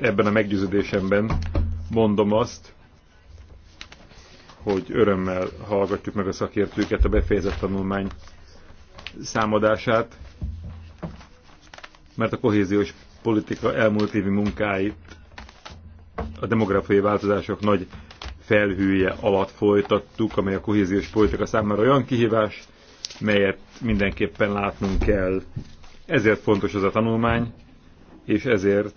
ebben a meggyőződésemben mondom azt, hogy örömmel hallgatjuk meg a szakértőket a befejezett tanulmány számadását, mert a kohéziós politika elmúlt évi munkáit a demográfiai változások nagy felhője alatt folytattuk, amely a kohéziós politika számára olyan kihívás, melyet mindenképpen látnunk kell. Ezért fontos ez a tanulmány, és ezért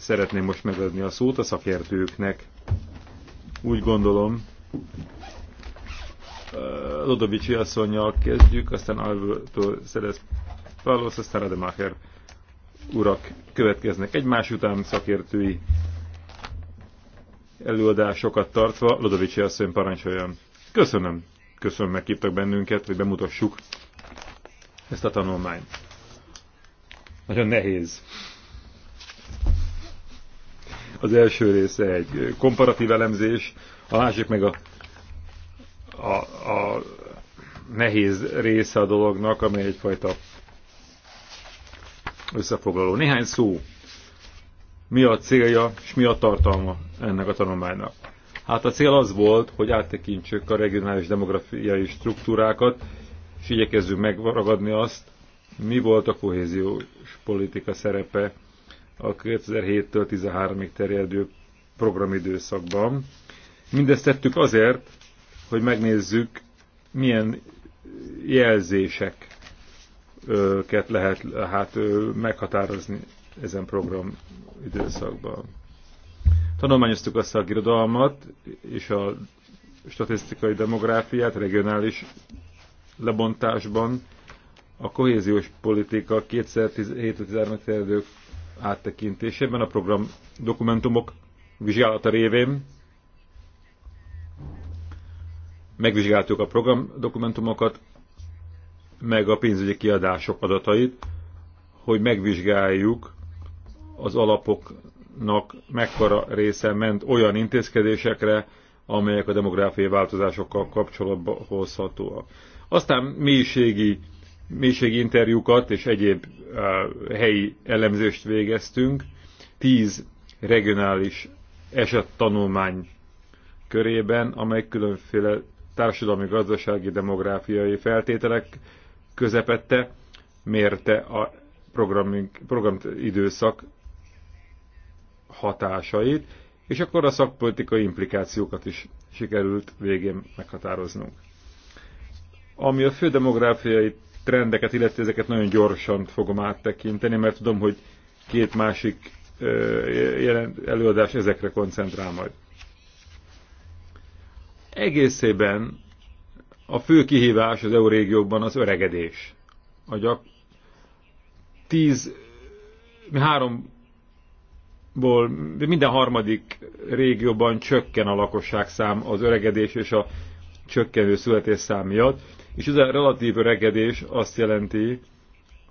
szeretném most megadni a szót a szakértőknek. Úgy gondolom, Lodovicsi asszonynal kezdjük, aztán Alvőtől szerez Pálosz, aztán Rademacher urak következnek egymás után szakértői előadásokat tartva. Lodovicsi asszony parancsoljon. Köszönöm. Köszönöm, meghívtak bennünket, hogy bemutassuk ezt a tanulmányt. Nagyon nehéz az első része egy komparatív elemzés, a másik meg a, a, a nehéz része a dolognak, amely egyfajta összefoglaló. Néhány szó. Mi a célja és mi a tartalma ennek a tanulmánynak? Hát a cél az volt, hogy áttekintsük a regionális demográfiai struktúrákat, és igyekezzünk megragadni azt, mi volt a kohéziós politika szerepe a 2007-től 13-ig terjedő programidőszakban. Mindezt tettük azért, hogy megnézzük, milyen jelzéseket lehet hát, meghatározni ezen program időszakban. Tanulmányoztuk a szakirodalmat és a statisztikai demográfiát regionális lebontásban, a kohéziós politika 2017-13 terjedő áttekintésében a program dokumentumok vizsgálata révén megvizsgáltuk a program dokumentumokat, meg a pénzügyi kiadások adatait, hogy megvizsgáljuk az alapoknak mekkora része ment olyan intézkedésekre, amelyek a demográfiai változásokkal kapcsolatba hozhatóak. Aztán mélységi mélységinterjúkat interjúkat és egyéb helyi elemzést végeztünk. Tíz regionális esettanulmány körében, amely különféle társadalmi, gazdasági, demográfiai feltételek közepette mérte a időszak hatásait, és akkor a szakpolitikai implikációkat is sikerült végén meghatároznunk. Ami a fő demográfiai trendeket, illetve ezeket nagyon gyorsan fogom áttekinteni, mert tudom, hogy két másik előadás ezekre koncentrál majd. Egészében a fő kihívás az eurégióban az öregedés. A gyak mi háromból minden harmadik régióban csökken a lakosság szám az öregedés és a csökkenő születésszám miatt. És ez a relatív öregedés azt jelenti,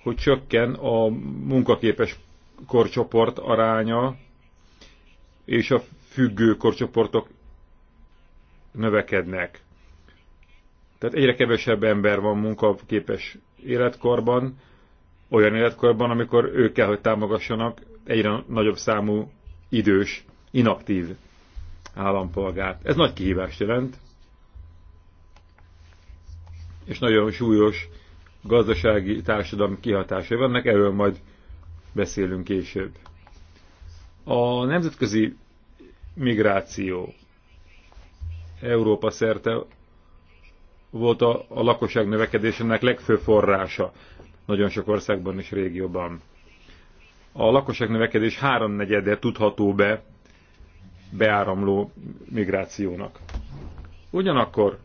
hogy csökken a munkaképes korcsoport aránya, és a függő korcsoportok növekednek. Tehát egyre kevesebb ember van munkaképes életkorban, olyan életkorban, amikor ők kell, hogy támogassanak egyre nagyobb számú idős, inaktív állampolgárt. Ez nagy kihívást jelent, és nagyon súlyos gazdasági társadalmi kihatásai vannak, erről majd beszélünk később. A nemzetközi migráció Európa szerte volt a, a lakosság növekedésének legfőbb forrása nagyon sok országban és régióban. A lakosság növekedés háromnegyede tudható be beáramló migrációnak. Ugyanakkor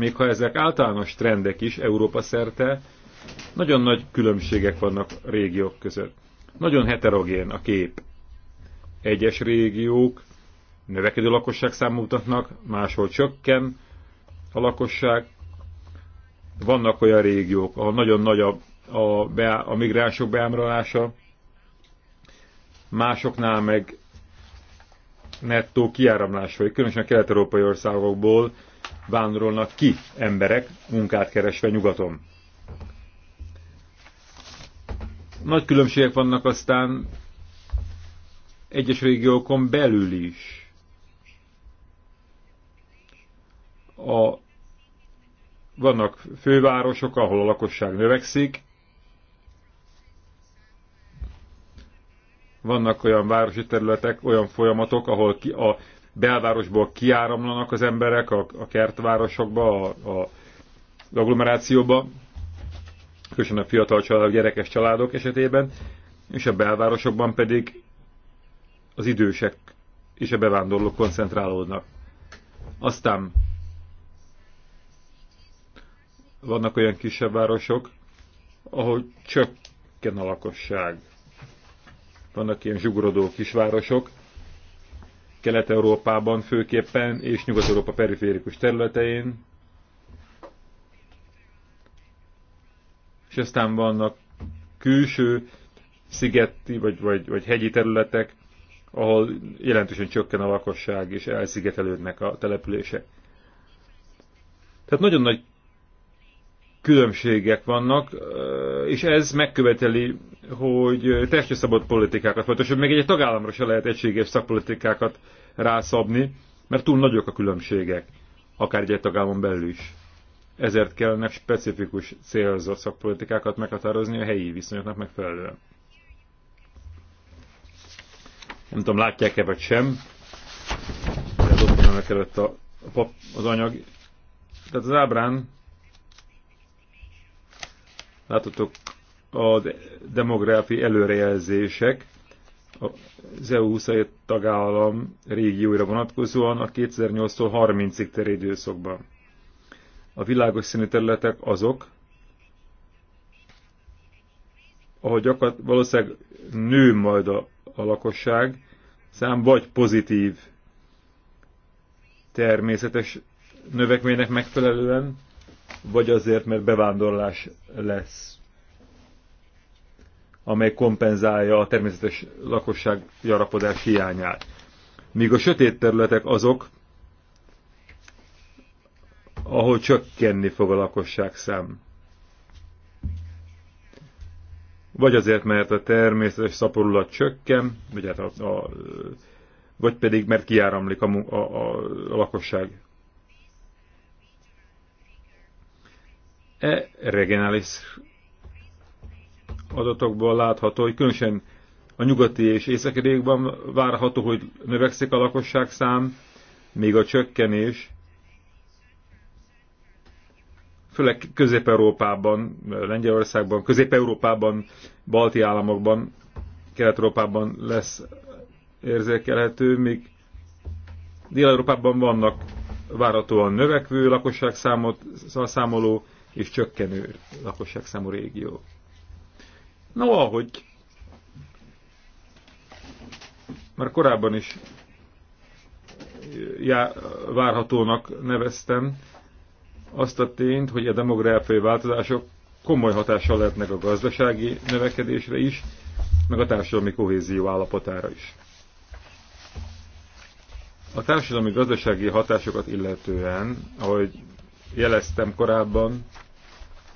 még ha ezek általános trendek is Európa szerte, nagyon nagy különbségek vannak régiók között. Nagyon heterogén a kép. Egyes régiók növekedő lakosság számútatnak, máshol csökken a lakosság. Vannak olyan régiók, ahol nagyon nagy a, a, a migránsok beámralása, másoknál meg nettó kiáramlás vagy, különösen a kelet-európai országokból vándorolnak ki emberek, munkát keresve nyugaton. Nagy különbségek vannak aztán egyes régiókon belül is. A, vannak fővárosok, ahol a lakosság növekszik, vannak olyan városi területek, olyan folyamatok, ahol ki, a belvárosból kiáramlanak az emberek a, a kertvárosokba, a, a az agglomerációba, különösen a fiatal családok, gyerekes családok esetében, és a belvárosokban pedig az idősek és a bevándorlók koncentrálódnak. Aztán vannak olyan kisebb városok, ahol csökken a lakosság. Vannak ilyen zsugorodó kisvárosok, Kelet-Európában főképpen és Nyugat-Európa periférikus területein. És aztán vannak külső szigeti vagy, vagy, vagy hegyi területek, ahol jelentősen csökken a lakosság és elszigetelődnek a települések. Tehát nagyon nagy különbségek vannak, és ez megköveteli, hogy testre szabott politikákat, vagy sőt, még egy tagállamra se lehet egységes szakpolitikákat rászabni, mert túl nagyok a különbségek, akár egy tagállamon belül is. Ezért kellene specifikus célzott szakpolitikákat meghatározni a helyi viszonyoknak megfelelően. Nem tudom, látják-e vagy sem, de ott van a, a pap, az anyag. Tehát az ábrán Láthatok, a demográfi előrejelzések az EU 27 tagállam régióira vonatkozóan a 2008-tól 30-ig terjedő időszakban. A világos színű területek azok, ahol gyakor, valószínűleg nő majd a, a lakosság szám, vagy pozitív természetes növekménynek megfelelően, vagy azért, mert bevándorlás lesz, amely kompenzálja a természetes lakosság gyarapodás hiányát. Míg a sötét területek azok, ahol csökkenni fog a lakosság szám. Vagy azért, mert a természetes szaporulat csökken, vagy, hát a, a, vagy pedig mert kiáramlik a, a, a, a lakosság E regionális adatokból látható, hogy különösen a nyugati és északi várható, hogy növekszik a lakosság szám, még a csökkenés, főleg Közép-Európában, Lengyelországban, Közép-Európában, Balti államokban, Kelet-Európában lesz érzékelhető, még Dél-Európában vannak várhatóan növekvő lakosság számot számoló és csökkenő lakosságszámú régió. No, ahogy már korábban is já, várhatónak neveztem azt a tényt, hogy a demográfiai változások komoly hatással lehetnek a gazdasági növekedésre is, meg a társadalmi kohézió állapotára is. A társadalmi gazdasági hatásokat illetően, ahogy jeleztem korábban,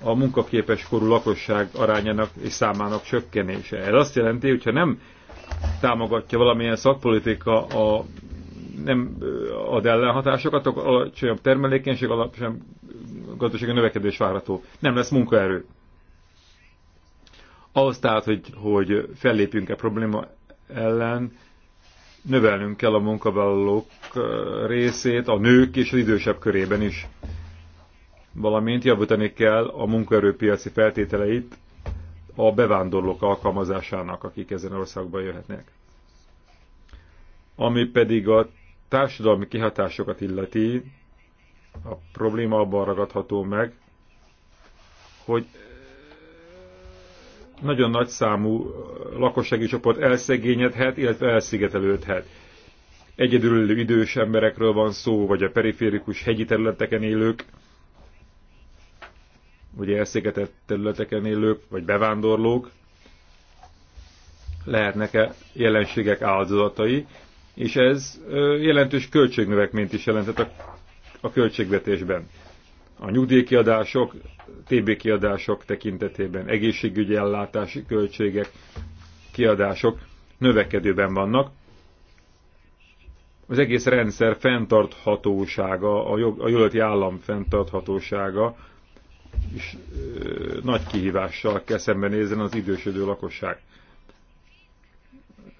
a munkaképes korú lakosság arányának és számának csökkenése. Ez azt jelenti, hogyha nem támogatja valamilyen szakpolitika a nem ad ellenhatásokat, akkor alacsonyabb termelékenység, alacsonyabb gazdasági növekedés várható. Nem lesz munkaerő. Ahhoz tehát, hogy, hogy fellépjünk-e probléma ellen, növelnünk kell a munkavállalók részét, a nők és az idősebb körében is valamint javítani kell a munkaerőpiaci feltételeit a bevándorlók alkalmazásának, akik ezen országban jöhetnek. Ami pedig a társadalmi kihatásokat illeti, a probléma abban ragadható meg, hogy nagyon nagy számú lakossági csoport elszegényedhet, illetve elszigetelődhet. Egyedülülő idős emberekről van szó, vagy a periférikus hegyi területeken élők, ugye elszigetett területeken élők, vagy bevándorlók lehetnek-e jelenségek áldozatai, és ez jelentős költségnövekményt is jelentett a, költségvetésben. A nyugdíjkiadások, TB kiadások tekintetében, egészségügyi ellátási költségek, kiadások növekedőben vannak. Az egész rendszer fenntarthatósága, a, jog, a jólati állam fenntarthatósága is ö, nagy kihívással kell szembenézzen az idősödő lakosság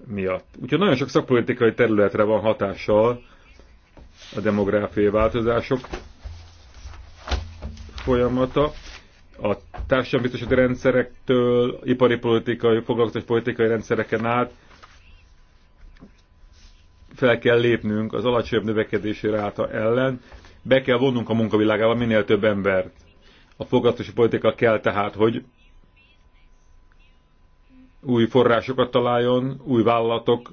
miatt. Úgyhogy nagyon sok szakpolitikai területre van hatással a demográfiai változások folyamata, a társadalombiztosítási rendszerektől, ipari politikai, foglalkoztatás politikai rendszereken át fel kell lépnünk az alacsonyabb növekedési ráta ellen, be kell vonnunk a munkavilágába minél több embert a fogadási politika kell tehát, hogy új forrásokat találjon, új vállalatok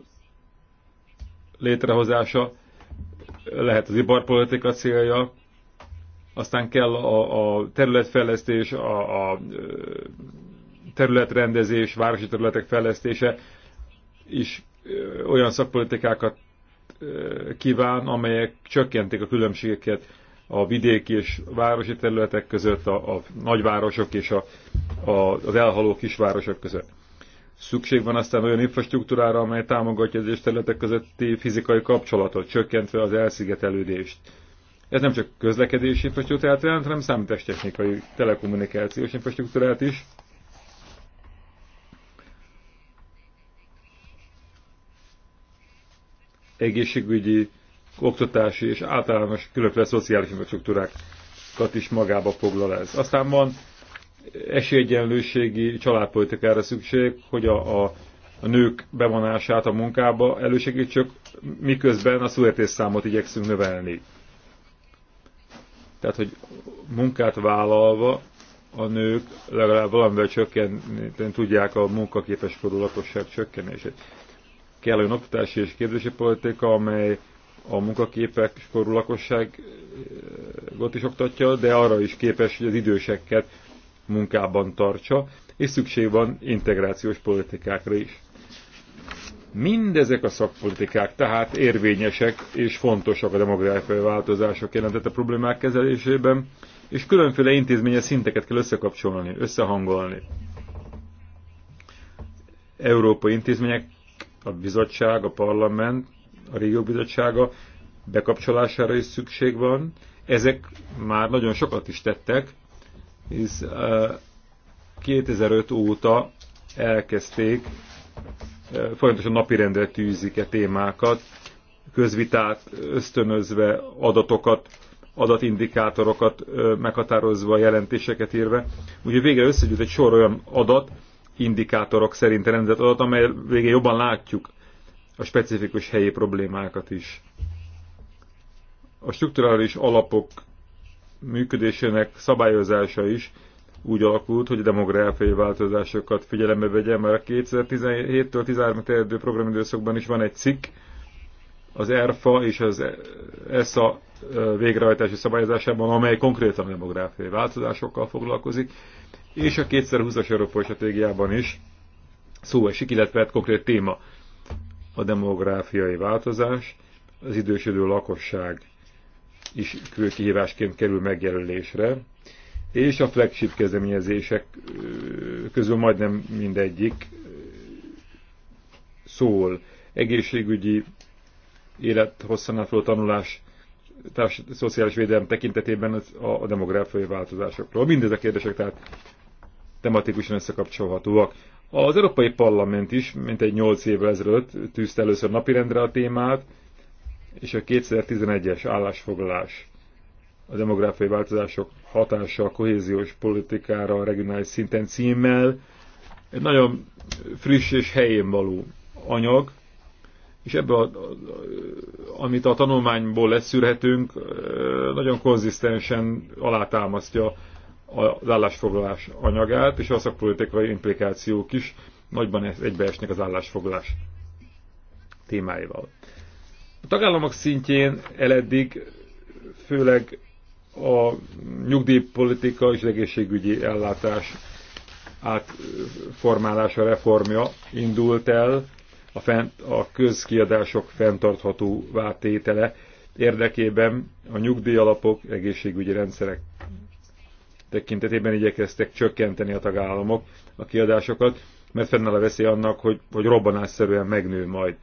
létrehozása, lehet az iparpolitika célja, aztán kell a, a területfejlesztés, a, a területrendezés, városi területek fejlesztése is olyan szakpolitikákat kíván, amelyek csökkentik a különbségeket a vidéki és városi területek között, a, a nagyvárosok és a, a, az elhaló kisvárosok között. Szükség van aztán olyan infrastruktúrára, amely támogatja az területek közötti fizikai kapcsolatot, csökkentve az elszigetelődést. Ez nem csak közlekedési infrastruktúrát jelent, hanem számítástechnikai, telekommunikációs infrastruktúrát is. Egészségügyi oktatási és általános különféle szociális infrastruktúrákat is magába foglal ez. Aztán van esélyegyenlőségi családpolitikára szükség, hogy a, a, a nők bevonását a munkába elősegítsük, miközben a születésszámot igyekszünk növelni. Tehát, hogy munkát vállalva a nők legalább valamivel csökkenni tudják a munkaképes korú lakosság csökkenését. Kell olyan oktatási és képzési politika, amely a munkaképek korú lakosságot is oktatja, de arra is képes, hogy az időseket munkában tartsa, és szükség van integrációs politikákra is. Mindezek a szakpolitikák tehát érvényesek és fontosak a demográfiai változások a problémák kezelésében, és különféle intézményes szinteket kell összekapcsolni, összehangolni. Európai intézmények, a bizottság, a parlament a régióbizottsága bizottsága bekapcsolására is szükség van. Ezek már nagyon sokat is tettek, hisz 2005 óta elkezdték, folyamatosan napirendre tűzik e témákat, közvitát ösztönözve, adatokat, adatindikátorokat meghatározva, jelentéseket írve. Ugye végre összegyűjt egy sor olyan adat, indikátorok szerint rendezett adat, amely végén jobban látjuk a specifikus helyi problémákat is. A strukturális alapok működésének szabályozása is úgy alakult, hogy a demográfiai változásokat figyelembe vegye, mert a 2017-től 13 terjedő programidőszakban is van egy cikk, az ERFA és az ESA végrehajtási szabályozásában, amely konkrétan demográfiai változásokkal foglalkozik, és a 2020-as Európai Stratégiában is szó esik, illetve hát konkrét téma a demográfiai változás, az idősödő lakosság is kihívásként kerül megjelölésre, és a flagship kezdeményezések közül majdnem mindegyik szól egészségügyi élethosszanátról tanulás, társ, szociális védelem tekintetében az, a, a demográfiai változásokról. Mindezek a kérdések tehát tematikusan összekapcsolhatóak. Az Európai Parlament is, mint egy 8 évvel ezelőtt tűzte először napirendre a témát, és a 2011-es állásfoglalás a demográfiai változások hatása a kohéziós politikára a regionális szinten címmel egy nagyon friss és helyén való anyag, és ebből, a, amit a tanulmányból leszűrhetünk, nagyon konzisztensen alátámasztja az állásfoglalás anyagát, és a szakpolitikai implikációk is nagyban egybeesnek az állásfoglalás témáival. A tagállamok szintjén eleddig főleg a nyugdíjpolitika és az egészségügyi ellátás átformálása, reformja indult el, a, fent, a közkiadások fenntartható vártétele érdekében a nyugdíjalapok, egészségügyi rendszerek tekintetében igyekeztek csökkenteni a tagállamok a kiadásokat, mert fennáll a veszély annak, hogy, hogy robbanásszerűen megnő majd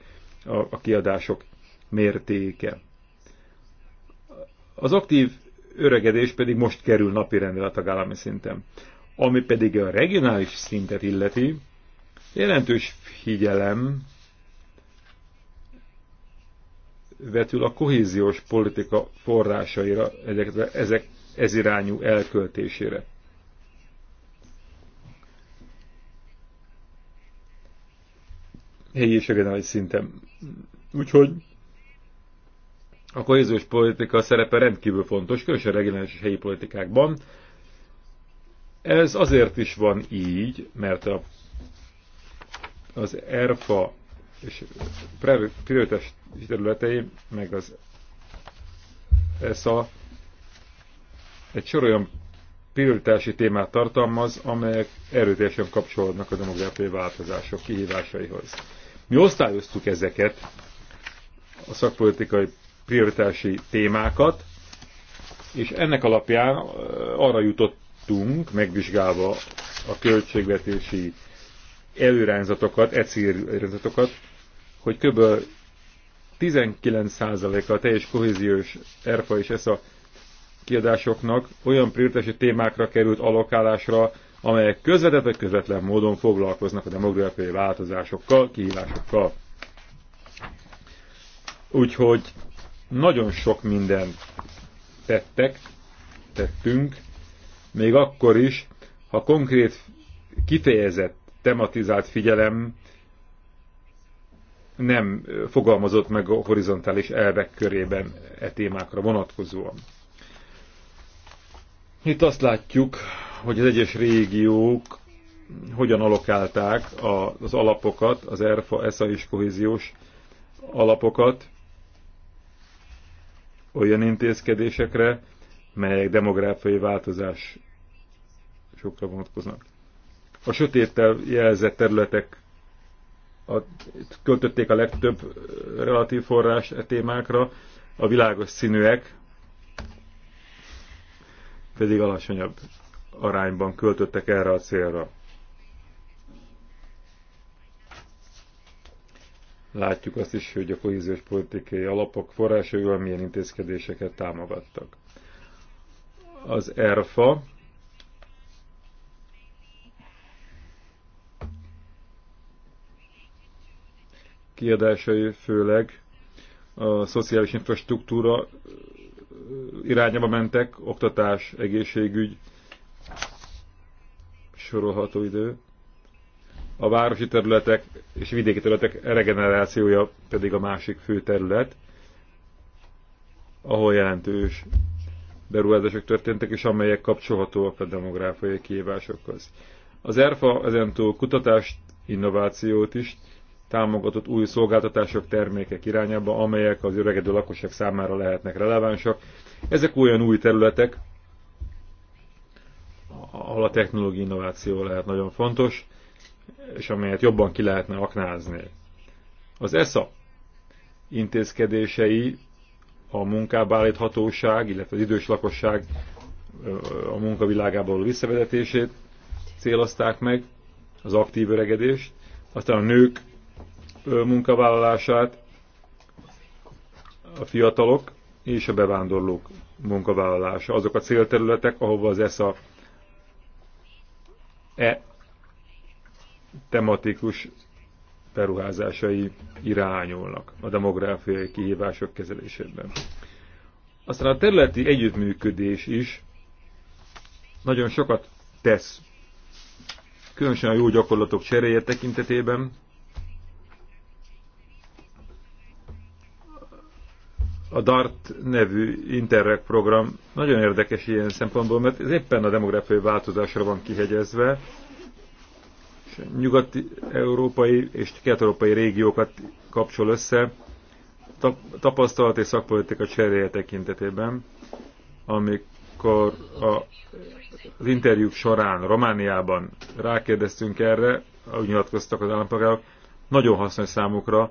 a, a kiadások mértéke. Az aktív öregedés pedig most kerül napirendre a tagállami szinten. Ami pedig a regionális szintet illeti, jelentős figyelem vetül a kohéziós politika forrásaira, ezek, ezek ezirányú elköltésére. helyi és regionális szinten. Úgyhogy a kohéziós politika szerepe rendkívül fontos, különösen regionális és helyi politikákban. Ez azért is van így, mert a, az ERFA és prioritás területei, meg az ESA egy sor olyan prioritási témát tartalmaz, amelyek erőteljesen kapcsolódnak a demográfiai változások kihívásaihoz. Mi osztályoztuk ezeket, a szakpolitikai prioritási témákat, és ennek alapján arra jutottunk, megvizsgálva a költségvetési előrányzatokat, előrányzatokat, hogy kb. 19%-a a teljes kohéziós ERFA és a kiadásoknak olyan prioritási témákra került alokálásra, amelyek közvetett vagy közvetlen módon foglalkoznak a demográfiai változásokkal, kihívásokkal. Úgyhogy nagyon sok mindent tettek, tettünk, még akkor is, ha konkrét, kifejezett, tematizált figyelem nem fogalmazott meg a horizontális elvek körében e témákra vonatkozóan. Itt azt látjuk, hogy az egyes régiók hogyan alokálták az alapokat, az ERFA, ESA és kohéziós alapokat olyan intézkedésekre, melyek demográfiai változás sokra vonatkoznak. A sötéttel jelzett területek a, költötték a legtöbb relatív forrás e témákra, a világos színűek pedig alacsonyabb arányban költöttek erre a célra. Látjuk azt is, hogy a kohéziós politikai alapok forrásaival milyen intézkedéseket támogattak. Az ERFA kiadásai főleg a szociális infrastruktúra irányába mentek, oktatás, egészségügy, sorolható idő. A városi területek és vidéki területek regenerációja pedig a másik fő terület, ahol jelentős beruházások történtek, és amelyek kapcsolhatóak a demográfiai kihívásokhoz. Az ERFA ezentúl kutatást, innovációt is támogatott új szolgáltatások, termékek irányába, amelyek az öregedő lakosság számára lehetnek relevánsak. Ezek olyan új területek, ahol a technológiai innováció lehet nagyon fontos, és amelyet jobban ki lehetne aknázni. Az ESA intézkedései a munkába állíthatóság, illetve az idős lakosság a munkavilágából visszavezetését célozták meg, az aktív öregedést, aztán a nők munkavállalását a fiatalok és a bevándorlók munkavállalása. Azok a célterületek, ahova az ESA e tematikus beruházásai irányulnak a demográfiai kihívások kezelésében. Aztán a területi együttműködés is nagyon sokat tesz, különösen a jó gyakorlatok cseréje tekintetében, a DART nevű Interreg program nagyon érdekes ilyen szempontból, mert ez éppen a demográfiai változásra van kihegyezve, és nyugat-európai és kelet-európai régiókat kapcsol össze tapasztalat és szakpolitika cseréje tekintetében, amikor a, az interjúk során Romániában rákérdeztünk erre, ahogy nyilatkoztak az állampolgárok, nagyon hasznos számukra,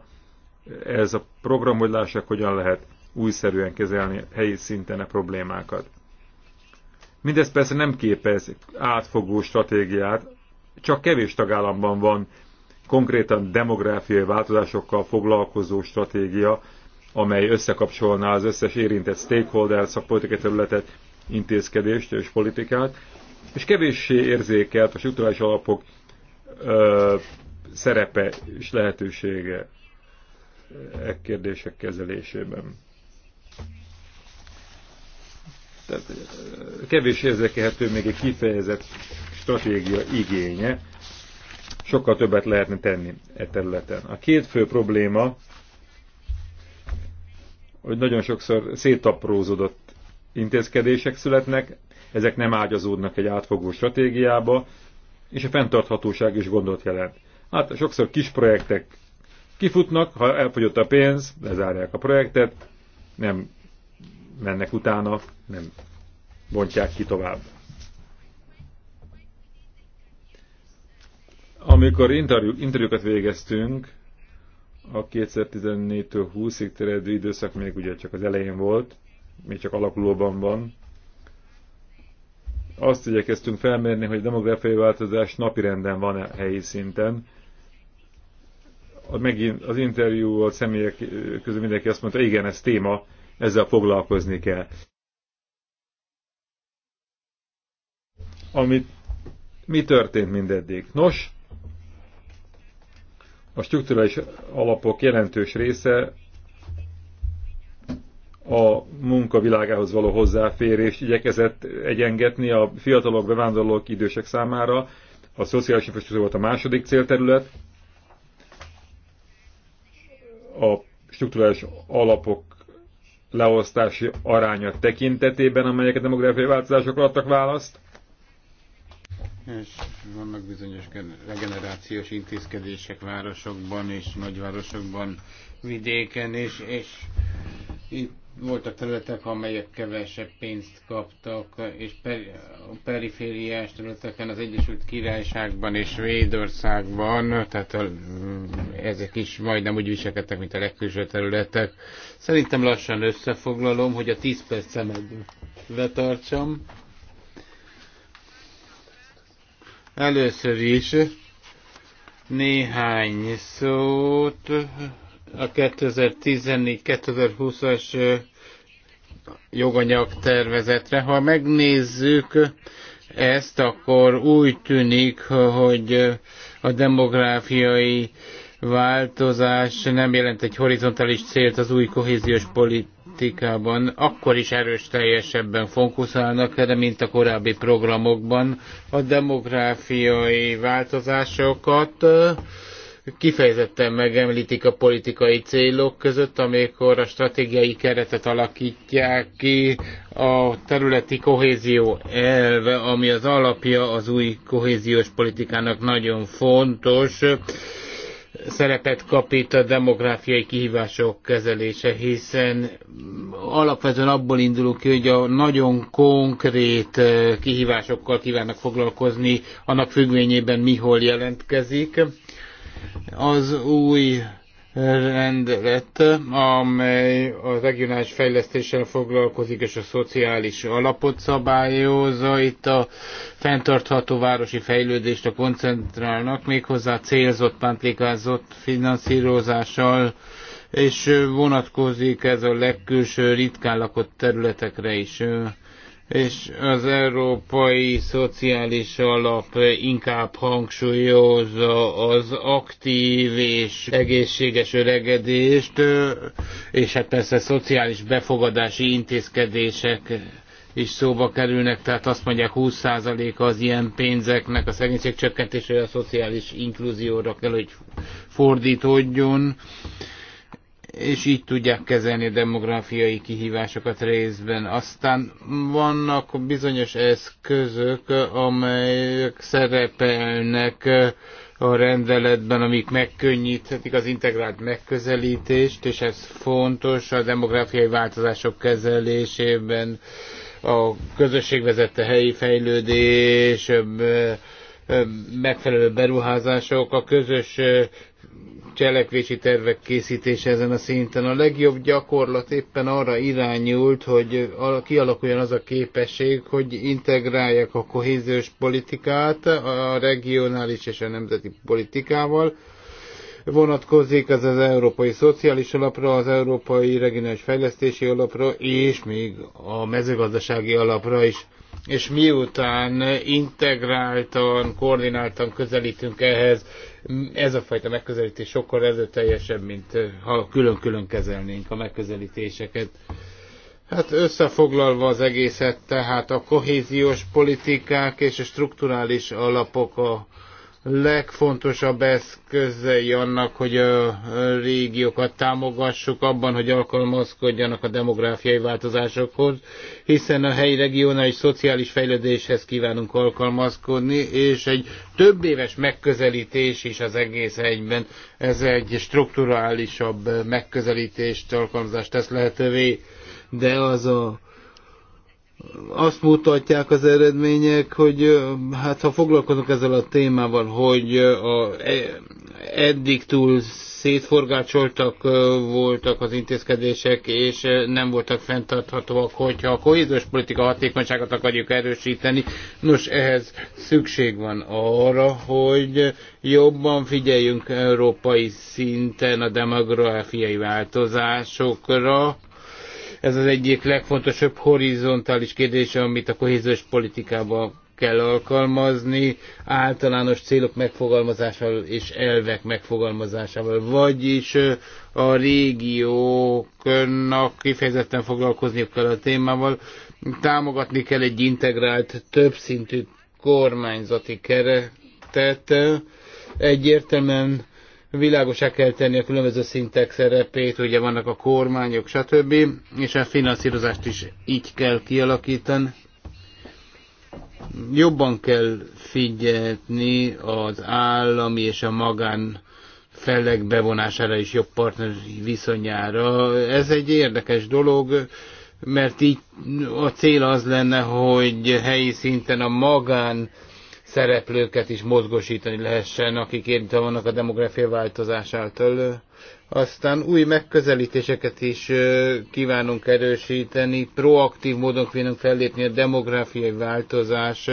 ez a program, hogy lássák, hogyan lehet újszerűen kezelni helyi szinten a problémákat. Mindez persze nem képez átfogó stratégiát, csak kevés tagállamban van konkrétan demográfiai változásokkal foglalkozó stratégia, amely összekapcsolná az összes érintett stakeholder, szakpolitikai területet, intézkedést és politikát, és kevéssé érzékelt a struktúrális alapok ö, szerepe és lehetősége e kérdések kezelésében. Tehát kevés érzékelhető még egy kifejezett stratégia igénye. Sokkal többet lehetne tenni e területen. A két fő probléma, hogy nagyon sokszor szétaprózódott intézkedések születnek, ezek nem ágyazódnak egy átfogó stratégiába, és a fenntarthatóság is gondot jelent. Hát sokszor kis projektek kifutnak, ha elfogyott a pénz, lezárják a projektet, nem mennek utána, nem bontják ki tovább. Amikor interjú, interjúkat végeztünk, a 2014-től 20-ig terjedő időszak még ugye csak az elején volt, még csak alakulóban van, azt igyekeztünk felmérni, hogy a demográfiai változás napirenden van-e helyi szinten. A, megint az interjú a személyek közül mindenki azt mondta, igen, ez téma, ezzel foglalkozni kell. Amit mi történt mindeddig? Nos, a struktúrális alapok jelentős része a munkavilágához való hozzáférést igyekezett egyengetni a fiatalok, bevándorlók, idősek számára. A szociális infrastruktúra volt a második célterület. A struktúrális alapok leosztási aránya tekintetében, amelyek a demográfiai változásokra adtak választ. És vannak bizonyos regenerációs intézkedések városokban és nagyvárosokban, vidéken is, és itt voltak területek, amelyek kevesebb pénzt kaptak, és per, a perifériás területeken az Egyesült Királyságban és Svédországban, tehát a, ezek is majdnem úgy viselkedtek, mint a legkülső területek. Szerintem lassan összefoglalom, hogy a 10 percemet letartsam. Először is néhány szót a 2014-2020-as joganyag tervezetre. Ha megnézzük ezt, akkor úgy tűnik, hogy a demográfiai változás nem jelent egy horizontális célt az új kohéziós politikában, akkor is erős teljesebben fókuszálnak erre, mint a korábbi programokban. A demográfiai változásokat kifejezetten megemlítik a politikai célok között, amikor a stratégiai keretet alakítják ki a területi kohézió elve, ami az alapja az új kohéziós politikának nagyon fontos szerepet kap itt a demográfiai kihívások kezelése, hiszen alapvetően abból indulunk ki, hogy a nagyon konkrét eh, kihívásokkal kívánnak foglalkozni, annak függvényében mi hol jelentkezik. Az új rendelet, amely a regionális fejlesztéssel foglalkozik, és a szociális alapot szabályozza. Itt a fenntartható városi fejlődést a koncentrálnak, méghozzá célzott, pántlikázott finanszírozással, és vonatkozik ez a legkülső ritkán lakott területekre is és az Európai Szociális Alap inkább hangsúlyozza az aktív és egészséges öregedést, és hát persze szociális befogadási intézkedések is szóba kerülnek, tehát azt mondják 20%-a az ilyen pénzeknek a szegénység csökkentésére, a szociális inkluzióra kell, hogy fordítódjon és így tudják kezelni a demográfiai kihívásokat részben. Aztán vannak bizonyos eszközök, amelyek szerepelnek a rendeletben, amik megkönnyíthetik az integrált megközelítést, és ez fontos a demográfiai változások kezelésében, a közösségvezette helyi fejlődés, megfelelő beruházások, a közös cselekvési tervek készítése ezen a szinten. A legjobb gyakorlat éppen arra irányult, hogy kialakuljon az a képesség, hogy integrálják a kohéziós politikát a regionális és a nemzeti politikával. Vonatkozik az az Európai Szociális Alapra, az Európai Regionális Fejlesztési Alapra és még a mezőgazdasági alapra is és miután integráltan, koordináltan közelítünk ehhez, ez a fajta megközelítés sokkal erőteljesebb, mint eh, ha külön-külön kezelnénk a megközelítéseket. Hát összefoglalva az egészet, tehát a kohéziós politikák és a strukturális alapok a legfontosabb eszközei annak, hogy a régiókat támogassuk abban, hogy alkalmazkodjanak a demográfiai változásokhoz, hiszen a helyi regionális szociális fejlődéshez kívánunk alkalmazkodni, és egy több éves megközelítés is az egész egyben. Ez egy strukturálisabb megközelítést, alkalmazást tesz lehetővé, de az a azt mutatják az eredmények, hogy hát ha foglalkozunk ezzel a témával, hogy a, e, eddig túl szétforgácsoltak voltak az intézkedések, és nem voltak fenntarthatóak, hogyha a kohéziós politika hatékonyságot akarjuk erősíteni. Nos, ehhez szükség van arra, hogy jobban figyeljünk európai szinten a demográfiai változásokra, ez az egyik legfontosabb horizontális kérdés, amit a kohéziós politikában kell alkalmazni, általános célok megfogalmazásával és elvek megfogalmazásával. Vagyis a régióknak kifejezetten foglalkozniuk kell a témával, támogatni kell egy integrált, többszintű kormányzati keretet, egyértelműen világosá kell tenni a különböző szintek szerepét, ugye vannak a kormányok, stb. És a finanszírozást is így kell kialakítani. Jobban kell figyelni az állami és a magán felek bevonására és jobb partner viszonyára. Ez egy érdekes dolog, mert így a cél az lenne, hogy helyi szinten a magán szereplőket is mozgosítani lehessen, akik érintve vannak a demográfia változás által. Aztán új megközelítéseket is kívánunk erősíteni, proaktív módon kívánunk fellépni a demográfiai változás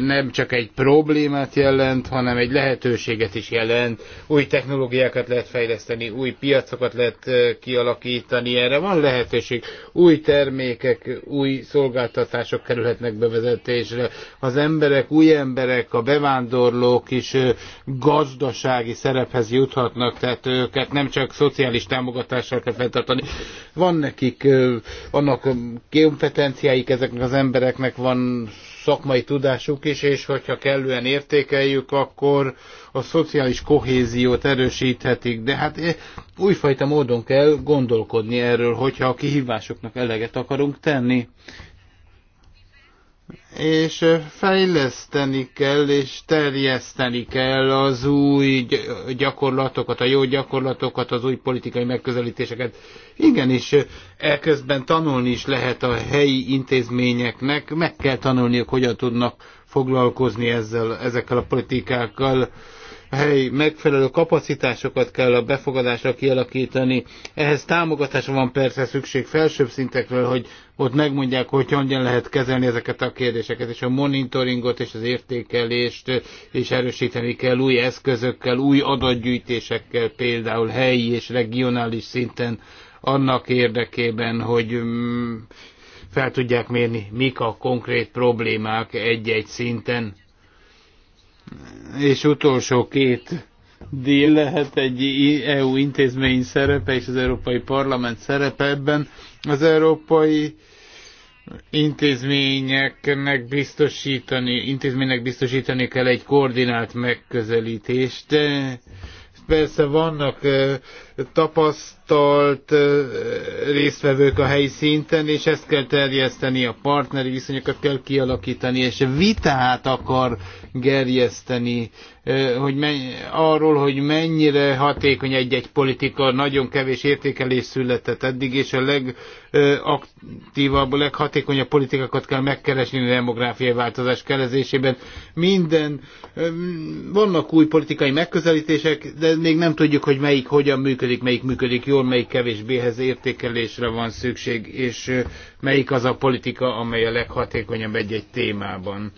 nem csak egy problémát jelent, hanem egy lehetőséget is jelent. Új technológiákat lehet fejleszteni, új piacokat lehet kialakítani, erre van lehetőség. Új termékek, új szolgáltatások kerülhetnek bevezetésre. Az emberek, új emberek, a bevándorlók is gazdasági szerephez juthatnak, tehát őket nem csak szociális támogatással kell fenntartani. Van nekik, vannak kompetenciáik ezeknek az embereknek, van szakmai tudásuk is, és hogyha kellően értékeljük, akkor a szociális kohéziót erősíthetik. De hát eh, újfajta módon kell gondolkodni erről, hogyha a kihívásoknak eleget akarunk tenni és fejleszteni kell, és terjeszteni kell az új gyakorlatokat, a jó gyakorlatokat, az új politikai megközelítéseket. Igenis, elközben tanulni is lehet a helyi intézményeknek, meg kell tanulniuk, hogyan tudnak foglalkozni ezzel, ezekkel a politikákkal helyi megfelelő kapacitásokat kell a befogadásra kialakítani. Ehhez támogatásra van persze szükség felsőbb szintekről, hogy ott megmondják, hogy hogyan lehet kezelni ezeket a kérdéseket, és a monitoringot és az értékelést is erősíteni kell új eszközökkel, új adatgyűjtésekkel, például helyi és regionális szinten annak érdekében, hogy mm, fel tudják mérni, mik a konkrét problémák egy-egy szinten és utolsó két díj lehet egy EU intézmény szerepe és az Európai Parlament szerepe ebben. Az európai intézményeknek biztosítani, intézménynek biztosítani kell egy koordinált megközelítést. Persze vannak eh, tapasztalt résztvevők a helyi szinten, és ezt kell terjeszteni, a partneri viszonyokat kell kialakítani, és vitát akar gerjeszteni hogy mennyi, arról, hogy mennyire hatékony egy-egy politika, nagyon kevés értékelés született eddig, és a legaktívabb, leghatékonyabb politikákat kell megkeresni a demográfiai változás kelezésében. Minden, vannak új politikai megközelítések, de még nem tudjuk, hogy melyik hogyan működik működik, melyik működik jól, melyik kevésbéhez értékelésre van szükség, és melyik az a politika, amely a leghatékonyabb egy-egy témában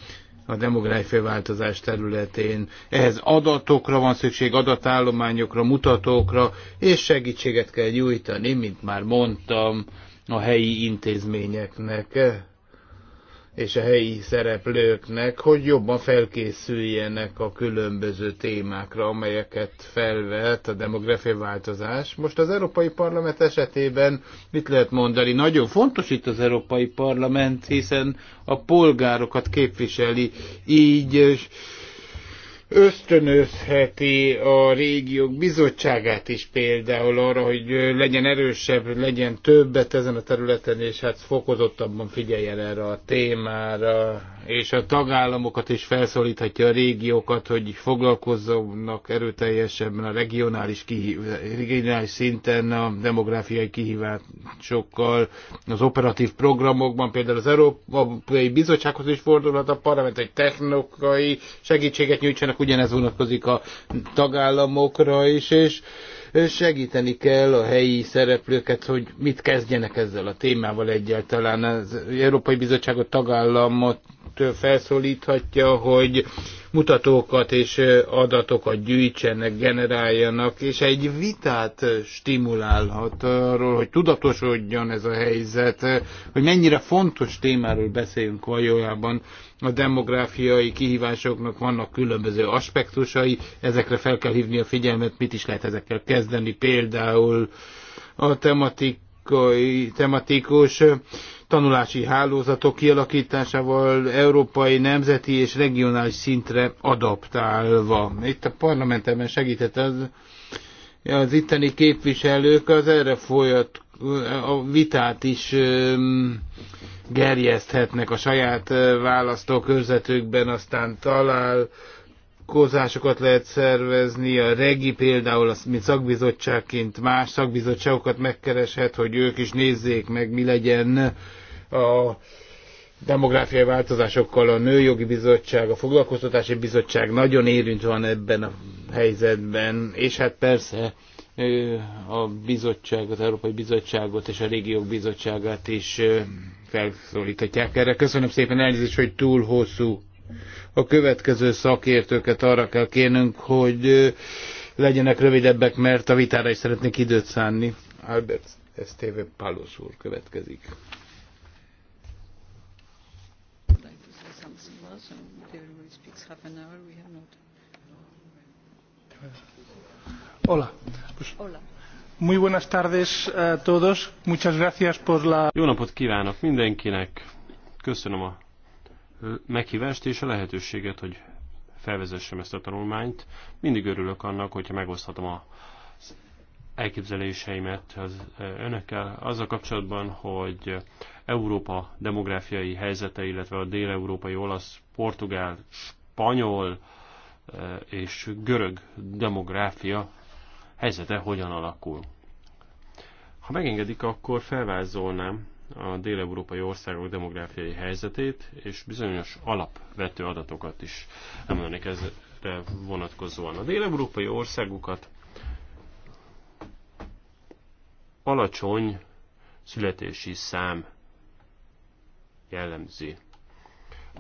a demográfiai változás területén. Ehhez adatokra van szükség, adatállományokra, mutatókra, és segítséget kell nyújtani, mint már mondtam, a helyi intézményeknek és a helyi szereplőknek, hogy jobban felkészüljenek a különböző témákra, amelyeket felvet a demográfiai változás. Most az Európai Parlament esetében mit lehet mondani? Nagyon fontos itt az Európai Parlament, hiszen a polgárokat képviseli, így ösztönözheti a régiók bizottságát is például arra, hogy legyen erősebb, legyen többet ezen a területen, és hát fokozottabban figyeljen erre a témára, és a tagállamokat is felszólíthatja a régiókat, hogy foglalkozzanak erőteljesebben a regionális, regionális szinten a demográfiai kihívásokkal, az operatív programokban, például az Európai Bizottsághoz is fordulhat a parlament, egy technokai segítséget nyújtsanak ugyanez vonatkozik a tagállamokra is, és segíteni kell a helyi szereplőket, hogy mit kezdjenek ezzel a témával egyáltalán. Az Európai Bizottságot tagállamot felszólíthatja, hogy mutatókat és adatokat gyűjtsenek, generáljanak, és egy vitát stimulálhat arról, hogy tudatosodjon ez a helyzet, hogy mennyire fontos témáról beszélünk valójában. A demográfiai kihívásoknak vannak különböző aspektusai, ezekre fel kell hívni a figyelmet, mit is lehet ezekkel kezdeni, például a tematik tematikai, tematikus tanulási hálózatok kialakításával európai, nemzeti és regionális szintre adaptálva. Itt a parlamentemben segített az, az itteni képviselők az erre folyat a vitát is gerjeszthetnek a saját választókörzetükben, aztán talál találkozásokat lehet szervezni, a regi például, mint szakbizottságként más szakbizottságokat megkereshet, hogy ők is nézzék meg, mi legyen a demográfiai változásokkal a Nőjogi Bizottság, a Foglalkoztatási Bizottság nagyon érint van ebben a helyzetben, és hát persze a bizottságot, az Európai Bizottságot és a Régiók Bizottságát is felszólíthatják erre. Köszönöm szépen elnézést, hogy túl hosszú a következő szakértőket arra kell kérnünk, hogy legyenek rövidebbek, mert a vitára is szeretnék időt szánni. Albert Esteve Palos úr következik. Hola. Pues, Hola. Muy buenas tardes a todos. Muchas gracias por la... Jó napot kívánok mindenkinek. Köszönöm a meghívást és a lehetőséget, hogy felvezessem ezt a tanulmányt. Mindig örülök annak, hogyha megoszthatom a elképzeléseimet az önökkel azzal kapcsolatban, hogy Európa demográfiai helyzete, illetve a Dél-Európai olasz, portugál, spanyol és görög demográfia helyzete hogyan alakul. Ha megengedik, akkor felvázolnám a déleurópai országok demográfiai helyzetét, és bizonyos alapvető adatokat is emelnek ezre vonatkozóan. A déleurópai országokat alacsony születési szám jellemzi.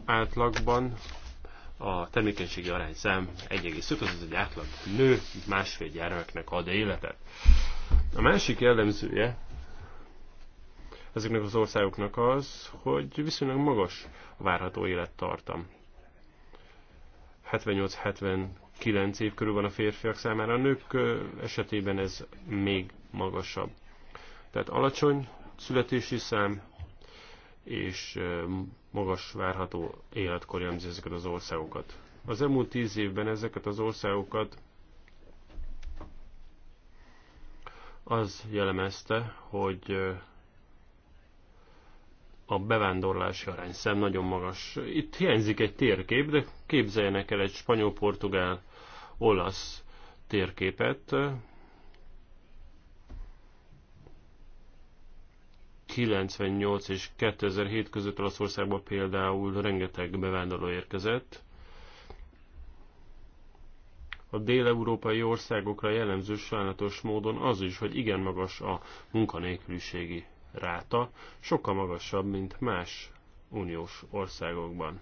Átlagban a termékenységi arányszám 1,5, az egy átlag nő másfél gyermeknek ad életet. A másik jellemzője ezeknek az országoknak az, hogy viszonylag magas a várható élettartam. 78-79 év körül van a férfiak számára, a nők esetében ez még magasabb. Tehát alacsony születési szám és magas várható életkor jelzi ezeket az országokat. Az elmúlt tíz évben ezeket az országokat az jellemezte, hogy a bevándorlási arányszám nagyon magas. Itt hiányzik egy térkép, de képzeljenek el egy spanyol, portugál, olasz térképet. 98 és 2007 között Olaszországban például rengeteg bevándorló érkezett. A dél-európai országokra jellemző sajnálatos módon az is, hogy igen magas a munkanélküliségi ráta sokkal magasabb, mint más uniós országokban.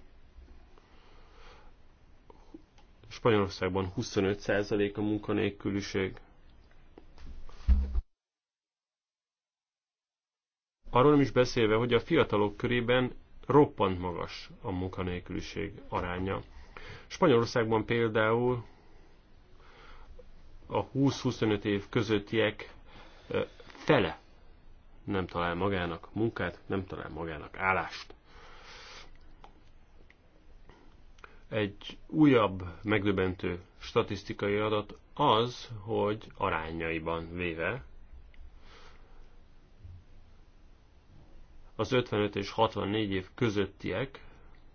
Spanyolországban 25% a munkanélküliség. Arról nem is beszélve, hogy a fiatalok körében roppant magas a munkanélküliség aránya. Spanyolországban például a 20-25 év közöttiek fele nem talál magának munkát, nem talál magának állást. Egy újabb megdöbentő statisztikai adat az, hogy arányaiban véve az 55 és 64 év közöttiek,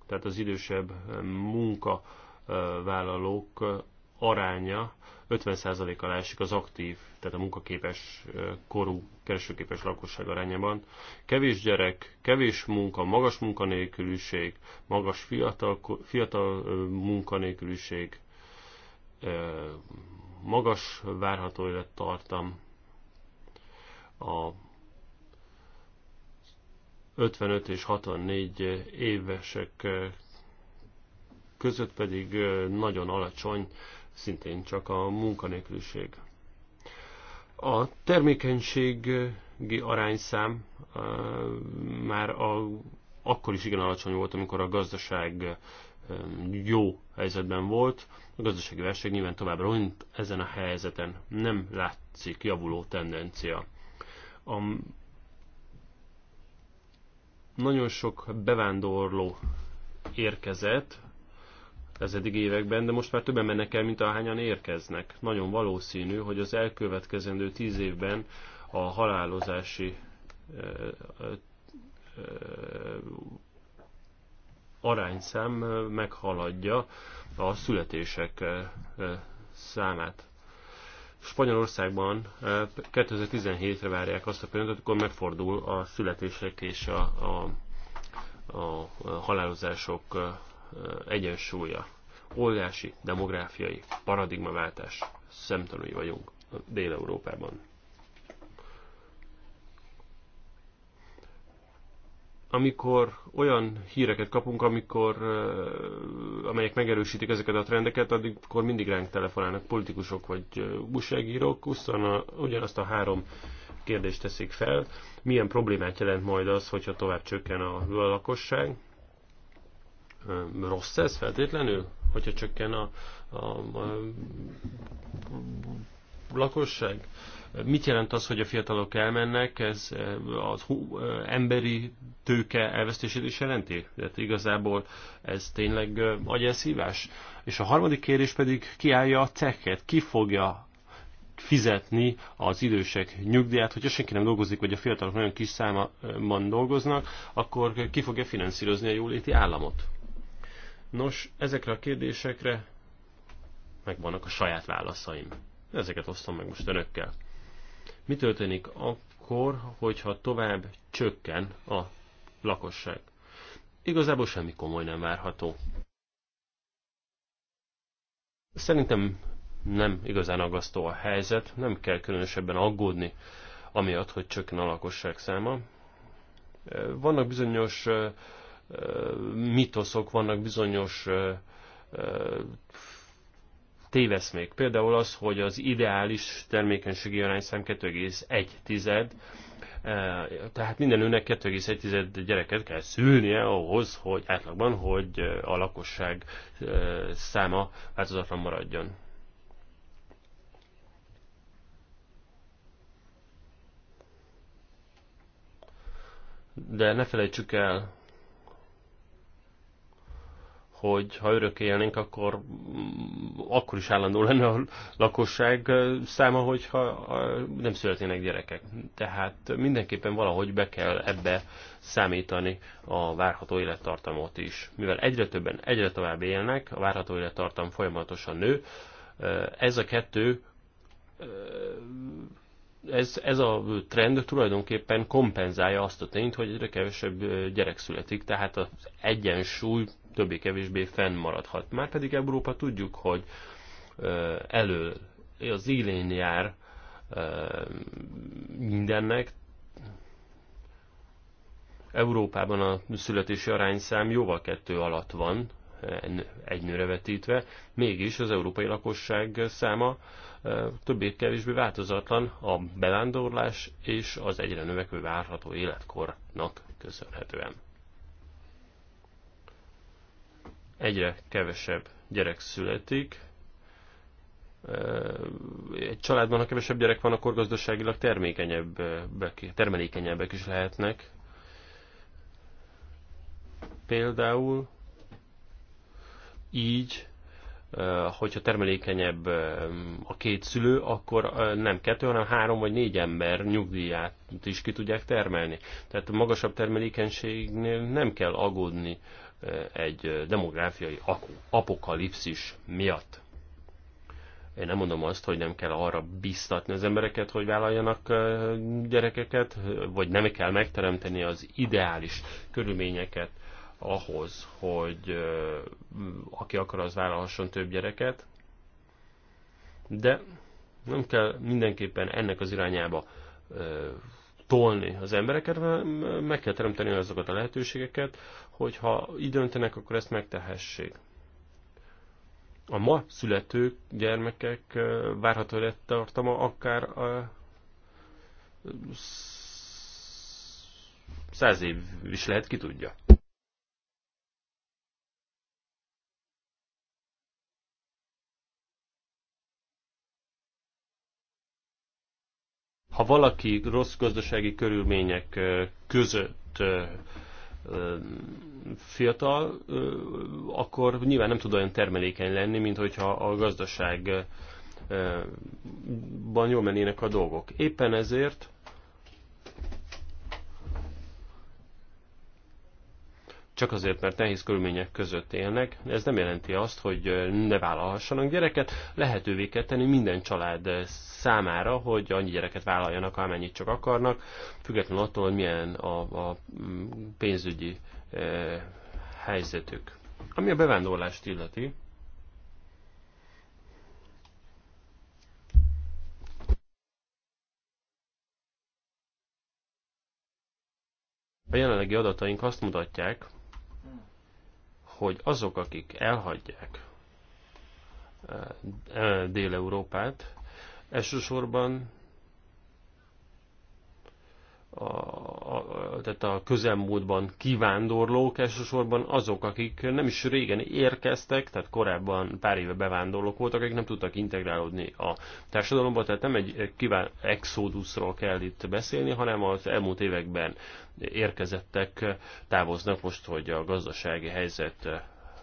tehát az idősebb munkavállalók aránya 50 alá esik az aktív, tehát a munkaképes korú keresőképes lakosság arányában. Kevés gyerek, kevés munka, magas munkanélküliség, magas fiatal, fiatal munkanélküliség, magas várható élettartam, a 55 és 64 évesek között pedig nagyon alacsony szintén csak a munkanélküliség. A termékenységi arányszám már a, akkor is igen alacsony volt, amikor a gazdaság jó helyzetben volt. A gazdasági verseny nyilván továbbra mint ezen a helyzeten nem látszik javuló tendencia. A nagyon sok bevándorló érkezett, az eddig években, de most már többen mennek el, mint ahányan érkeznek. Nagyon valószínű, hogy az elkövetkezendő tíz évben a halálozási arányszám meghaladja a születések számát. Spanyolországban 2017-re várják azt a pillanatot, amikor megfordul a születések és a, a, a halálozások egyensúlya. Óriási demográfiai paradigmaváltás szemtanúi vagyunk Dél-Európában. amikor olyan híreket kapunk, amikor, amelyek megerősítik ezeket a trendeket, akkor mindig ránk telefonálnak politikusok vagy újságírók, ugyanazt a három kérdést teszik fel. Milyen problémát jelent majd az, hogyha tovább csökken a lakosság? Rossz ez feltétlenül, hogyha csökken a, a, a lakosság? Mit jelent az, hogy a fiatalok elmennek? Ez az emberi tőke elvesztését is jelenti? De igazából ez tényleg agyelszívás. És a harmadik kérés pedig kiállja a cekket. Ki fogja fizetni az idősek nyugdíját, hogyha senki nem dolgozik, vagy a fiatalok nagyon kis számban dolgoznak, akkor ki fogja finanszírozni a jóléti államot? Nos, ezekre a kérdésekre megvannak a saját válaszaim. Ezeket osztom meg most önökkel. Mi történik akkor, hogyha tovább csökken a lakosság? Igazából semmi komoly nem várható. Szerintem nem igazán aggasztó a helyzet, nem kell különösebben aggódni, amiatt, hogy csökken a lakosság száma. Vannak bizonyos mitoszok, vannak bizonyos téveszmék. Például az, hogy az ideális termékenységi arányszám 2,1, tehát minden nőnek 2,1 gyereket kell szülnie ahhoz, hogy átlagban, hogy a lakosság száma változatlan maradjon. De ne felejtsük el, hogy ha örök élnénk, akkor mm, akkor is állandó lenne a lakosság száma, hogyha nem születnének gyerekek. Tehát mindenképpen valahogy be kell ebbe számítani a várható élettartamot is. Mivel egyre többen egyre tovább élnek, a várható élettartam folyamatosan nő, ez a kettő ez, ez a trend tulajdonképpen kompenzálja azt a tényt, hogy egyre kevesebb gyerek születik, tehát az egyensúly többé-kevésbé fennmaradhat. Márpedig Európa tudjuk, hogy elő az élén jár mindennek. Európában a születési arányszám jóval kettő alatt van, egy nőre vetítve, mégis az európai lakosság száma többé-kevésbé változatlan a bevándorlás és az egyre növekvő várható életkornak köszönhetően. egyre kevesebb gyerek születik. Egy családban, ha kevesebb gyerek van, akkor gazdaságilag termékenyebbek, termelékenyebbek is lehetnek. Például így, hogyha termelékenyebb a két szülő, akkor nem kettő, hanem három vagy négy ember nyugdíját is ki tudják termelni. Tehát a magasabb termelékenységnél nem kell aggódni egy demográfiai apokalipszis miatt. Én nem mondom azt, hogy nem kell arra biztatni az embereket, hogy vállaljanak gyerekeket, vagy nem kell megteremteni az ideális körülményeket ahhoz, hogy aki akar, az vállalhasson több gyereket. De nem kell mindenképpen ennek az irányába tolni az embereket, mert meg kell teremteni azokat a lehetőségeket, hogyha így döntenek, akkor ezt megtehessék. A ma születő gyermekek várható tartama akár a száz év is lehet, ki tudja. Ha valaki rossz gazdasági körülmények között fiatal, akkor nyilván nem tud olyan termelékeny lenni, mint hogyha a gazdaságban jól mennének a dolgok. Éppen ezért csak azért, mert nehéz körülmények között élnek, ez nem jelenti azt, hogy ne vállalhassanak gyereket. Lehetővé kell tenni minden család számára, hogy annyi gyereket vállaljanak, amennyit csak akarnak, függetlenül attól, hogy milyen a, a mm, pénzügyi e, helyzetük. Ami a bevándorlást illeti, A jelenlegi adataink azt mutatják, hogy azok, akik elhagyják eh, eh, Dél-Európát, elsősorban a, a, tehát a közelmúltban kivándorlók elsősorban azok, akik nem is régen érkeztek, tehát korábban pár éve bevándorlók voltak, akik nem tudtak integrálódni a társadalomba, tehát nem egy kiván, exodusról kell itt beszélni, hanem az elmúlt években érkezettek távoznak most, hogy a gazdasági helyzet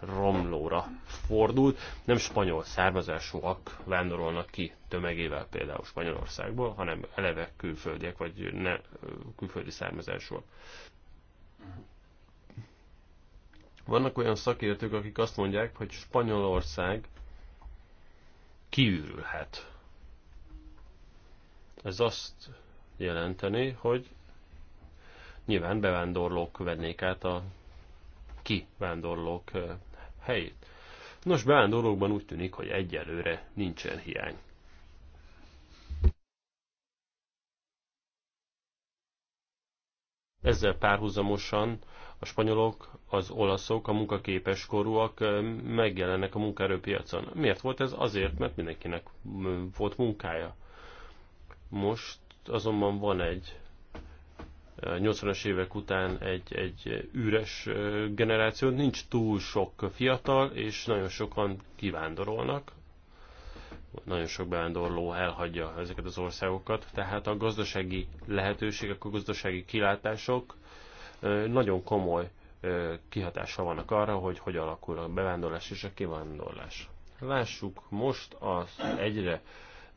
romlóra fordult. Nem spanyol származásúak vándorolnak ki tömegével például Spanyolországból, hanem eleve külföldiek, vagy ne, külföldi származásúak. Vannak olyan szakértők, akik azt mondják, hogy Spanyolország kiürülhet. Ez azt jelenteni, hogy nyilván bevándorlók vennék át a kivándorlók eh, helyét. Nos, bevándorlókban úgy tűnik, hogy egyelőre nincsen hiány. Ezzel párhuzamosan a spanyolok, az olaszok, a munkaképes korúak megjelennek a munkaerőpiacon. Miért volt ez? Azért, mert mindenkinek volt munkája. Most azonban van egy 80-as évek után egy, egy üres generáció, nincs túl sok fiatal, és nagyon sokan kivándorolnak, nagyon sok bevándorló elhagyja ezeket az országokat, tehát a gazdasági lehetőségek, a gazdasági kilátások nagyon komoly kihatása vannak arra, hogy hogy alakul a bevándorlás és a kivándorlás. Lássuk most az egyre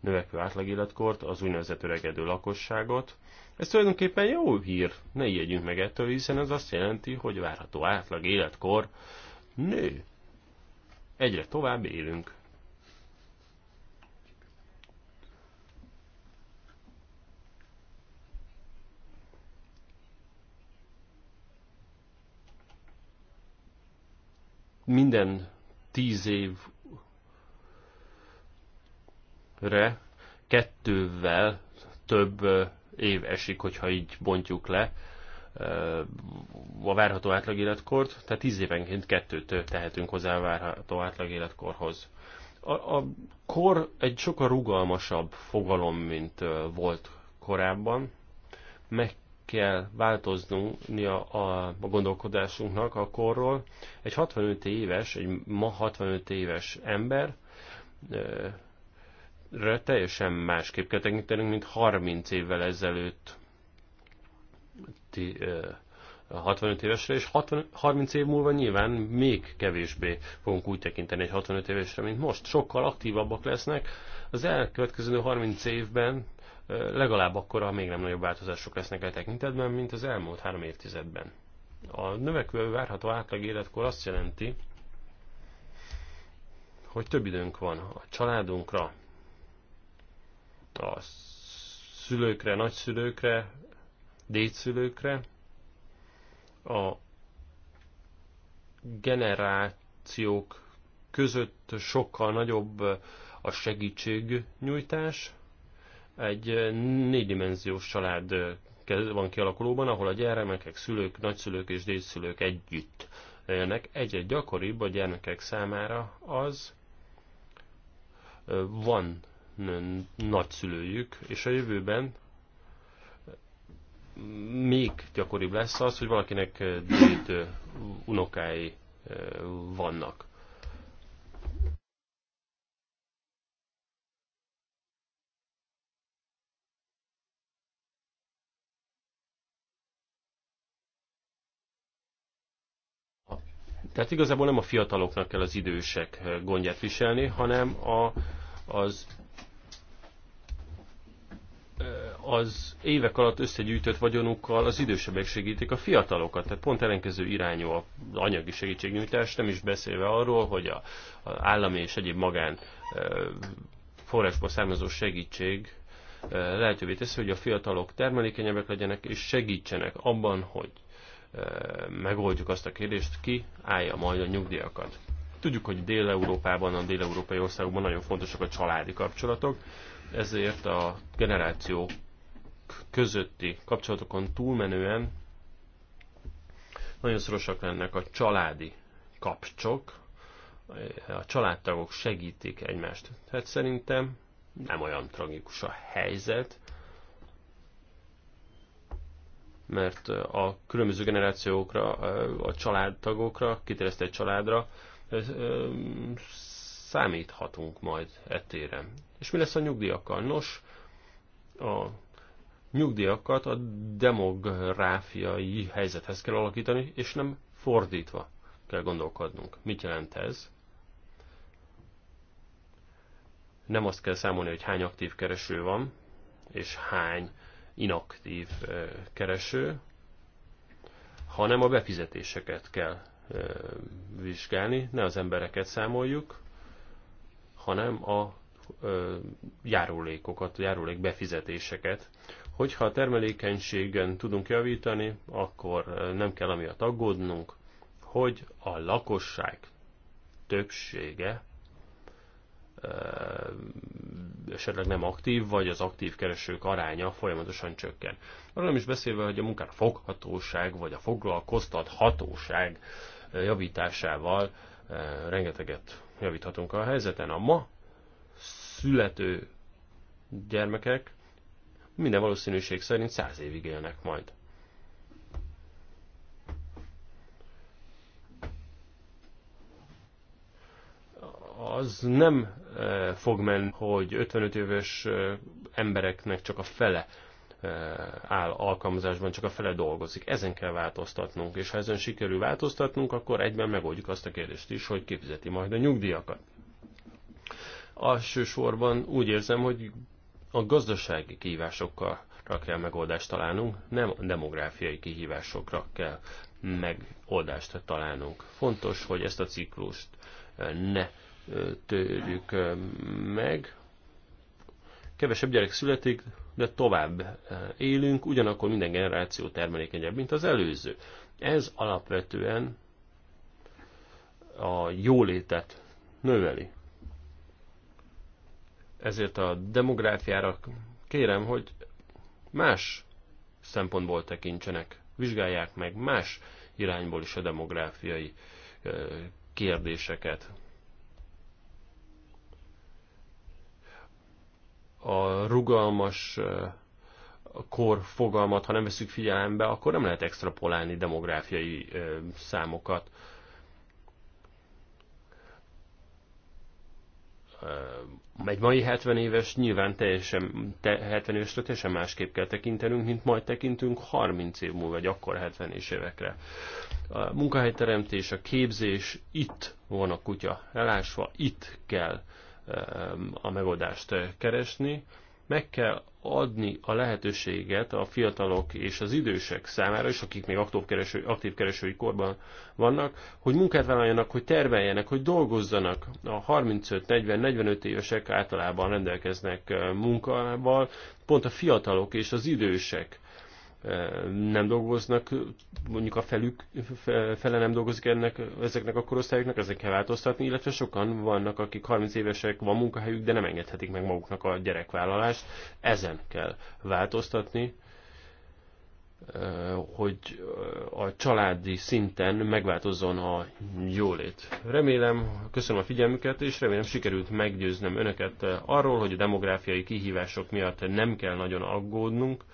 növekvő átlagéletkort, az úgynevezett öregedő lakosságot. Ez tulajdonképpen jó hír, ne ijedjünk meg ettől, hiszen ez azt jelenti, hogy várható átlag életkor nő. Egyre tovább élünk. Minden tíz évre kettővel több év esik, hogyha így bontjuk le a várható átlagéletkort, tehát 10 évenként kettőt tehetünk hozzá a várható átlagéletkorhoz. A, a kor egy sokkal rugalmasabb fogalom, mint volt korábban. Meg kell a, a, a gondolkodásunknak a korról. Egy 65 éves, egy ma 65 éves ember teljesen másképp kell tekintenünk, mint 30 évvel ezelőtt 65 évesre, és 60, 30 év múlva nyilván még kevésbé fogunk úgy tekinteni egy 65 évesre, mint most. Sokkal aktívabbak lesznek. Az elkövetkező 30 évben legalább akkora, még nem nagyobb változások lesznek a e tekintetben, mint az elmúlt három évtizedben. A növekvő várható átlag életkor azt jelenti, hogy több időnk van a családunkra, a szülőkre, nagyszülőkre, dédszülőkre, a generációk között sokkal nagyobb a segítségnyújtás. Egy négydimenziós család van kialakulóban, ahol a gyermekek, szülők, nagyszülők és dédszülők együtt élnek. Egyre gyakoribb a gyermekek számára az, van nagyszülőjük, és a jövőben még gyakoribb lesz az, hogy valakinek déd unokái vannak. Tehát igazából nem a fiataloknak kell az idősek gondját viselni, hanem a, az az évek alatt összegyűjtött vagyonukkal az idősebbek segítik a fiatalokat, tehát pont ellenkező irányú a anyagi segítségnyújtás, nem is beszélve arról, hogy a, a állami és egyéb magán e, forrásból származó segítség e, lehetővé teszi, hogy a fiatalok termelékenyebbek legyenek és segítsenek abban, hogy e, megoldjuk azt a kérdést, ki állja majd a nyugdíjakat. Tudjuk, hogy Dél-Európában, a dél-európai országokban nagyon fontosak a családi kapcsolatok, ezért a generáció közötti kapcsolatokon túlmenően nagyon szorosak lennek a családi kapcsok, a családtagok segítik egymást. Tehát szerintem nem olyan tragikus a helyzet, mert a különböző generációkra, a családtagokra, egy családra számíthatunk majd etére. És mi lesz a nyugdíjakkal? Nos, a nyugdíjakat a demográfiai helyzethez kell alakítani, és nem fordítva kell gondolkodnunk. Mit jelent ez? Nem azt kell számolni, hogy hány aktív kereső van, és hány inaktív kereső, hanem a befizetéseket kell vizsgálni, ne az embereket számoljuk, hanem a járulékokat, járulék befizetéseket, Hogyha a termelékenységen tudunk javítani, akkor nem kell amiatt aggódnunk, hogy a lakosság többsége esetleg nem aktív, vagy az aktív keresők aránya folyamatosan csökken. Arról nem is beszélve, hogy a munkára foghatóság, vagy a foglalkoztat hatóság javításával rengeteget javíthatunk a helyzeten. A ma születő gyermekek minden valószínűség szerint száz évig élnek majd. Az nem eh, fog menni, hogy 55 éves eh, embereknek csak a fele eh, áll alkalmazásban, csak a fele dolgozik. Ezen kell változtatnunk, és ha ezen sikerül változtatnunk, akkor egyben megoldjuk azt a kérdést is, hogy kifizeti majd a nyugdíjakat. Alsősorban úgy érzem, hogy a gazdasági kihívásokkal kell megoldást találnunk, nem a demográfiai kihívásokra kell megoldást találnunk. Fontos, hogy ezt a ciklust e, ne e, törjük e, meg. Kevesebb gyerek születik, de tovább élünk, ugyanakkor minden generáció termelékenyebb, mint az előző. Ez alapvetően a jólétet növeli ezért a demográfiára kérem, hogy más szempontból tekintsenek, vizsgálják meg más irányból is a demográfiai kérdéseket. A rugalmas kor fogalmat, ha nem veszük figyelembe, akkor nem lehet extrapolálni demográfiai számokat egy mai 70 éves nyilván teljesen, te, 70 évesre teljesen másképp kell tekintenünk, mint majd tekintünk 30 év múlva, vagy akkor 70 és évekre. A munkahelyteremtés, a képzés, itt van a kutya elásva, itt kell a megoldást keresni. Meg kell adni a lehetőséget a fiatalok és az idősek számára és akik még aktív, kereső, aktív keresői korban vannak, hogy munkát vállaljanak, hogy terveljenek, hogy dolgozzanak. A 35-40-45 évesek általában rendelkeznek munkával, pont a fiatalok és az idősek nem dolgoznak, mondjuk a felük, fele nem dolgozik ennek, ezeknek a korosztályoknak, ezek kell változtatni, illetve sokan vannak, akik 30 évesek, van munkahelyük, de nem engedhetik meg maguknak a gyerekvállalást. Ezen kell változtatni, hogy a családi szinten megváltozzon a jólét. Remélem, köszönöm a figyelmüket, és remélem sikerült meggyőznöm önöket arról, hogy a demográfiai kihívások miatt nem kell nagyon aggódnunk,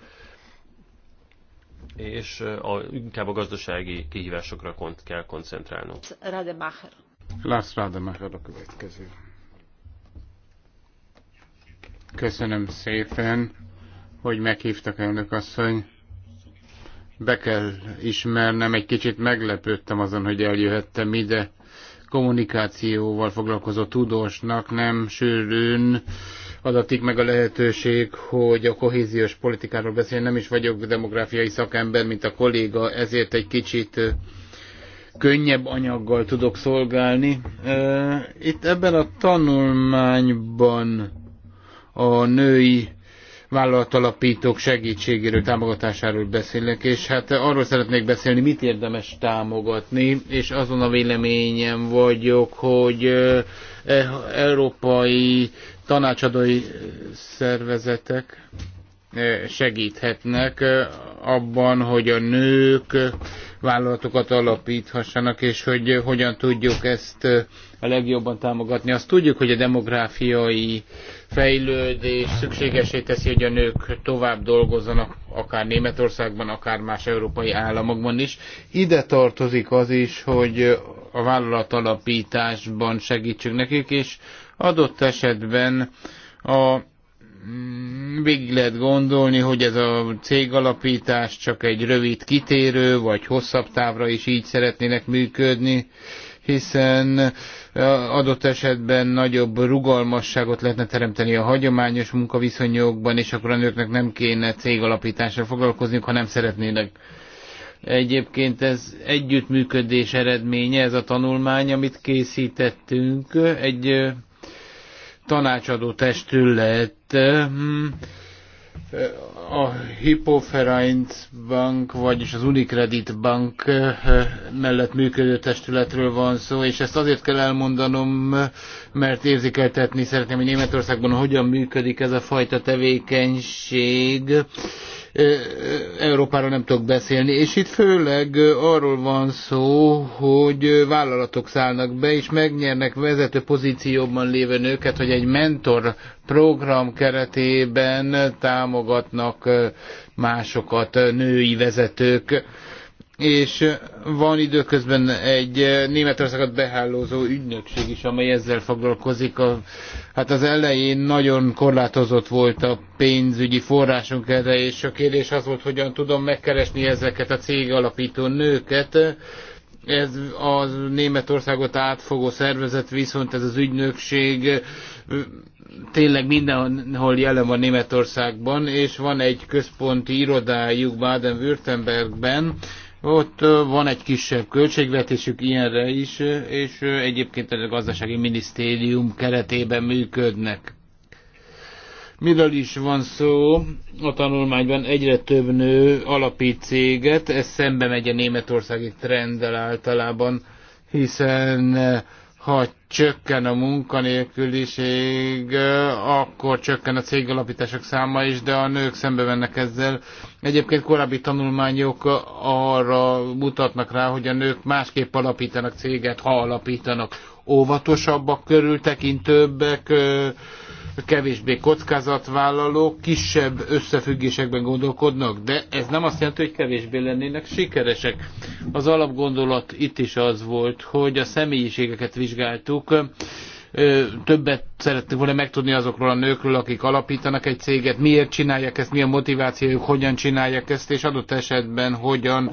és a, inkább a gazdasági kihívásokra kont kell koncentrálnunk. Rademacher. Lász Rademacher a következő. Köszönöm szépen, hogy meghívtak elnök asszony. Be kell ismernem, egy kicsit meglepődtem azon, hogy eljöhettem ide kommunikációval foglalkozó tudósnak, nem sűrűn adatik meg a lehetőség, hogy a kohéziós politikáról beszéljen. Nem is vagyok demográfiai szakember, mint a kolléga, ezért egy kicsit könnyebb anyaggal tudok szolgálni. Itt ebben a tanulmányban a női vállalatalapítók segítségéről, támogatásáról beszélek, és hát arról szeretnék beszélni, mit érdemes támogatni, és azon a véleményem vagyok, hogy e- európai tanácsadói szervezetek eh, segíthetnek eh, abban, hogy a nők vállalatokat alapíthassanak, és hogy eh, hogyan tudjuk ezt a legjobban támogatni. Azt tudjuk, hogy a demográfiai fejlődés szükségesé teszi, hogy a nők tovább dolgozzanak, akár Németországban, akár más európai államokban is. Ide tartozik az is, hogy a vállalatalapításban segítsünk nekik, és Adott esetben a mm, végig lehet gondolni, hogy ez a cégalapítás csak egy rövid kitérő, vagy hosszabb távra is így szeretnének működni, hiszen e, adott esetben nagyobb rugalmasságot lehetne teremteni a hagyományos munkaviszonyokban, és akkor a nőknek nem kéne cégalapítással foglalkozni, ha nem szeretnének. Egyébként ez együttműködés eredménye, ez a tanulmány, amit készítettünk. Egy e, tanácsadó testület hm, a Hippoferainz Bank, vagyis az Unicredit Bank eh, mellett működő testületről van szó, és ezt azért kell elmondanom, mert érzékeltetni szeretném, hogy Németországban hogyan működik ez a fajta tevékenység Európára nem tudok beszélni. És itt főleg arról van szó, hogy vállalatok szállnak be, és megnyernek vezető pozícióban lévő nőket, hogy egy mentor program keretében támogatnak másokat, női vezetők és van időközben egy Németországot behálózó ügynökség is, amely ezzel foglalkozik. A, hát az elején nagyon korlátozott volt a pénzügyi forrásunk erre, és a kérdés az volt, hogyan tudom megkeresni ezeket a cég alapító nőket. Ez a Németországot átfogó szervezet, viszont ez az ügynökség tényleg mindenhol jelen van Németországban, és van egy központi irodájuk Baden-Württembergben, ott van egy kisebb költségvetésük ilyenre is, és egyébként a gazdasági minisztérium keretében működnek. Miről is van szó? A tanulmányban egyre több nő alapít céget, ez szembe megy a németországi trenddel általában, hiszen ha csökken a munkanélküliség, akkor csökken a cégalapítások száma is, de a nők szembe mennek ezzel. Egyébként korábbi tanulmányok arra mutatnak rá, hogy a nők másképp alapítanak céget, ha alapítanak. Óvatosabbak, körültekintőbbek, kevésbé kockázatvállalók, kisebb összefüggésekben gondolkodnak, de ez nem azt jelenti, hogy kevésbé lennének sikeresek. Az alapgondolat itt is az volt, hogy a személyiségeket vizsgáltuk, többet szeretnék volna megtudni azokról a nőkről, akik alapítanak egy céget, miért csinálják ezt, mi a motivációjuk, hogyan csinálják ezt, és adott esetben hogyan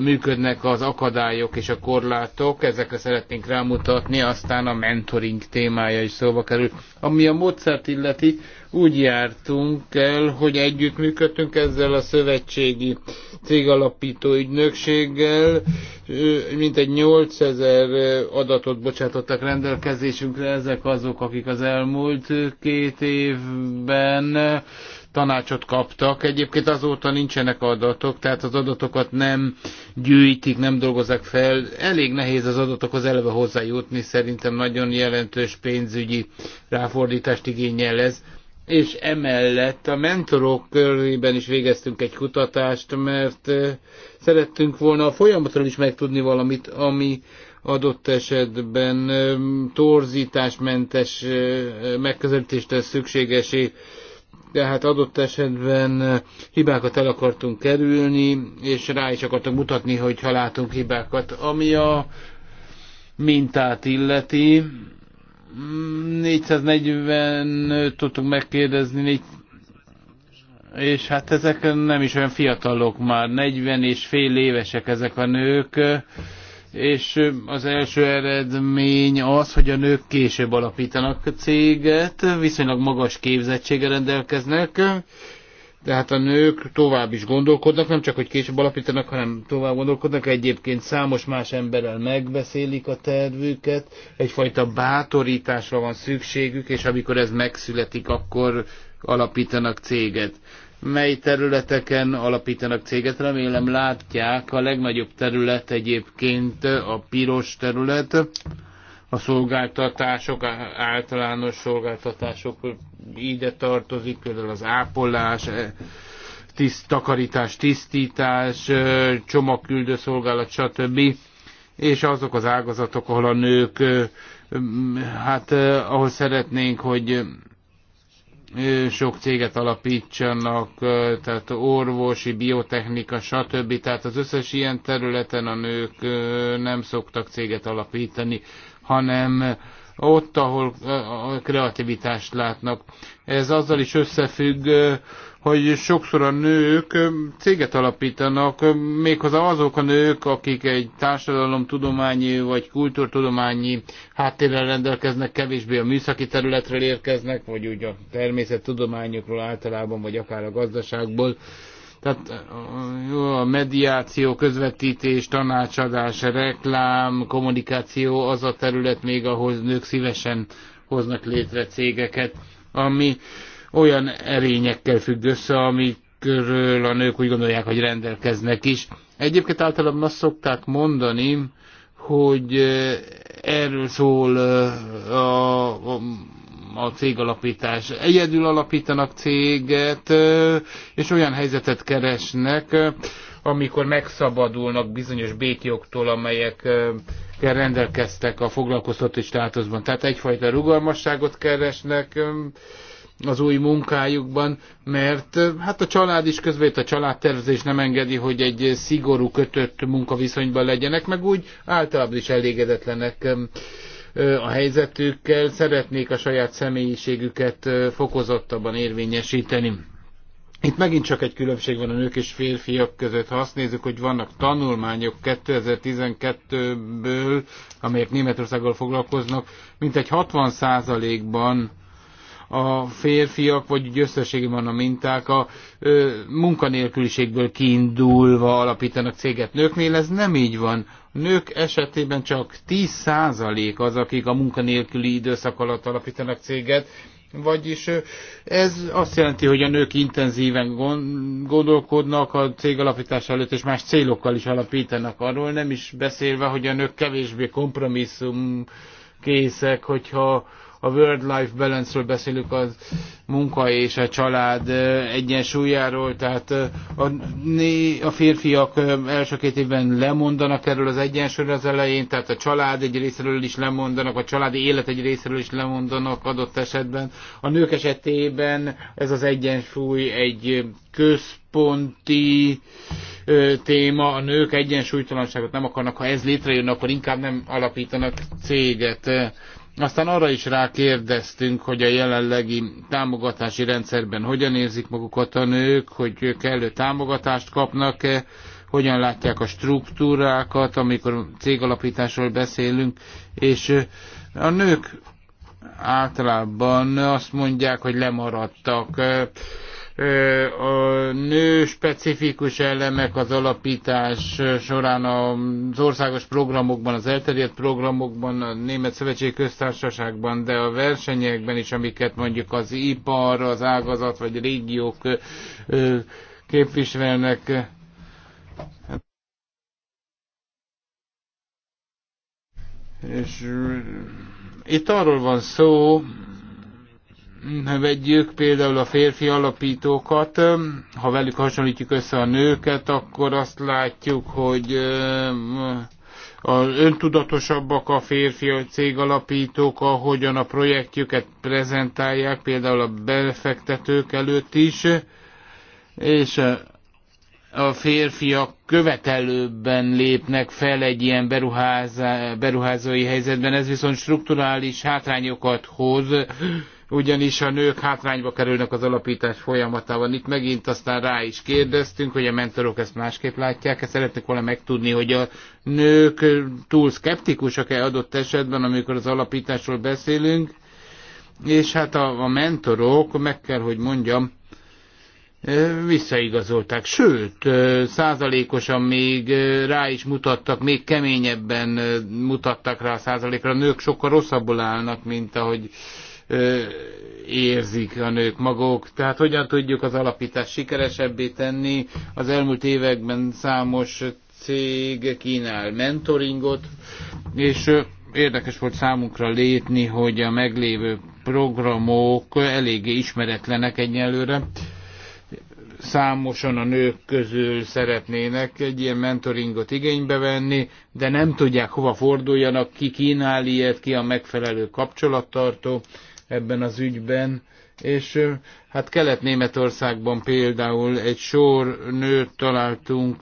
működnek az akadályok és a korlátok. Ezekre szeretnénk rámutatni, aztán a mentoring témája is szóba kerül. Ami a módszert illeti, úgy jártunk el, hogy együttműködtünk ezzel a szövetségi cégalapító ügynökséggel, mintegy 8000 adatot bocsátottak rendelkezésünkre, ezek azok, akik az elmúlt két évben tanácsot kaptak. Egyébként azóta nincsenek adatok, tehát az adatokat nem gyűjtik, nem dolgozzák fel. Elég nehéz az adatokhoz eleve hozzájutni, szerintem nagyon jelentős pénzügyi ráfordítást igényel ez és emellett a mentorok körében is végeztünk egy kutatást, mert szerettünk volna a folyamatról is megtudni valamit, ami adott esetben torzításmentes megközelítést tesz szükségesé, tehát adott esetben hibákat el akartunk kerülni, és rá is akartunk mutatni, hogy ha látunk hibákat. Ami a mintát illeti, 445 tudtuk megkérdezni, és hát ezek nem is olyan fiatalok már, 40 és fél évesek ezek a nők, és az első eredmény az, hogy a nők később alapítanak a céget, viszonylag magas képzettsége rendelkeznek, de hát a nők tovább is gondolkodnak, nem csak, hogy később alapítanak, hanem tovább gondolkodnak. Egyébként számos más emberrel megbeszélik a tervüket, egyfajta bátorításra van szükségük, és amikor ez megszületik, akkor alapítanak céget. Mely területeken alapítanak céget? Remélem látják, a legnagyobb terület egyébként a piros terület a szolgáltatások, általános szolgáltatások ide tartozik, például az ápolás, eh, tiszt, takarítás, tisztítás, eh, csomagküldő szolgálat, stb. És azok az ágazatok, ahol a nők, eh, hát ahol szeretnénk, hogy sok céget alapítsanak, tehát orvosi, biotechnika, stb. Tehát az összes ilyen területen a nők nem szoktak céget alapítani hanem ott, ahol eh, a kreativitást látnak. Ez azzal is összefügg, eh, hogy sokszor a nők eh, céget alapítanak, méghozzá azok a nők, akik egy társadalomtudományi vagy kultúrtudományi háttérrel rendelkeznek, kevésbé a műszaki területről érkeznek, vagy úgy a természettudományokról általában, vagy akár a gazdaságból. Tehát jó a mediáció, közvetítés, tanácsadás, reklám, kommunikáció az a terület még, ahol nők szívesen hoznak létre cégeket, ami olyan erényekkel függ össze, amikről a nők úgy gondolják, hogy rendelkeznek is. Egyébként általában azt szokták mondani, hogy erről szól a, a a cégalapítás. Egyedül alapítanak céget, és olyan helyzetet keresnek, amikor megszabadulnak bizonyos békjogtól, amelyekkel rendelkeztek a foglalkoztatói státuszban. Tehát egyfajta rugalmasságot keresnek az új munkájukban, mert hát a család is közben itt a családtervezés nem engedi, hogy egy szigorú kötött munkaviszonyban legyenek, meg úgy általában is elégedetlenek a helyzetükkel, szeretnék a saját személyiségüket fokozottabban érvényesíteni. Itt megint csak egy különbség van a nők és férfiak között. Ha azt nézzük, hogy vannak tanulmányok 2012-ből, amelyek Németországgal foglalkoznak, mintegy 60%-ban a férfiak, vagy úgy összességében a minták a ö, munkanélküliségből kiindulva alapítanak céget nőknél, ez nem így van nők esetében csak 10% az, akik a munkanélküli időszak alatt alapítanak céget, vagyis ez azt jelenti, hogy a nők intenzíven gondolkodnak a cég alapítás előtt, és más célokkal is alapítanak arról, nem is beszélve, hogy a nők kevésbé kompromisszum készek, hogyha a World Life Balance-ről beszélünk, a munka és a család egyensúlyáról, tehát a, a férfiak első két évben lemondanak erről az egyensúlyról az elején, tehát a család egy részéről is lemondanak, a családi élet egy részéről is lemondanak adott esetben. A nők esetében ez az egyensúly egy központi ö, téma, a nők egyensúlytalanságot nem akarnak, ha ez létrejön, akkor inkább nem alapítanak céget. Aztán arra is rákérdeztünk, hogy a jelenlegi támogatási rendszerben hogyan érzik magukat a nők, hogy kellő támogatást kapnak-e, hogyan látják a struktúrákat, amikor cégalapításról beszélünk, és a nők általában azt mondják, hogy lemaradtak a nő specifikus elemek az alapítás során az országos programokban, az elterjedt programokban, a Német Szövetség Köztársaságban, de a versenyekben is, amiket mondjuk az ipar, az ágazat vagy régiók képviselnek, és itt arról van szó, vegyük például a férfi alapítókat, ha velük hasonlítjuk össze a nőket, akkor azt látjuk, hogy az öntudatosabbak a férfi a cég alapítók, ahogyan a projektjüket prezentálják, például a befektetők előtt is, és a férfiak követelőbben lépnek fel egy ilyen beruházói helyzetben, ez viszont strukturális hátrányokat hoz ugyanis a nők hátrányba kerülnek az alapítás folyamatában. Itt megint aztán rá is kérdeztünk, hogy a mentorok ezt másképp látják, ezt szeretnék volna megtudni, hogy a nők túl szkeptikusak-e adott esetben, amikor az alapításról beszélünk, és hát a, a mentorok, meg kell, hogy mondjam, visszaigazolták. Sőt, százalékosan még rá is mutattak, még keményebben mutattak rá a százalékra. A nők sokkal rosszabbul állnak, mint ahogy érzik a nők maguk. Tehát hogyan tudjuk az alapítást sikeresebbé tenni? Az elmúlt években számos cég kínál mentoringot, és érdekes volt számunkra létni, hogy a meglévő programok eléggé ismeretlenek egyelőre. Számosan a nők közül szeretnének egy ilyen mentoringot igénybe venni, de nem tudják hova forduljanak, ki kínál ilyet, ki a megfelelő kapcsolattartó ebben az ügyben, és hát Kelet-Németországban például egy sor nőt találtunk,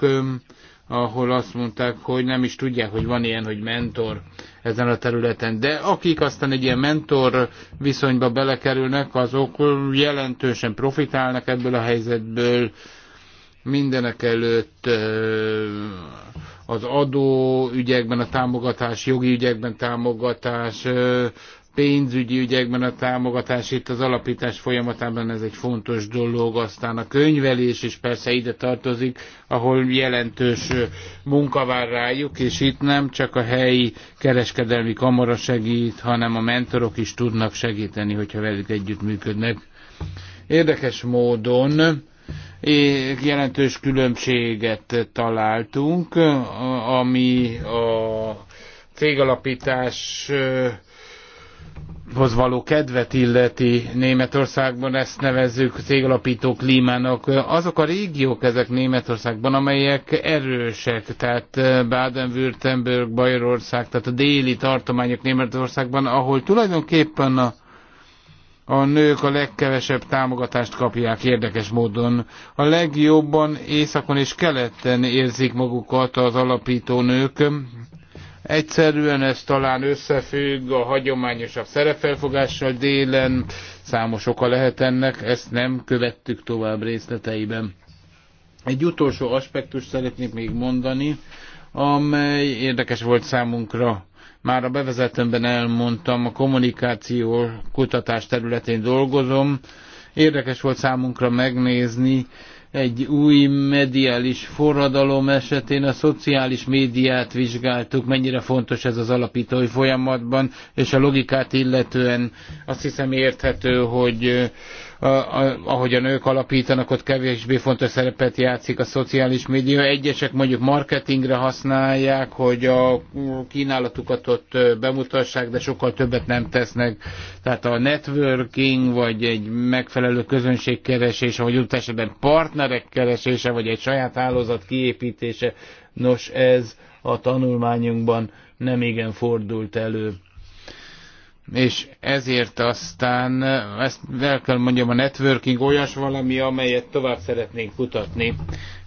ahol azt mondták, hogy nem is tudják, hogy van ilyen, hogy mentor ezen a területen. De akik aztán egy ilyen mentor viszonyba belekerülnek, azok jelentősen profitálnak ebből a helyzetből. Mindenek előtt az adó ügyekben, a támogatás, jogi ügyekben támogatás, pénzügyi ügyekben a támogatás itt az alapítás folyamatában ez egy fontos dolog, aztán a könyvelés is persze ide tartozik, ahol jelentős munka vár rájuk, és itt nem csak a helyi kereskedelmi kamara segít, hanem a mentorok is tudnak segíteni, hogyha velük együttműködnek. Érdekes módon jelentős különbséget találtunk, ami a cégalapítás hoz való kedvet illeti Németországban, ezt nevezzük cégalapító klímának. Azok a régiók ezek Németországban, amelyek erősek, tehát Baden-Württemberg, Bajorország, tehát a déli tartományok Németországban, ahol tulajdonképpen a, a nők a legkevesebb támogatást kapják érdekes módon. A legjobban északon és keleten érzik magukat az alapító nők, Egyszerűen ez talán összefügg a hagyományosabb szerepfelfogással délen, számos oka lehet ennek, ezt nem követtük tovább részleteiben. Egy utolsó aspektust szeretnék még mondani, amely érdekes volt számunkra. Már a bevezetőmben elmondtam, a kommunikáció kutatás területén dolgozom. Érdekes volt számunkra megnézni, egy új mediális forradalom esetén a szociális médiát vizsgáltuk, mennyire fontos ez az alapítói folyamatban, és a logikát illetően azt hiszem érthető, hogy ahogy a nők alapítanak, ott kevésbé fontos szerepet játszik a szociális média. Egyesek mondjuk marketingre használják, hogy a kínálatukat ott bemutassák, de sokkal többet nem tesznek. Tehát a networking, vagy egy megfelelő közönségkeresés, vagy úgy esetben partnerek keresése, vagy egy saját hálózat kiépítése, nos ez a tanulmányunkban nem igen fordult elő és ezért aztán ezt el kell mondjam, a networking olyas valami, amelyet tovább szeretnénk kutatni,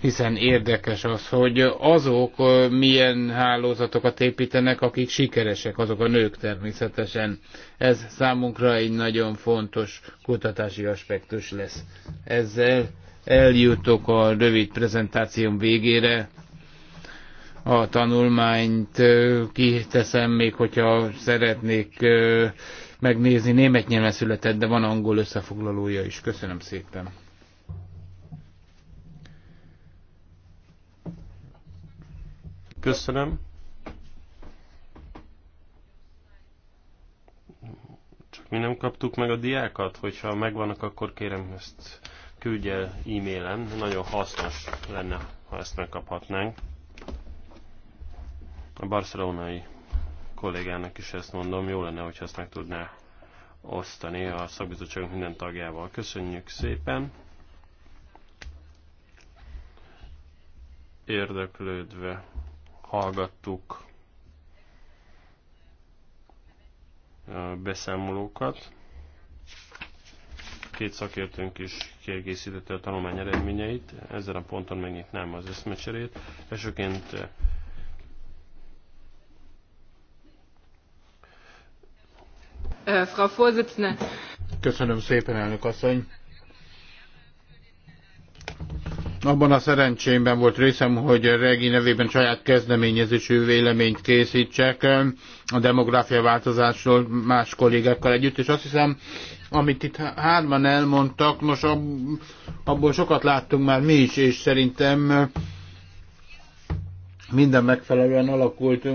hiszen érdekes az, hogy azok milyen hálózatokat építenek, akik sikeresek, azok a nők természetesen. Ez számunkra egy nagyon fontos kutatási aspektus lesz. Ezzel eljutok a rövid prezentációm végére a tanulmányt, kiteszem még, hogyha szeretnék megnézni. Német nyelven született, de van angol összefoglalója is. Köszönöm szépen. Köszönöm. Csak mi nem kaptuk meg a diákat, hogyha megvannak, akkor kérem ezt küldje e-mailen. Nagyon hasznos lenne, ha ezt megkaphatnánk. A barcelonai kollégának is ezt mondom, jó lenne, hogyha ezt meg tudná osztani a szakbizottságunk minden tagjával. Köszönjük szépen! Érdeklődve hallgattuk a beszámolókat. Két szakértőnk is kiegészítette a tanulmány eredményeit. Ezen a ponton megnyitnám az eszmecserét. Elsőként Frau Vorsitzende. Köszönöm szépen, elnök asszony. Abban a szerencsémben volt részem, hogy Regi nevében saját kezdeményezésű véleményt készítsek a demográfia változásról más kollégákkal együtt, és azt hiszem, amit itt hárman elmondtak, nos abból sokat láttunk már mi is, és szerintem minden megfelelően alakult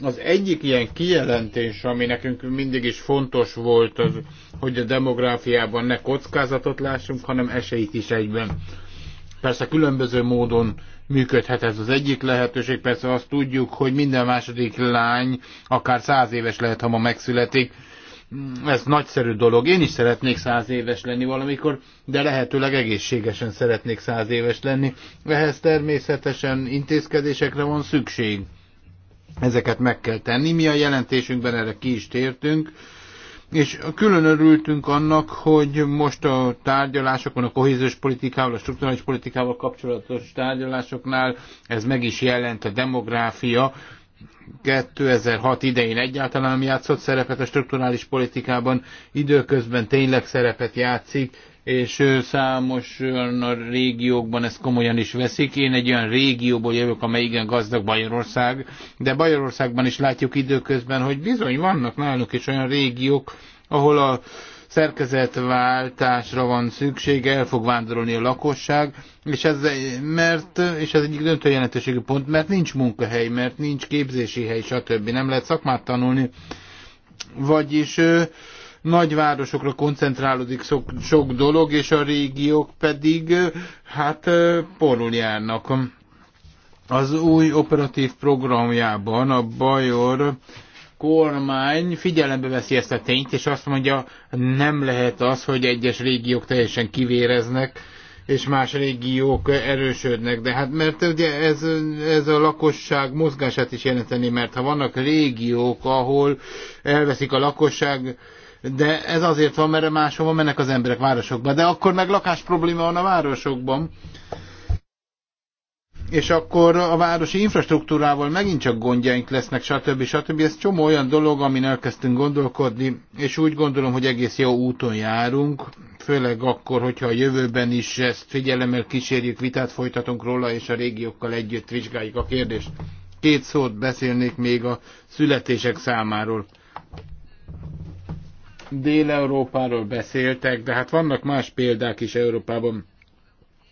az egyik ilyen kijelentés, ami nekünk mindig is fontos volt, az, hogy a demográfiában ne kockázatot lássunk, hanem esélyt is egyben. Persze különböző módon működhet ez az egyik lehetőség, persze azt tudjuk, hogy minden második lány akár száz éves lehet, ha ma megszületik. Ez nagyszerű dolog. Én is szeretnék száz éves lenni valamikor, de lehetőleg egészségesen szeretnék száz éves lenni. Ehhez természetesen intézkedésekre van szükség Ezeket meg kell tenni. Mi a jelentésünkben erre ki is tértünk, és külön örültünk annak, hogy most a tárgyalásokon, a kohéziós politikával, a struktúrális politikával kapcsolatos tárgyalásoknál ez meg is jelent a demográfia, 2006 idején egyáltalán nem játszott szerepet a strukturális politikában, időközben tényleg szerepet játszik, és számos olyan a régiókban ezt komolyan is veszik. Én egy olyan régióból jövök, amely igen gazdag Bajorország, de Bajorországban is látjuk időközben, hogy bizony vannak nálunk is olyan régiók, ahol a szerkezetváltásra van szükség, el fog vándorolni a lakosság, és ez, mert, és ez egyik döntő jelentőségű pont, mert nincs munkahely, mert nincs képzési hely, stb. Nem lehet szakmát tanulni. Vagyis nagyvárosokra koncentrálódik sok, sok dolog, és a régiók pedig hát porul járnak. Az új operatív programjában a Bajor kormány figyelembe veszi ezt a tényt, és azt mondja, nem lehet az, hogy egyes régiók teljesen kivéreznek, és más régiók erősödnek. De hát mert ugye ez, ez a lakosság mozgását is jelenteni, mert ha vannak régiók, ahol elveszik a lakosság de ez azért van, mert máshova mennek az emberek városokba. De akkor meg lakás probléma van a városokban. És akkor a városi infrastruktúrával megint csak gondjaink lesznek, stb. stb. Ez csomó olyan dolog, amin elkezdtünk gondolkodni, és úgy gondolom, hogy egész jó úton járunk, főleg akkor, hogyha a jövőben is ezt figyelemmel kísérjük, vitát folytatunk róla, és a régiókkal együtt vizsgáljuk a kérdést. Két szót beszélnék még a születések számáról Dél-Európáról beszéltek, de hát vannak más példák is Európában.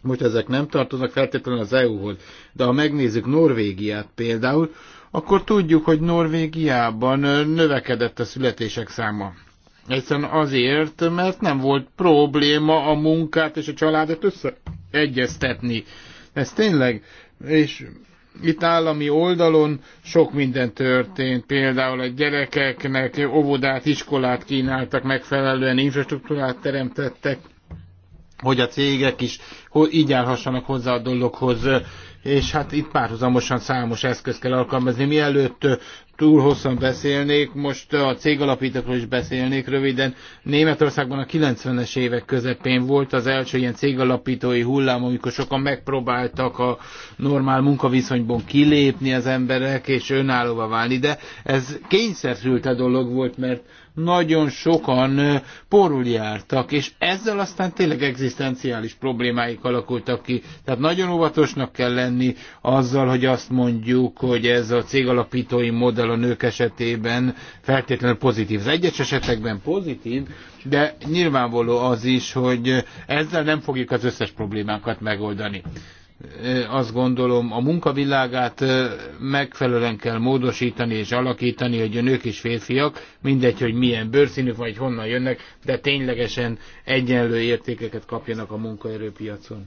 Most ezek nem tartoznak feltétlenül az EU-hoz, de ha megnézzük Norvégiát például, akkor tudjuk, hogy Norvégiában növekedett a születések száma. Egyszerűen azért, mert nem volt probléma a munkát és a családot összeegyeztetni. Ez tényleg, és itt állami oldalon sok minden történt, például a gyerekeknek óvodát, iskolát kínáltak, megfelelően infrastruktúrát teremtettek, hogy a cégek is hogy így állhassanak hozzá a dologhoz és hát itt párhuzamosan számos eszközt kell alkalmazni. Mielőtt túl hosszan beszélnék, most a cégalapítókról is beszélnék röviden. Németországban a 90-es évek közepén volt az első ilyen cégalapítói hullám, amikor sokan megpróbáltak a normál munkaviszonyból kilépni az emberek és önállóvá válni, de ez kényszerült a dolog volt, mert nagyon sokan porul jártak, és ezzel aztán tényleg egzisztenciális problémáik alakultak ki. Tehát nagyon óvatosnak kell lenni azzal, hogy azt mondjuk, hogy ez a cégalapítói modell a nők esetében feltétlenül pozitív. Az egyes esetekben pozitív, de nyilvánvaló az is, hogy ezzel nem fogjuk az összes problémánkat megoldani azt gondolom a munkavilágát megfelelően kell módosítani és alakítani, hogy nők és férfiak, mindegy, hogy milyen bőrszínük vagy honnan jönnek, de ténylegesen egyenlő értékeket kapjanak a munkaerőpiacon.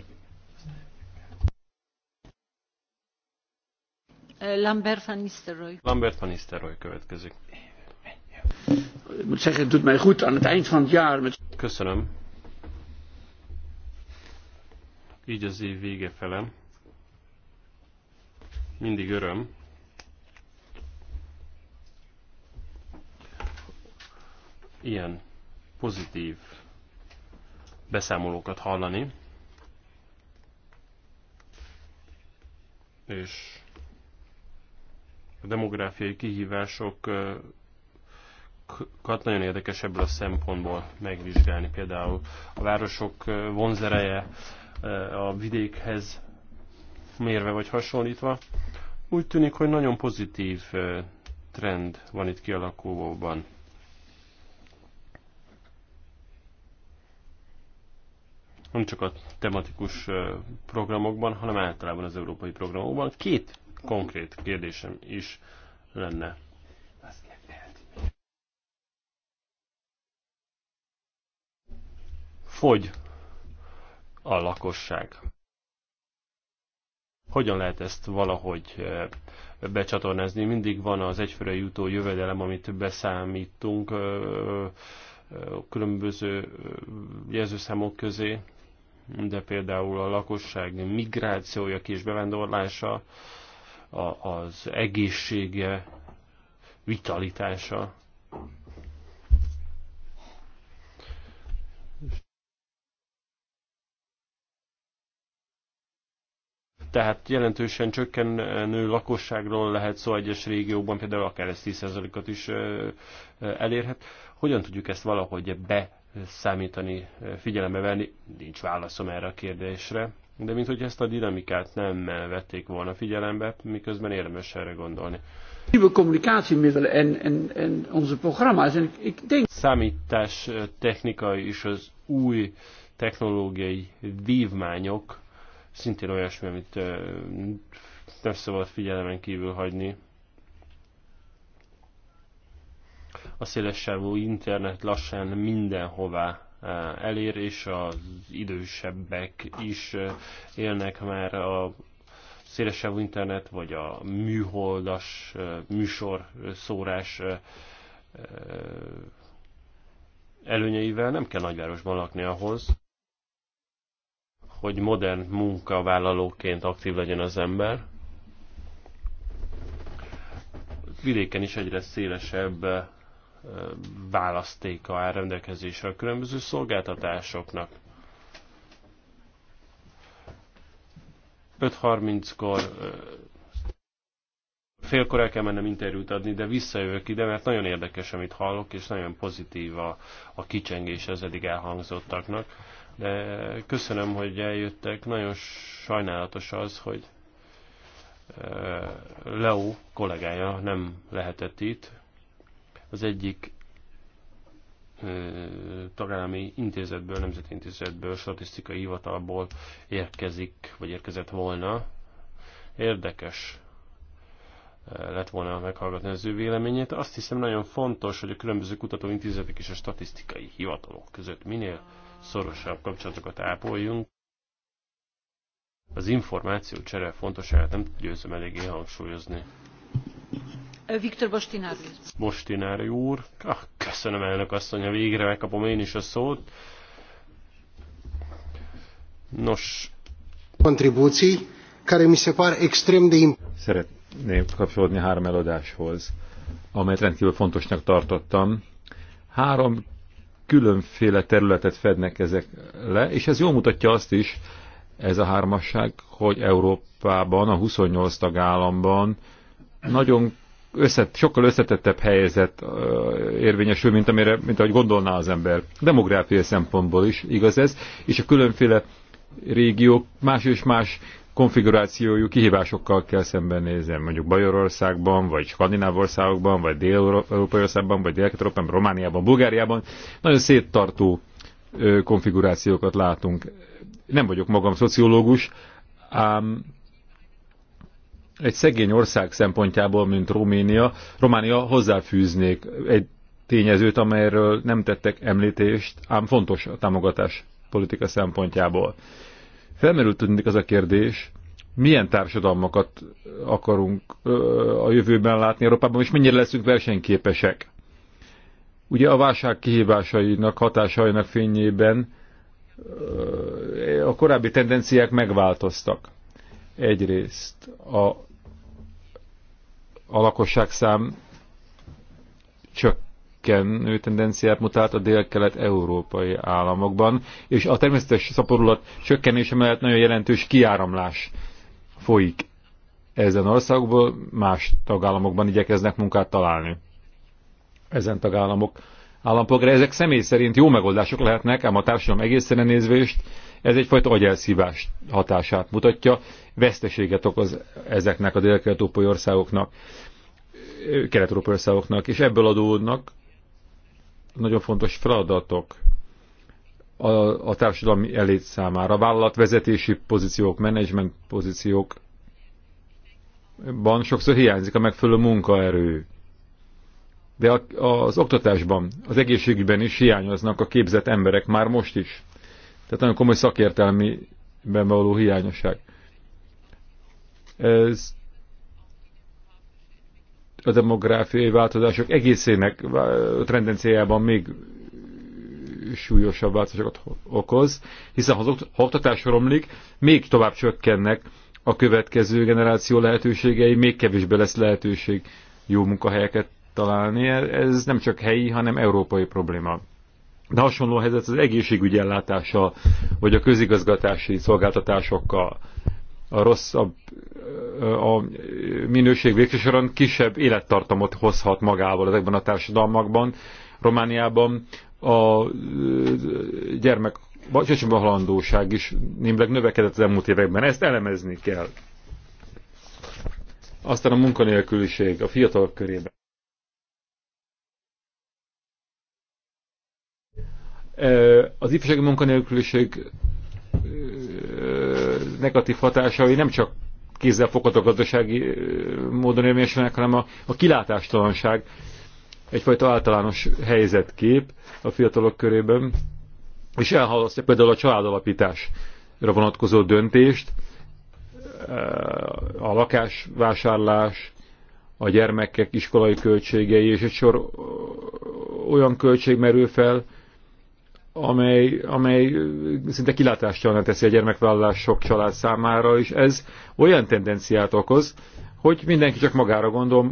Lambert van Nistelrooy. Lambert van Nistelrooy következik. Köszönöm így az év vége fele. Mindig öröm. Ilyen pozitív beszámolókat hallani. És a demográfiai kihívások nagyon érdekes ebből a szempontból megvizsgálni. Például a városok vonzereje, a vidékhez mérve vagy hasonlítva. Úgy tűnik, hogy nagyon pozitív trend van itt kialakulóban. Nem csak a tematikus programokban, hanem általában az európai programokban. Két konkrét kérdésem is lenne. Fogy a lakosság. Hogyan lehet ezt valahogy eh, becsatornázni? Mindig van az egyfőre jutó jövedelem, amit beszámítunk eh, eh, különböző jelzőszámok közé, de például a lakosság migrációja, kis bevándorlása, az egészsége, vitalitása. Tehát jelentősen csökkenő lakosságról lehet szó egyes régióban, például akár ez 10%-ot is elérhet. Hogyan tudjuk ezt valahogy beszámítani, figyelembe venni? Nincs válaszom erre a kérdésre. De mint hogy ezt a dinamikát nem vették volna figyelembe, miközben érdemes erre gondolni. en, en, en onze En ik Számítás technika és az új technológiai vívmányok szintén olyasmi, amit nem szabad figyelemen kívül hagyni. A szélessávú internet lassan mindenhová elér, és az idősebbek is élnek már a szélessávú internet, vagy a műholdas műsor szórás előnyeivel. Nem kell nagyvárosban lakni ahhoz, hogy modern munkavállalóként aktív legyen az ember. Vidéken is egyre szélesebb választéka áll rendelkezésre a különböző szolgáltatásoknak. 5.30-kor félkor el kell mennem interjút adni, de visszajövök ide, mert nagyon érdekes, amit hallok, és nagyon pozitív a, a kicsengés az eddig elhangzottaknak de köszönöm, hogy eljöttek. Nagyon sajnálatos az, hogy Leo kollégája nem lehetett itt. Az egyik tagállami intézetből, nemzeti intézetből, statisztikai hivatalból érkezik, vagy érkezett volna. Érdekes lett volna meghallgatni az ő véleményét. Azt hiszem nagyon fontos, hogy a különböző kutatóintézetek és a statisztikai hivatalok között minél szorosabb kapcsolatokat ápoljunk. Az információ csere fontosságát nem győzöm eléggé hangsúlyozni. Viktor Bostinári. Bostinári úr. Ah, köszönöm elnök asszony, a végre megkapom én is a szót. Nos. Kontribúci, care mi se par extrem de Szeretném kapcsolódni három előadáshoz, amelyet rendkívül fontosnak tartottam. Három különféle területet fednek ezek le, és ez jól mutatja azt is, ez a hármasság, hogy Európában, a 28 tagállamban nagyon összet, sokkal összetettebb helyzet érvényesül, mint, amire, mint ahogy gondolná az ember. Demográfiai szempontból is igaz ez, és a különféle régiók más és más konfigurációjú kihívásokkal kell szembenézni, mondjuk Bajorországban, vagy Skandináv országokban, vagy Dél-Európai országban, vagy dél európában Romániában, Bulgáriában. Nagyon széttartó konfigurációkat látunk. Nem vagyok magam szociológus, ám egy szegény ország szempontjából, mint Románia, Románia hozzáfűznék egy tényezőt, amelyről nem tettek említést, ám fontos a támogatás politika szempontjából. Felmerült tudnék az a kérdés, milyen társadalmakat akarunk a jövőben látni Európában, és mennyire leszünk versenyképesek. Ugye a válság kihívásainak, hatásainak fényében a korábbi tendenciák megváltoztak. Egyrészt a, a lakosság szám csak csökkenő tendenciát mutat a dél-kelet-európai államokban, és a természetes szaporulat csökkenése mellett nagyon jelentős kiáramlás folyik ezen országból, más tagállamokban igyekeznek munkát találni. Ezen tagállamok állampolgára. Ezek személy szerint jó megoldások lehetnek, ám a társadalom egészen nézvést ez egyfajta agyelszívás hatását mutatja, veszteséget okoz ezeknek a dél-kelet-európai országoknak, kelet-európai országoknak, és ebből adódnak nagyon fontos feladatok a, a társadalmi elét számára. Vállalatvezetési pozíciók, menedzsment pozíciókban sokszor hiányzik a megfelelő munkaerő. De a, az oktatásban, az egészségügyben is hiányoznak a képzett emberek már most is. Tehát nagyon komoly szakértelmiben való hiányosság. Ez a demográfiai változások egészének tendenciájában még súlyosabb változásokat okoz, hiszen ha az oktatás romlik, még tovább csökkennek a következő generáció lehetőségei, még kevésbé lesz lehetőség jó munkahelyeket találni. Ez nem csak helyi, hanem európai probléma. De hasonló helyzet az egészségügyi ellátással, vagy a közigazgatási szolgáltatásokkal a rosszabb a minőség végső soron kisebb élettartamot hozhat magával ezekben a társadalmakban. Romániában a gyermek a halandóság is némileg növekedett az elmúlt években. Ezt elemezni kell. Aztán a munkanélküliség a fiatalok körében. Az ifjúsági munkanélküliség negatív hatásai nem csak kézzelfogható gazdasági módon érvényesülnek, hanem a, a kilátástalanság egyfajta általános helyzetkép a fiatalok körében, és elhalasztja például a családalapításra vonatkozó döntést, a lakásvásárlás, a gyermekek iskolai költségei, és egy sor olyan költség merül fel, amely, amely szinte kilátástalan teszi a gyermekvállalás sok család számára, és ez olyan tendenciát okoz, hogy mindenki csak magára gondol,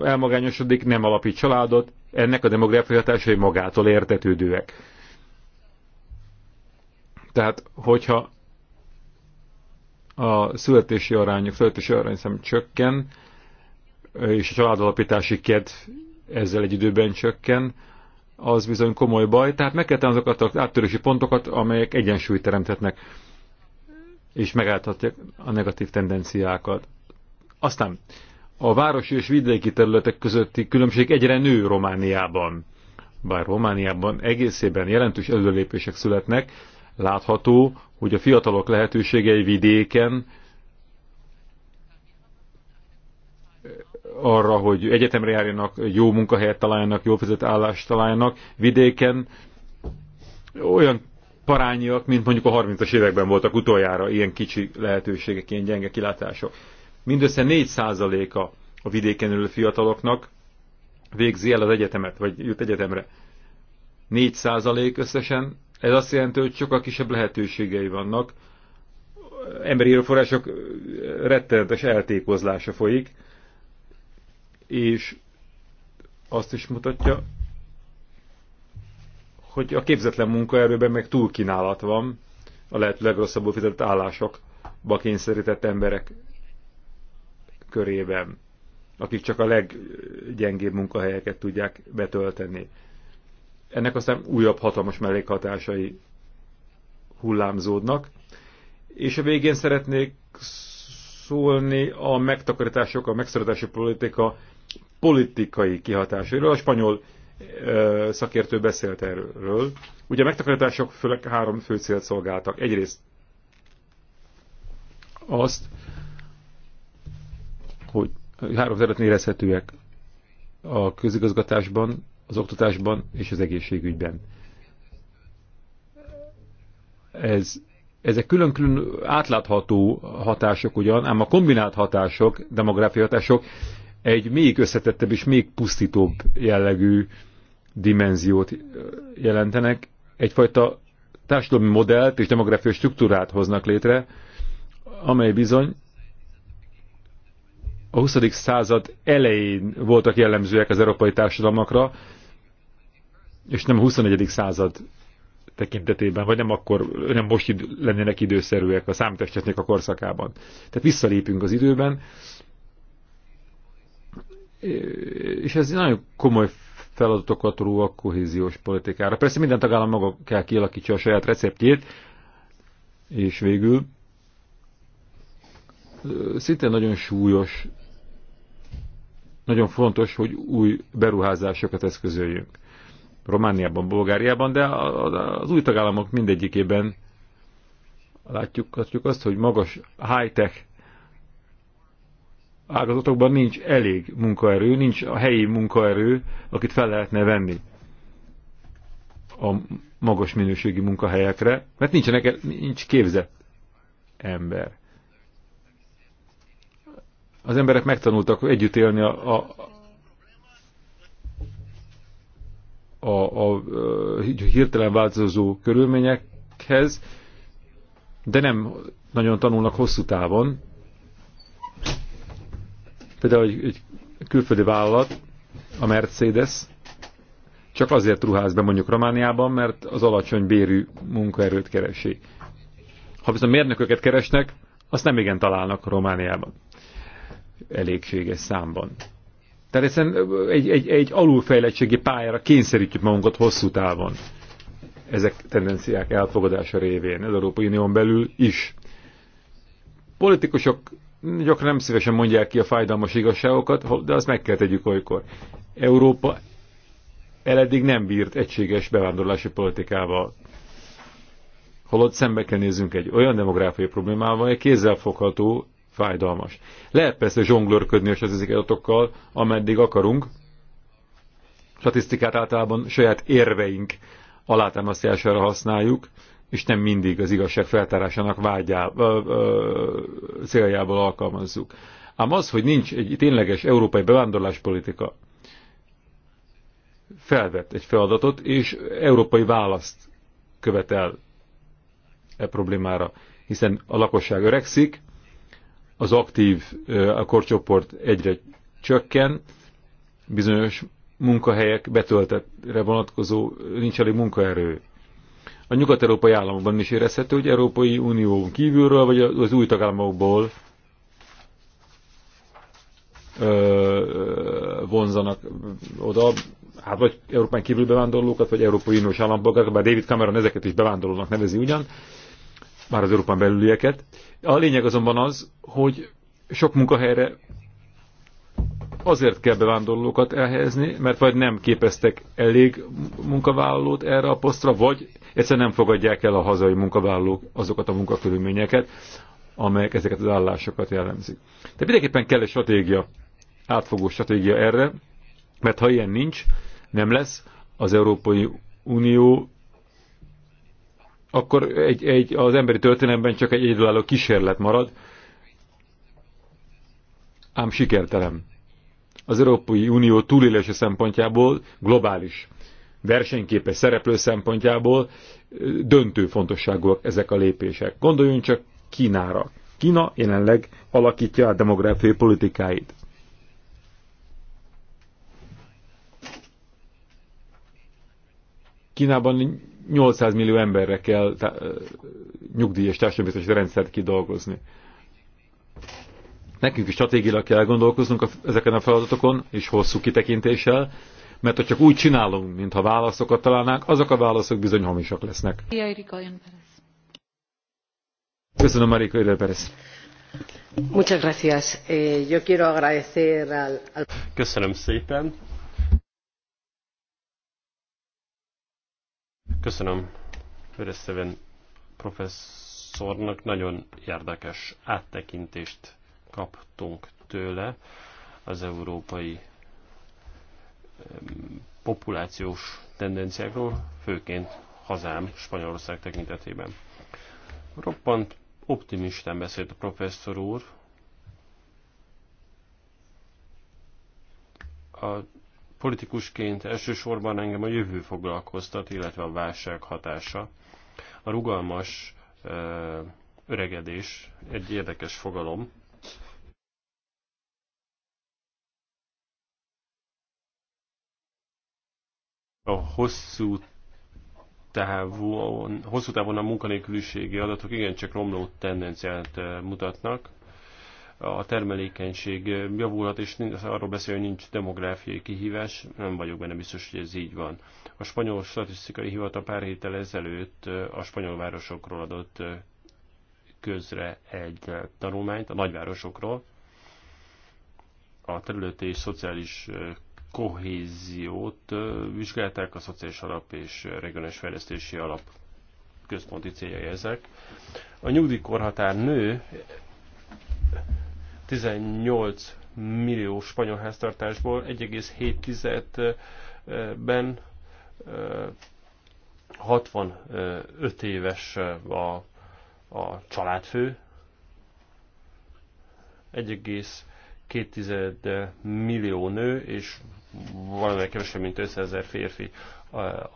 elmagányosodik, nem alapít családot, ennek a demográfiai hatásai magától értetődőek. Tehát, hogyha a születési arány, a születési arány arányszám csökken, és a családalapítási kedv ezzel egy időben csökken, az bizony komoly baj. Tehát meg kell azokat az áttörési pontokat, amelyek egyensúlyt teremthetnek, és megálltatják a negatív tendenciákat. Aztán a városi és vidéki területek közötti különbség egyre nő Romániában. Bár Romániában egészében jelentős előlépések születnek, látható, hogy a fiatalok lehetőségei vidéken arra, hogy egyetemre járjanak, jó munkahelyet találjanak, jó fizet állást találjanak. Vidéken olyan parányiak, mint mondjuk a 30-as években voltak utoljára ilyen kicsi lehetőségek, ilyen gyenge kilátások. Mindössze 4%-a a vidéken ülő fiataloknak végzi el az egyetemet, vagy jut egyetemre. 4% összesen, ez azt jelenti, hogy sokkal kisebb lehetőségei vannak. Emberi erőforrások rettenetes eltékozlása folyik, és azt is mutatja, hogy a képzetlen munkaerőben meg túlkínálat van, a lehető legrosszabbul fizetett állásokba kényszerített emberek körében, akik csak a leggyengébb munkahelyeket tudják betölteni. Ennek aztán újabb hatalmas mellékhatásai hullámzódnak, és a végén szeretnék szólni a megtakarítások, a megszorítási politika politikai kihatásairól. A spanyol szakértő beszélt erről. Ugye a megtakarítások főleg három fő célt szolgáltak. Egyrészt azt, hogy három területen érezhetőek a közigazgatásban, az oktatásban és az egészségügyben. Ez, ezek külön-külön átlátható hatások ugyan, ám a kombinált hatások, demográfiai hatások egy még összetettebb és még pusztítóbb jellegű dimenziót jelentenek, egyfajta társadalmi modellt és demográfiai struktúrát hoznak létre, amely bizony a 20. század elején voltak jellemzőek az európai társadalmakra, és nem a 21. század tekintetében, vagy nem akkor, nem most id- lennének időszerűek a számítástechnika korszakában. Tehát visszalépünk az időben, és ez nagyon komoly feladatokat ró a kohéziós politikára. Persze minden tagállam maga kell kialakítsa a saját receptjét, és végül szinte nagyon súlyos, nagyon fontos, hogy új beruházásokat eszközöljünk. Romániában, Bulgáriában, de az új tagállamok mindegyikében látjuk, látjuk azt, hogy magas high-tech ágazatokban nincs elég munkaerő, nincs a helyi munkaerő, akit fel lehetne venni a magas minőségi munkahelyekre, mert nincsenek, nincs képzett ember. Az emberek megtanultak együtt élni a, a, a, a, a hirtelen változó körülményekhez, de nem nagyon tanulnak hosszú távon, Például egy, egy külföldi vállalat, a Mercedes, csak azért ruház be mondjuk Romániában, mert az alacsony bérű munkaerőt keresi. Ha viszont mérnököket keresnek, azt nem igen találnak Romániában. Elégséges számban. Tehát egyszerűen egy, egy, egy alulfejlettségi pályára kényszerítjük magunkat hosszú távon. Ezek tendenciák elfogadása révén, az Európai Unión belül is. Politikusok gyakran nem szívesen mondják ki a fájdalmas igazságokat, de azt meg kell tegyük olykor. Európa eleddig nem bírt egységes bevándorlási politikával. Holott szembe kell nézzünk egy olyan demográfiai problémával, amely kézzelfogható, fájdalmas. Lehet persze zsonglőrködni és az adatokkal, ameddig akarunk. Statisztikát általában saját érveink alátámasztására használjuk, és nem mindig az igazság feltárásának vágyá, ö, ö, céljából alkalmazzuk. Ám az, hogy nincs egy tényleges európai bevándorláspolitika, felvett egy feladatot, és európai választ követel e problémára, hiszen a lakosság öregszik, az aktív a korcsoport egyre csökken, bizonyos munkahelyek betöltetre vonatkozó, nincs elég munkaerő a nyugat-európai államokban is érezhető, hogy Európai Unión kívülről, vagy az új tagállamokból vonzanak oda, hát vagy Európán kívül bevándorlókat, vagy Európai Uniós állampolgárokat, bár David Cameron ezeket is bevándorlónak nevezi ugyan, már az Európán belülieket. A lényeg azonban az, hogy sok munkahelyre azért kell bevándorlókat elhelyezni, mert vagy nem képeztek elég munkavállalót erre a posztra, vagy egyszerűen nem fogadják el a hazai munkavállalók azokat a munkakörülményeket, amelyek ezeket az állásokat jellemzik. Tehát mindenképpen kell egy stratégia, átfogó stratégia erre, mert ha ilyen nincs, nem lesz, az Európai Unió akkor egy, egy, az emberi történelemben csak egy egyedülálló kísérlet marad, ám sikertelen az Európai Unió túlélése szempontjából globális versenyképes szereplő szempontjából döntő fontosságúak ezek a lépések. Gondoljunk csak Kínára. Kína jelenleg alakítja a demográfiai politikáit. Kínában 800 millió emberre kell tá- nyugdíjas társadalmi rendszert kidolgozni. Nekünk is stratégilag kell gondolkoznunk ezeken a feladatokon, és hosszú kitekintéssel, mert ha csak úgy csinálunk, mintha válaszokat találnánk, azok a válaszok bizony hamisak lesznek. Köszönöm, Marika Irel Muchas gracias. Eh, yo quiero agradecer al... Köszönöm szépen. Köszönöm Öreszteven professzornak nagyon érdekes áttekintést kaptunk tőle az európai populációs tendenciákról, főként hazám, Spanyolország tekintetében. Roppant optimistán beszélt a professzor úr. A politikusként elsősorban engem a jövő foglalkoztat, illetve a válság hatása. A rugalmas öregedés egy érdekes fogalom. a hosszú távon, hosszú távon a munkanélküliségi adatok igencsak romló tendenciát eh, mutatnak. A termelékenység javulhat, és arról beszél, hogy nincs demográfiai kihívás, nem vagyok benne biztos, hogy ez így van. A spanyol statisztikai hivatal pár héttel ezelőtt eh, a spanyol városokról adott eh, közre egy tanulmányt, a nagyvárosokról, a területi és szociális kohéziót vizsgálták, a szociális alap és regionális fejlesztési alap központi céljai ezek. A nyugdíjkorhatár nő 18 millió spanyol háztartásból 1,7-ben 65 éves a, a családfő, 2,2 millió nő és valamelyik kevesebb, mint 500 ezer férfi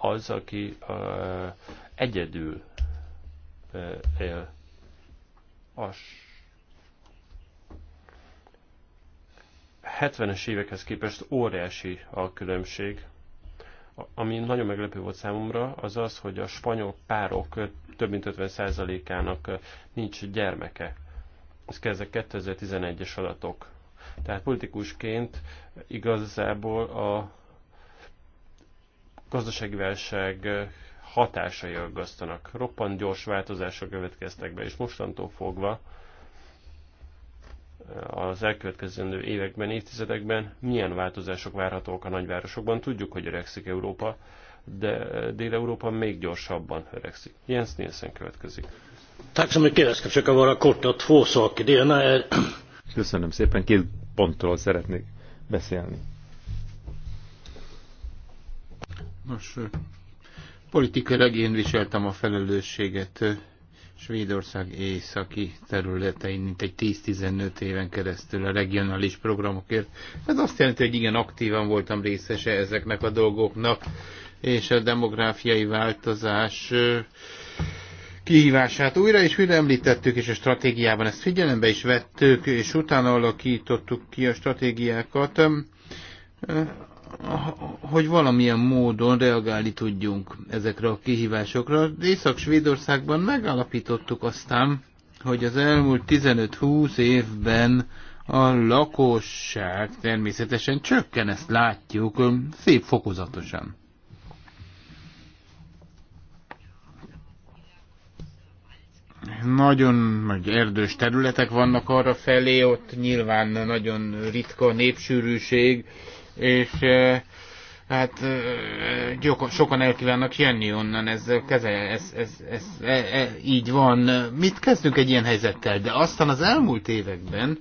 az, aki egyedül él. As. 70-es évekhez képest óriási a különbség. Ami nagyon meglepő volt számomra, az az, hogy a spanyol párok több mint 50%-ának nincs gyermeke. Ez kezdve 2011-es adatok. Tehát politikusként igazából a gazdasági válság hatásai aggasztanak. Roppant gyors változások következtek be, és mostantól fogva az elkövetkezendő években, évtizedekben milyen változások várhatók a nagyvárosokban. Tudjuk, hogy öregszik Európa, de Dél-Európa még gyorsabban öregszik. Jens Nielsen következik. Tack så mycket. Jag ska försöka vara kortad. Två saker. Det ena är... Köszönöm szépen. Két pontról szeretnék beszélni. Nos, politikailag én viseltem a felelősséget Svédország északi területein, mint egy 10-15 éven keresztül a regionális programokért. Ez azt jelenti, hogy igen, aktívan voltam részese ezeknek a dolgoknak, és a demográfiai változás kihívását újra és újra említettük, és a stratégiában ezt figyelembe is vettük, és utána alakítottuk ki a stratégiákat, hogy valamilyen módon reagálni tudjunk ezekre a kihívásokra. Észak-Svédországban megállapítottuk aztán, hogy az elmúlt 15-20 évben a lakosság természetesen csökken, ezt látjuk, szép fokozatosan. Nagyon nagy erdős területek vannak arra felé, ott nyilván nagyon ritka a népsűrűség, és eh, hát eh, sokan kívánnak jönni onnan, ez, ez, ez, ez, ez, e, e így van. Mit kezdünk egy ilyen helyzettel? De aztán az elmúlt években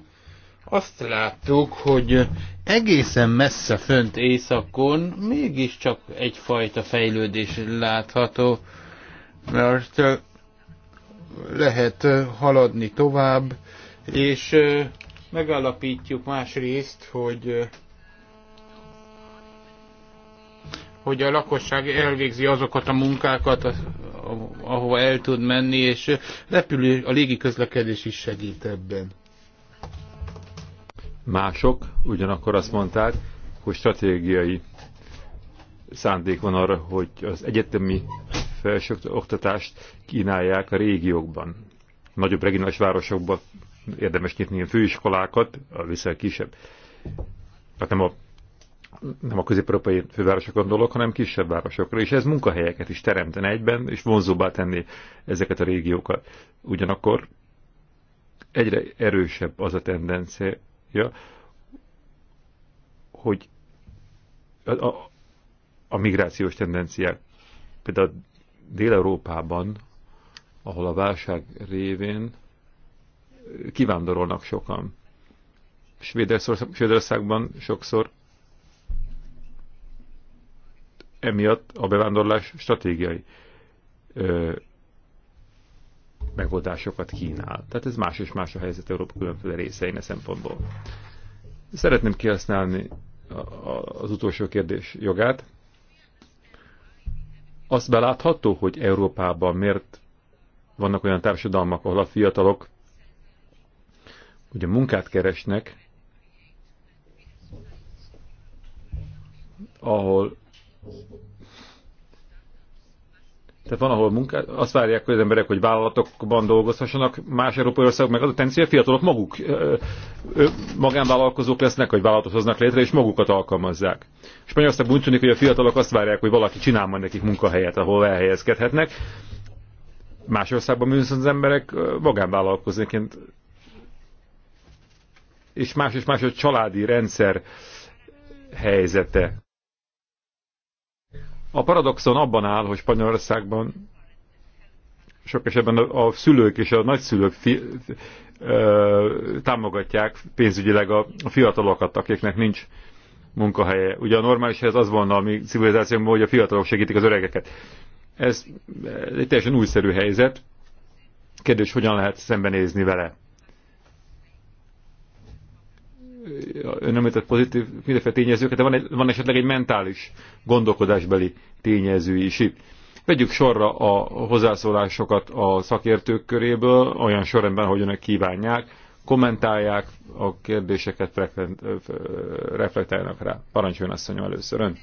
azt láttuk, hogy egészen messze fönt északon mégiscsak egyfajta fejlődés látható, mert eh, lehet haladni tovább, és megállapítjuk másrészt, hogy hogy a lakosság elvégzi azokat a munkákat, ahova el tud menni, és repülő, a légi közlekedés is segít ebben. Mások ugyanakkor azt mondták, hogy stratégiai szándék van arra, hogy az egyetemi felsőoktatást kínálják a régiókban. Nagyobb regionális városokban érdemes nyitni ilyen főiskolákat, a viszont kisebb. Tehát nem a, nem a közép-európai fővárosokon dolog, hanem kisebb városokra, és ez munkahelyeket is teremtene egyben, és vonzóbbá tenni ezeket a régiókat. Ugyanakkor egyre erősebb az a tendencia, hogy a, a, a migrációs tendenciák. Például Dél-Európában, ahol a válság révén kivándorolnak sokan. Svédországban sokszor emiatt a bevándorlás stratégiai ö, megoldásokat kínál. Tehát ez más és más a helyzet Európa különféle részein a e szempontból. Szeretném kihasználni az utolsó kérdés jogát az belátható, hogy Európában miért vannak olyan társadalmak, ahol a fiatalok ugye munkát keresnek, ahol tehát van, ahol munká, azt várják hogy az emberek, hogy vállalatokban dolgozhassanak, más európai országok meg az a tendencia, fiatalok maguk ö, ö, magánvállalkozók lesznek, hogy vállalatot hoznak létre, és magukat alkalmazzák. Spanyolországban úgy tűnik, hogy a fiatalok azt várják, hogy valaki csinál majd nekik munkahelyet, ahol elhelyezkedhetnek. Más országban viszont az emberek magánvállalkozóként és más és más a családi rendszer helyzete. A paradoxon abban áll, hogy Spanyolországban sok esetben a szülők és a nagyszülők fi, ö, támogatják pénzügyileg a fiatalokat, akiknek nincs munkahelye. Ugye a normális ez az volna a mi civilizációnkban, hogy a fiatalok segítik az öregeket. Ez egy teljesen újszerű helyzet. Kérdés, hogyan lehet szembenézni vele? ön említett pozitív mindenféle tényezőket, de van, egy, van esetleg egy mentális gondolkodásbeli tényező is Vegyük sorra a hozzászólásokat a szakértők köréből, olyan sorrendben, hogy önök kívánják, kommentálják a kérdéseket, reflektálnak rá. Parancsoljon asszonyom először ön.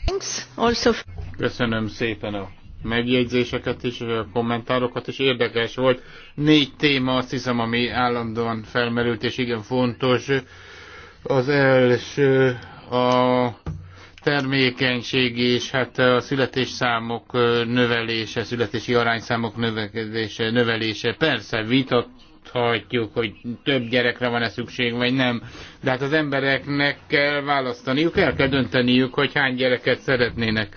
Köszönöm szépen a megjegyzéseket is, a kommentárokat, is érdekes volt. Négy téma azt hiszem, ami állandóan felmerült, és igen fontos. Az első a termékenység és hát a születésszámok növelése, születési arányszámok növekedése, növelése. Persze vitathatjuk, hogy több gyerekre van-e szükség, vagy nem. De hát az embereknek kell választaniuk, el kell dönteniük, hogy hány gyereket szeretnének.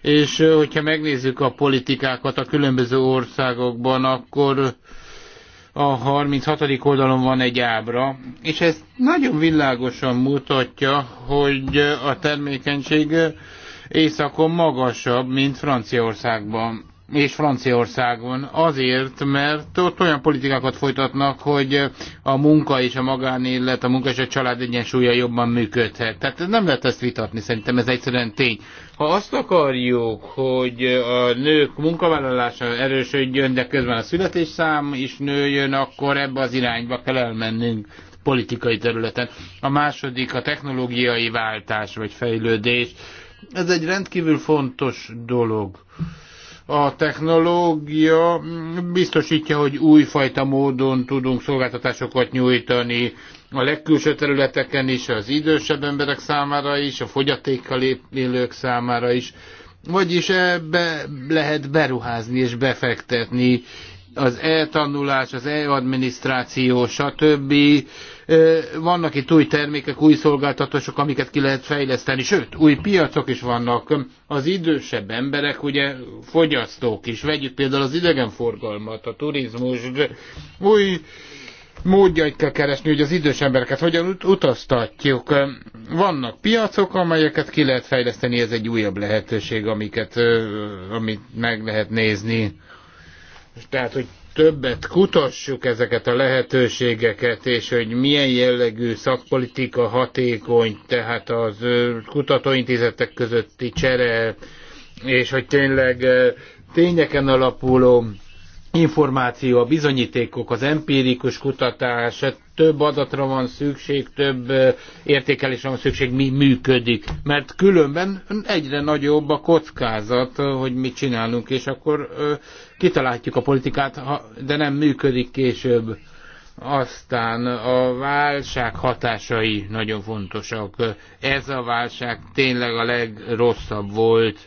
És hogyha megnézzük a politikákat a különböző országokban, akkor a 36. oldalon van egy ábra, és ez nagyon világosan mutatja, hogy a termékenység északon magasabb, mint Franciaországban és Franciaországon. Azért, mert ott olyan politikákat folytatnak, hogy a munka és a magánélet, a munka és a család egyensúlya jobban működhet. Tehát nem lehet ezt vitatni, szerintem ez egyszerűen tény. Ha azt akarjuk, hogy a nők munkavállalása erősödjön, de közben a születésszám is nőjön, akkor ebbe az irányba kell elmennünk politikai területen. A második a technológiai váltás vagy fejlődés. Ez egy rendkívül fontos dolog. A technológia biztosítja, hogy újfajta módon tudunk szolgáltatásokat nyújtani a legkülső területeken is, az idősebb emberek számára is, a fogyatékkal élők számára is. Vagyis ebbe lehet beruházni és befektetni, az e-tanulás, az e-adminisztráció, stb. Vannak itt új termékek, új szolgáltatások, amiket ki lehet fejleszteni, sőt, új piacok is vannak. Az idősebb emberek, ugye fogyasztók is, vegyük például az idegenforgalmat, a turizmus, új módjait kell keresni, hogy az idős embereket hogyan utaztatjuk. Vannak piacok, amelyeket ki lehet fejleszteni, ez egy újabb lehetőség, amiket, amit meg lehet nézni tehát, hogy többet kutassuk ezeket a lehetőségeket, és hogy milyen jellegű szakpolitika hatékony, tehát az kutatóintézetek közötti csere, és hogy tényleg tényeken alapuló információ, a bizonyítékok, az empirikus kutatás, több adatra van szükség, több értékelésre van szükség, mi működik. Mert különben egyre nagyobb a kockázat, hogy mit csinálunk, és akkor kitaláljuk a politikát, de nem működik később. Aztán a válság hatásai nagyon fontosak. Ez a válság tényleg a legrosszabb volt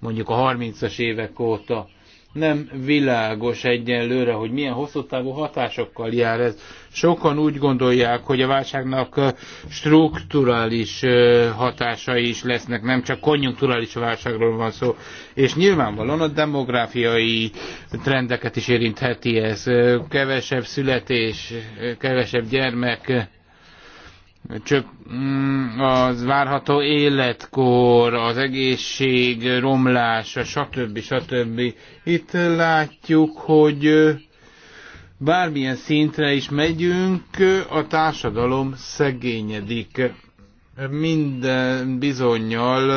mondjuk a 30-as évek óta nem világos egyenlőre, hogy milyen hosszú távú hatásokkal jár ez. Sokan úgy gondolják, hogy a válságnak strukturális hatásai is lesznek, nem csak konjunkturális válságról van szó, és nyilvánvalóan a demográfiai trendeket is érintheti ez. Kevesebb születés, kevesebb gyermek, csak mm, az várható életkor, az egészség romlása, stb. stb. Itt látjuk, hogy bármilyen szintre is megyünk, a társadalom szegényedik. Minden bizonyal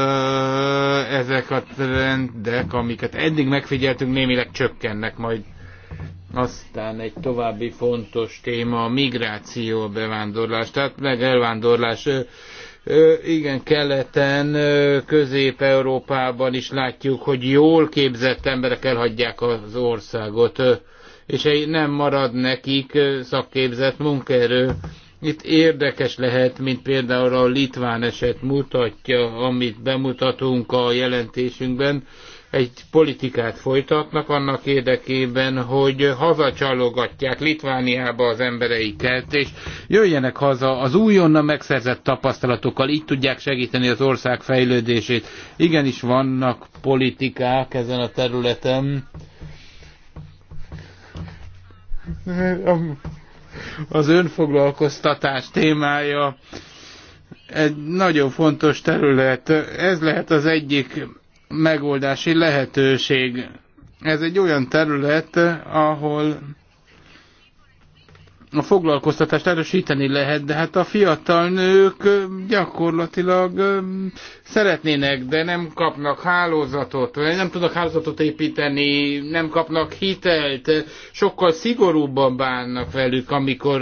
ezek a trendek, amiket eddig megfigyeltünk, némileg csökkennek majd aztán egy további fontos téma a migráció, a bevándorlás, tehát meg elvándorlás. Igen, keleten, közép-európában is látjuk, hogy jól képzett emberek elhagyják az országot, és nem marad nekik szakképzett munkaerő. Itt érdekes lehet, mint például a litván eset mutatja, amit bemutatunk a jelentésünkben, egy politikát folytatnak annak érdekében, hogy hazacsalogatják Litvániába az embereiket, és jöjjenek haza az újonnan megszerzett tapasztalatokkal, így tudják segíteni az ország fejlődését. Igenis vannak politikák ezen a területen. Az önfoglalkoztatás témája egy nagyon fontos terület. Ez lehet az egyik megoldási lehetőség. Ez egy olyan terület, ahol a foglalkoztatást erősíteni lehet, de hát a fiatal nők gyakorlatilag szeretnének, de nem kapnak hálózatot, nem tudnak hálózatot építeni, nem kapnak hitelt, sokkal szigorúbban bánnak velük, amikor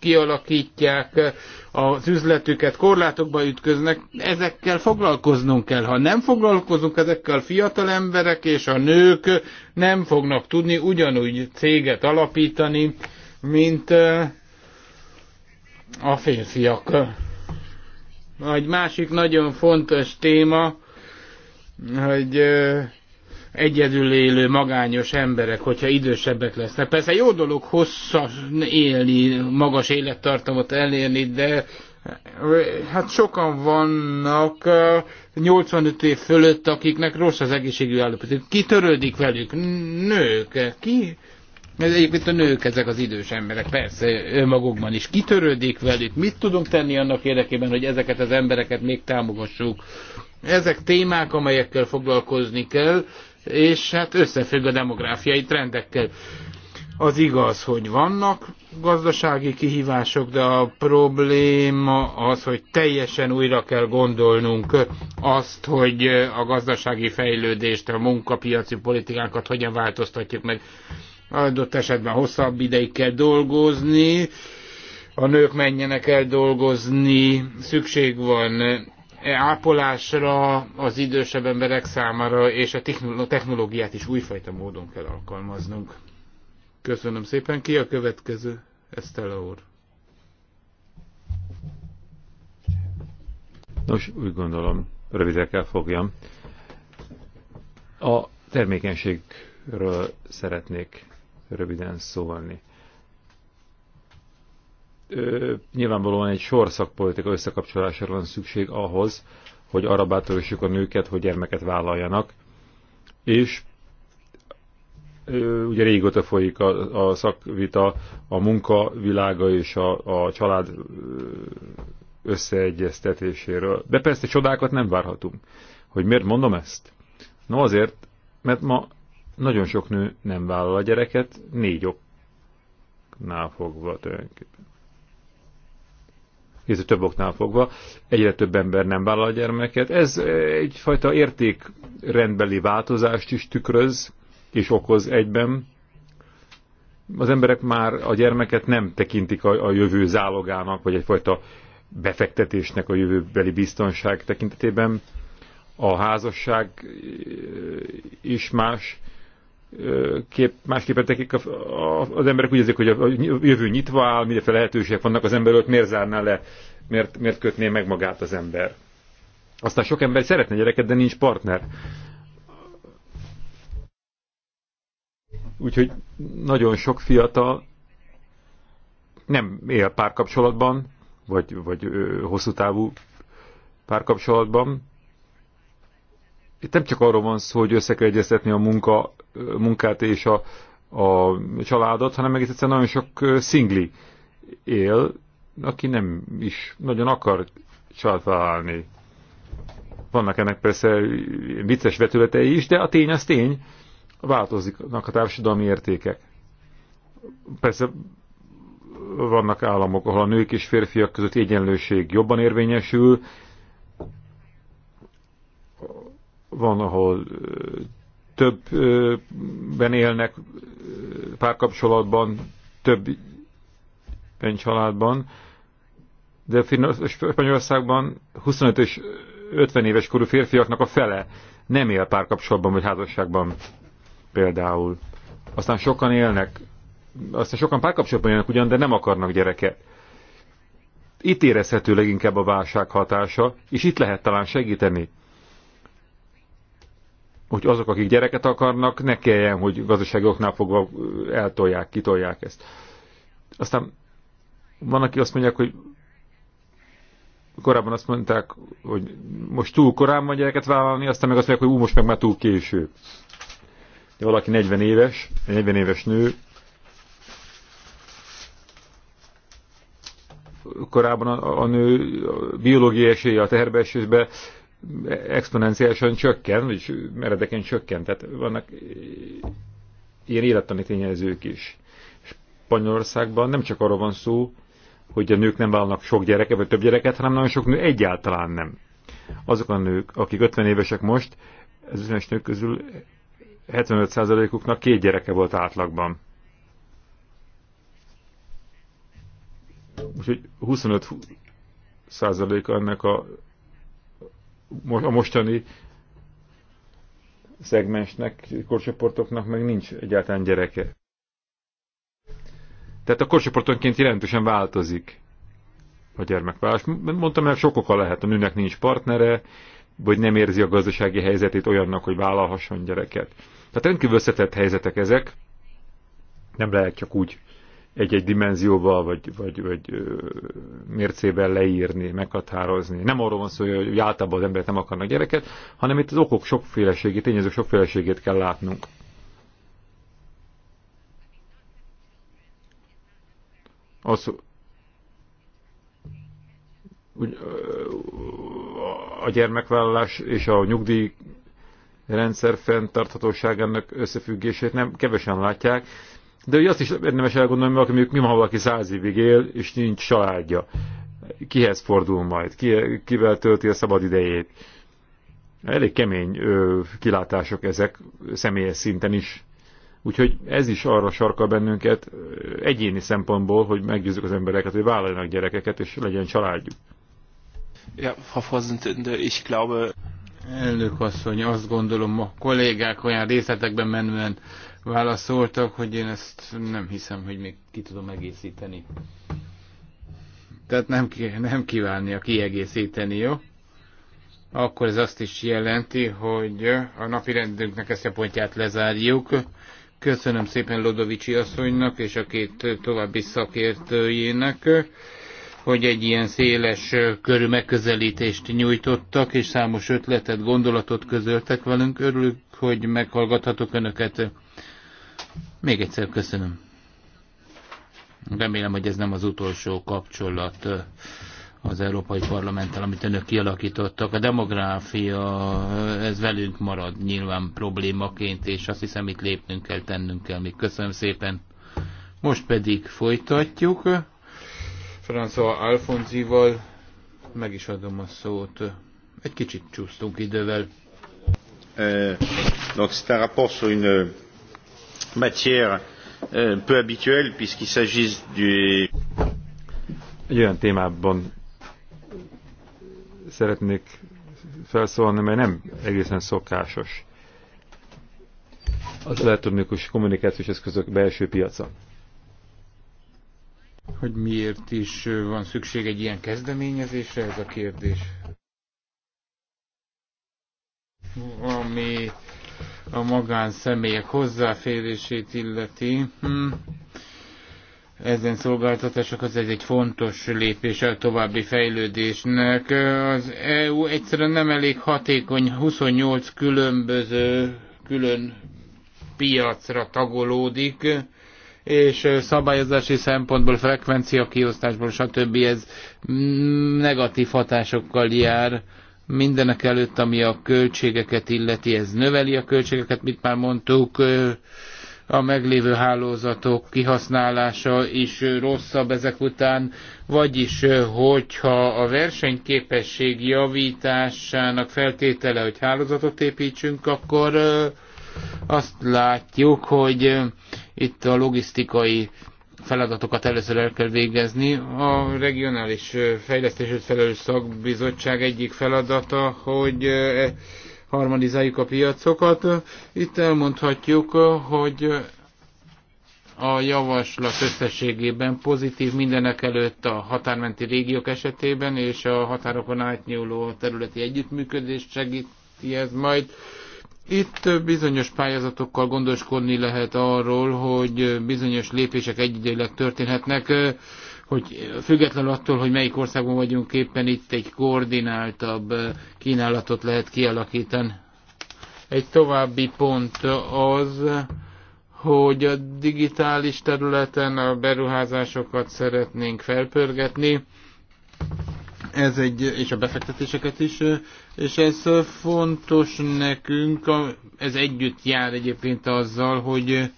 kialakítják az üzletüket korlátokba ütköznek, ezekkel foglalkoznunk kell. Ha nem foglalkozunk ezekkel, fiatal emberek és a nők nem fognak tudni ugyanúgy céget alapítani, mint a férfiak. Egy másik nagyon fontos téma, hogy egyedül élő magányos emberek, hogyha idősebbek lesznek. Persze jó dolog hosszas élni, magas élettartamot elérni, de hát sokan vannak 85 év fölött, akiknek rossz az egészségű állapot. Ki törődik velük? Nők. Ki? Ez egyébként a nők ezek az idős emberek, persze önmagukban is törődik velük. Mit tudunk tenni annak érdekében, hogy ezeket az embereket még támogassuk? Ezek témák, amelyekkel foglalkozni kell, és hát összefügg a demográfiai trendekkel. Az igaz, hogy vannak gazdasági kihívások, de a probléma az, hogy teljesen újra kell gondolnunk azt, hogy a gazdasági fejlődést, a munkapiaci politikánkat hogyan változtatjuk meg. Adott esetben hosszabb ideig kell dolgozni, a nők menjenek el dolgozni, szükség van ápolásra az idősebb emberek számára, és a technológiát is újfajta módon kell alkalmaznunk. Köszönöm szépen. Ki a következő? Esztela úr. Nos, úgy gondolom, rövidre kell fogjam. A termékenységről szeretnék röviden szólni ö, nyilvánvalóan egy sor szakpolitika összekapcsolására van szükség ahhoz, hogy arra bátorítsuk a nőket, hogy gyermeket vállaljanak. És ö, ugye régóta folyik a, a szakvita, a munka világa és a, a család összeegyeztetéséről. De persze csodákat nem várhatunk. Hogy miért mondom ezt? No azért, mert ma nagyon sok nő nem vállal a gyereket, négy oknál fogva tulajdonképpen ez több oknál fogva, egyre több ember nem vállal a gyermeket. Ez eh, egyfajta értékrendbeli változást is tükröz és okoz egyben. Az emberek már a gyermeket nem tekintik a, a jövő zálogának, vagy egyfajta befektetésnek a jövőbeli biztonság tekintetében. A házasság eh, is más, kép, másképpen tekik a, a, az emberek úgy érzik, hogy a, a jövő nyitva áll, mindenféle lehetőségek vannak az ember előtt, miért zárná le, miért, miért kötné meg magát az ember. Aztán sok ember szeretne gyereket, de nincs partner. Úgyhogy nagyon sok fiatal nem él párkapcsolatban, vagy, vagy ö, hosszú távú párkapcsolatban. Itt nem csak arról van szó, hogy össze kell egyeztetni a munka munkát és a, a családot, hanem egész egyszerűen nagyon sok szingli él, aki nem is nagyon akar családválni. Vannak ennek persze vicces vetületei is, de a tény az tény, változnak a társadalmi értékek. Persze vannak államok, ahol a nők és férfiak között egyenlőség jobban érvényesül, van, ahol többben élnek párkapcsolatban, több családban, de Spanyolországban 25 és 50 éves korú férfiaknak a fele nem él párkapcsolatban vagy házasságban például. Aztán sokan élnek, aztán sokan párkapcsolatban élnek ugyan, de nem akarnak gyereket. Itt érezhető leginkább a válság hatása, és itt lehet talán segíteni hogy azok, akik gyereket akarnak, ne kelljen, hogy gazdaságoknál fogva eltolják, kitolják ezt. Aztán van, aki azt mondják, hogy korábban azt mondták, hogy most túl korán van gyereket vállalni, aztán meg azt mondják, hogy ú, most meg már túl késő. De valaki 40 éves, 40 éves nő, korábban a, a nő biológiai esélye a teherbeesésbe exponenciálisan csökken, vagyis meredeken csökken, tehát vannak eh, ilyen élettani tényezők is. Spanyolországban nem csak arról van szó, hogy a nők nem válnak sok gyereket, vagy több gyereket, hanem nagyon sok nő egyáltalán nem. Azok a nők, akik 50 évesek most, az üzenes nők közül 75%-uknak két gyereke volt átlagban. Úgyhogy 25 a ennek a a mostani szegmensnek, korcsoportoknak meg nincs egyáltalán gyereke. Tehát a korcsoportonként jelentősen változik a gyermekvállás. Mondtam, mert sok oka lehet. A nőnek nincs partnere, vagy nem érzi a gazdasági helyzetét olyannak, hogy vállalhasson gyereket. Tehát rendkívül összetett helyzetek ezek. Nem lehet csak úgy egy-egy dimenzióval, vagy, vagy, vagy mércével leírni, meghatározni. Nem arról van szó, hogy általában az emberek nem akarnak gyereket, hanem itt az okok sokféleségét, tényezők sokféleségét kell látnunk. Az, úgy, a gyermekvállalás és a nyugdíj rendszer fenntarthatóságának összefüggését nem kevesen látják, de azt is érdemes elgondolni, mert mondjuk mi van, valaki száz évig él, és nincs családja. Kihez fordul majd? Ki, kivel tölti a szabad idejét? Elég kemény ö, kilátások ezek személyes szinten is. Úgyhogy ez is arra sarkal bennünket egyéni szempontból, hogy meggyőzzük az embereket, hogy vállaljanak gyerekeket, és legyen családjuk. Ja, ha de is glaube... Elnök asszony, azt gondolom, a kollégák olyan részletekben menően válaszoltak, hogy én ezt nem hiszem, hogy még ki tudom egészíteni. Tehát nem, nem a kiegészíteni, jó? Akkor ez azt is jelenti, hogy a napi rendünknek ezt a pontját lezárjuk. Köszönöm szépen Lodovicsi asszonynak és a két további szakértőjének, hogy egy ilyen széles körű megközelítést nyújtottak, és számos ötletet, gondolatot közöltek velünk. Örülök, hogy meghallgathatok Önöket. Még egyszer köszönöm. Remélem, hogy ez nem az utolsó kapcsolat eh, az Európai Parlamenttel, amit önök kialakítottak. A demográfia, eh, ez velünk marad nyilván problémaként, és azt hiszem itt lépnünk kell, tennünk kell. Még köszönöm szépen. Most pedig folytatjuk. François Alfonzival meg is adom a szót. Egy kicsit csúsztunk idővel. Uh, donc c'est un rapport sur une matière euh, peu habituelle puisqu'il s'agit du... Egy olyan témában szeretnék felszólalni, mert nem egészen szokásos az elektronikus kommunikációs eszközök belső piaca. Hogy miért is van szükség egy ilyen kezdeményezésre, ez a kérdés. Amit a magánszemélyek hozzáférését illeti. Hm. Ezen szolgáltatások az ez egy fontos lépés a további fejlődésnek. Az EU egyszerűen nem elég hatékony 28 különböző külön piacra tagolódik, és szabályozási szempontból, frekvencia kiosztásból, stb. ez negatív hatásokkal jár Mindenek előtt, ami a költségeket illeti, ez növeli a költségeket, mit már mondtuk, a meglévő hálózatok kihasználása is rosszabb ezek után, vagyis hogyha a versenyképesség javításának feltétele, hogy hálózatot építsünk, akkor azt látjuk, hogy itt a logisztikai feladatokat először el kell végezni. A regionális fejlesztésért felelős szakbizottság egyik feladata, hogy e, harmonizáljuk a piacokat. Itt elmondhatjuk, hogy a javaslat összességében pozitív mindenek előtt a határmenti régiók esetében, és a határokon átnyúló területi együttműködést segíti ez majd itt bizonyos pályázatokkal gondoskodni lehet arról, hogy bizonyos lépések egyidejűleg történhetnek, hogy függetlenül attól, hogy melyik országban vagyunk éppen, itt egy koordináltabb kínálatot lehet kialakítani. Egy további pont az, hogy a digitális területen a beruházásokat szeretnénk felpörgetni ez egy, és a befektetéseket is, és ez fontos nekünk, ez együtt jár egyébként azzal, hogy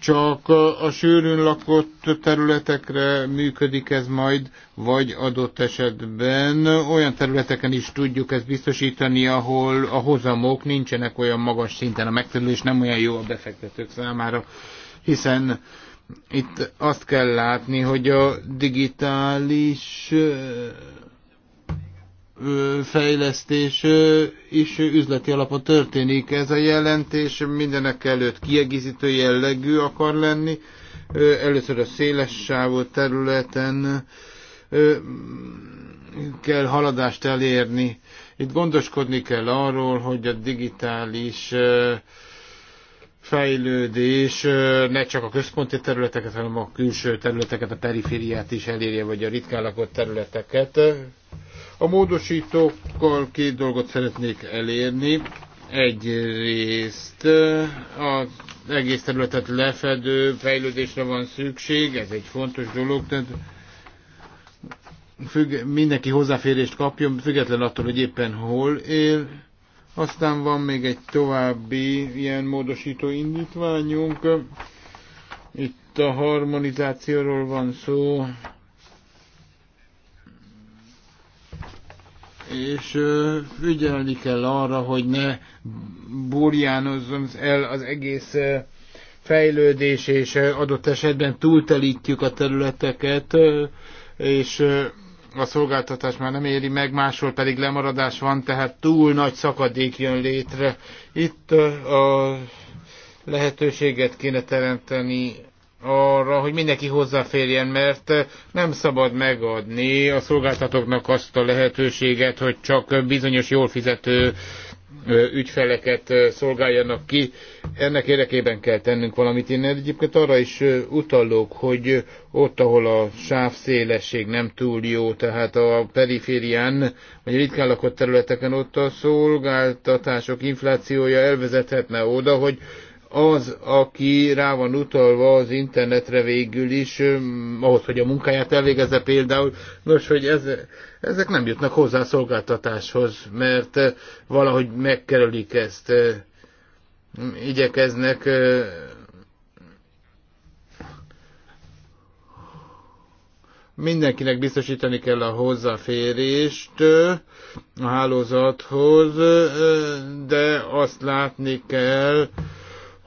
csak a sűrűn lakott területekre működik ez majd, vagy adott esetben olyan területeken is tudjuk ezt biztosítani, ahol a hozamok nincsenek olyan magas szinten, a megfelelés nem olyan jó a befektetők számára, hiszen itt azt kell látni, hogy a digitális fejlesztés is üzleti alapon történik. Ez a jelentés mindenek előtt kiegészítő jellegű akar lenni. Először a széles sávú területen kell haladást elérni. Itt gondoskodni kell arról, hogy a digitális fejlődés ne csak a központi területeket, hanem a külső területeket, a perifériát is elérje, vagy a ritkán lakott területeket. A módosítókkal két dolgot szeretnék elérni. Egyrészt az egész területet lefedő fejlődésre van szükség, ez egy fontos dolog, tehát függ, mindenki hozzáférést kapjon, független attól, hogy éppen hol él aztán van még egy további ilyen módosító indítványunk. Itt a harmonizációról van szó. És figyelni kell arra, hogy ne burjánozzon el az egész fejlődés, és adott esetben túltelítjük a területeket, és a szolgáltatás már nem éri meg, máshol pedig lemaradás van, tehát túl nagy szakadék jön létre. Itt a lehetőséget kéne teremteni arra, hogy mindenki hozzáférjen, mert nem szabad megadni a szolgáltatóknak azt a lehetőséget, hogy csak bizonyos jól fizető ügyfeleket szolgáljanak ki. Ennek érdekében kell tennünk valamit. Én egyébként arra is utalok, hogy ott, ahol a sávszélesség nem túl jó, tehát a periférián, vagy ritkán lakott területeken, ott a szolgáltatások inflációja elvezethetne oda, hogy az, aki rá van utalva az internetre végül is, ahhoz, hogy a munkáját elvégezze például, nos, hogy ez, ezek nem jutnak hozzá a szolgáltatáshoz, mert valahogy megkerülik ezt, igyekeznek mindenkinek biztosítani kell a hozzáférést a hálózathoz, de azt látni kell,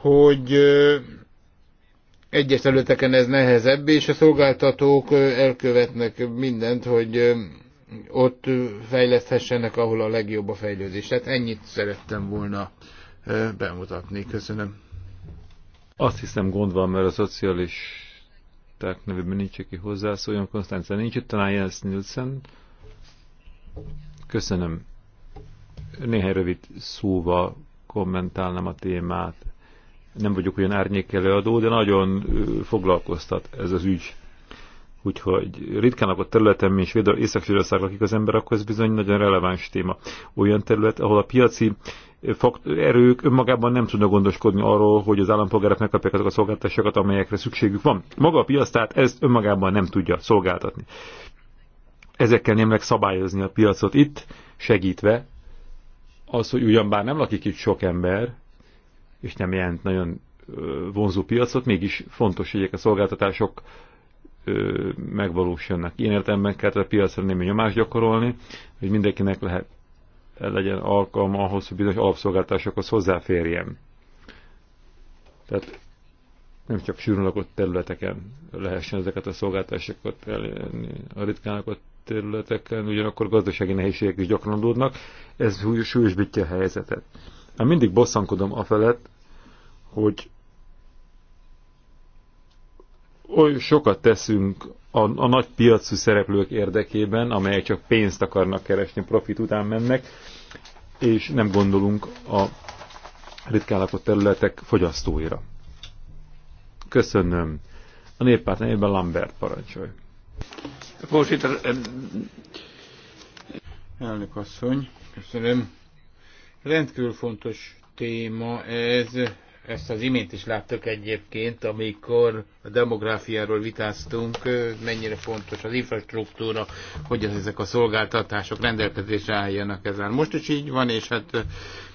hogy egyes területeken ez nehezebb, és a szolgáltatók elkövetnek mindent, hogy ott fejleszthessenek, ahol a legjobb a fejlődés. Tehát ennyit szerettem volna bemutatni. Köszönöm. Azt hiszem gond van, mert a tehát nevében nincs, aki hozzászóljon. Konstantin nincs itt, talán Jens Nielsen. Köszönöm. Néhány rövid szóval kommentálnám a témát nem vagyok olyan árnyék előadó, de nagyon foglalkoztat ez az ügy. Úgyhogy ritkán lakott területen, és Észak-Svédország lakik az ember, akkor ez bizony nagyon releváns téma. Olyan terület, ahol a piaci erők önmagában nem tudnak gondoskodni arról, hogy az állampolgárok megkapják azokat a szolgáltatásokat, amelyekre szükségük van. Maga a piac tehát ezt önmagában nem tudja szolgáltatni. Ezekkel némleg szabályozni a piacot itt, segítve az, hogy ugyan bár nem lakik itt sok ember, és nem jelent nagyon vonzó piacot, mégis fontos, hogy a szolgáltatások megvalósulnak. Ilyen értelemben kellett a piacra némi nyomást gyakorolni, hogy mindenkinek lehet legyen alkalma ahhoz, hogy bizonyos alapszolgáltatásokhoz hozzáférjen. Tehát nem csak sűrűn lakott területeken lehessen ezeket a szolgáltatásokat elérni, a ritkán lakott területeken, ugyanakkor gazdasági nehézségek is gyakran adódnak, ez súlyosbítja a helyzetet. Én mindig bosszankodom afelett, hogy oly sokat teszünk a, a nagy piacú szereplők érdekében, amelyek csak pénzt akarnak keresni, profit után mennek, és nem gondolunk a ritkán lakott területek fogyasztóira. Köszönöm. A néppárt nevében Lambert parancsolj. Ehm, Elnök asszony, köszönöm. Rendkívül fontos téma ez, ezt az imént is láttuk egyébként, amikor a demográfiáról vitáztunk, mennyire fontos az infrastruktúra, hogy az ezek a szolgáltatások rendelkezésre álljanak ezen. Most is így van, és hát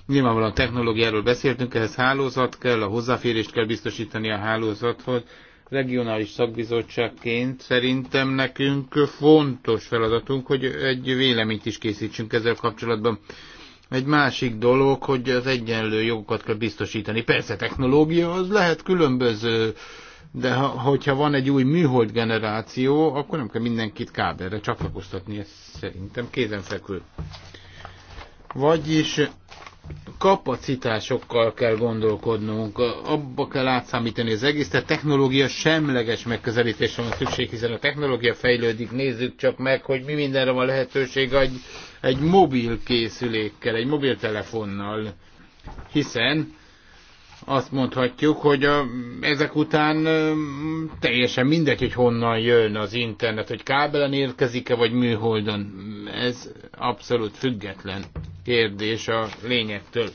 nyilvánvalóan a technológiáról beszéltünk, ehhez hálózat kell, a hozzáférést kell biztosítani a hálózathoz. Regionális szakbizottságként szerintem nekünk fontos feladatunk, hogy egy véleményt is készítsünk ezzel kapcsolatban. Egy másik dolog, hogy az egyenlő jogokat kell biztosítani. Persze technológia az lehet különböző, de ha, hogyha van egy új műhold generáció, akkor nem kell mindenkit kábelre csatlakoztatni, ez szerintem kézenfekvő. Vagyis kapacitásokkal kell gondolkodnunk, abba kell átszámítani az egész, tehát technológia semleges megközelítésre van szükség, hiszen a technológia fejlődik, nézzük csak meg, hogy mi mindenre van lehetőség egy, egy mobil készülékkel, egy mobiltelefonnal, hiszen azt mondhatjuk, hogy a, ezek után teljesen mindegy, hogy honnan jön az internet, hogy kábelen érkezik-e, vagy műholdon. Ez abszolút független kérdés a lényektől.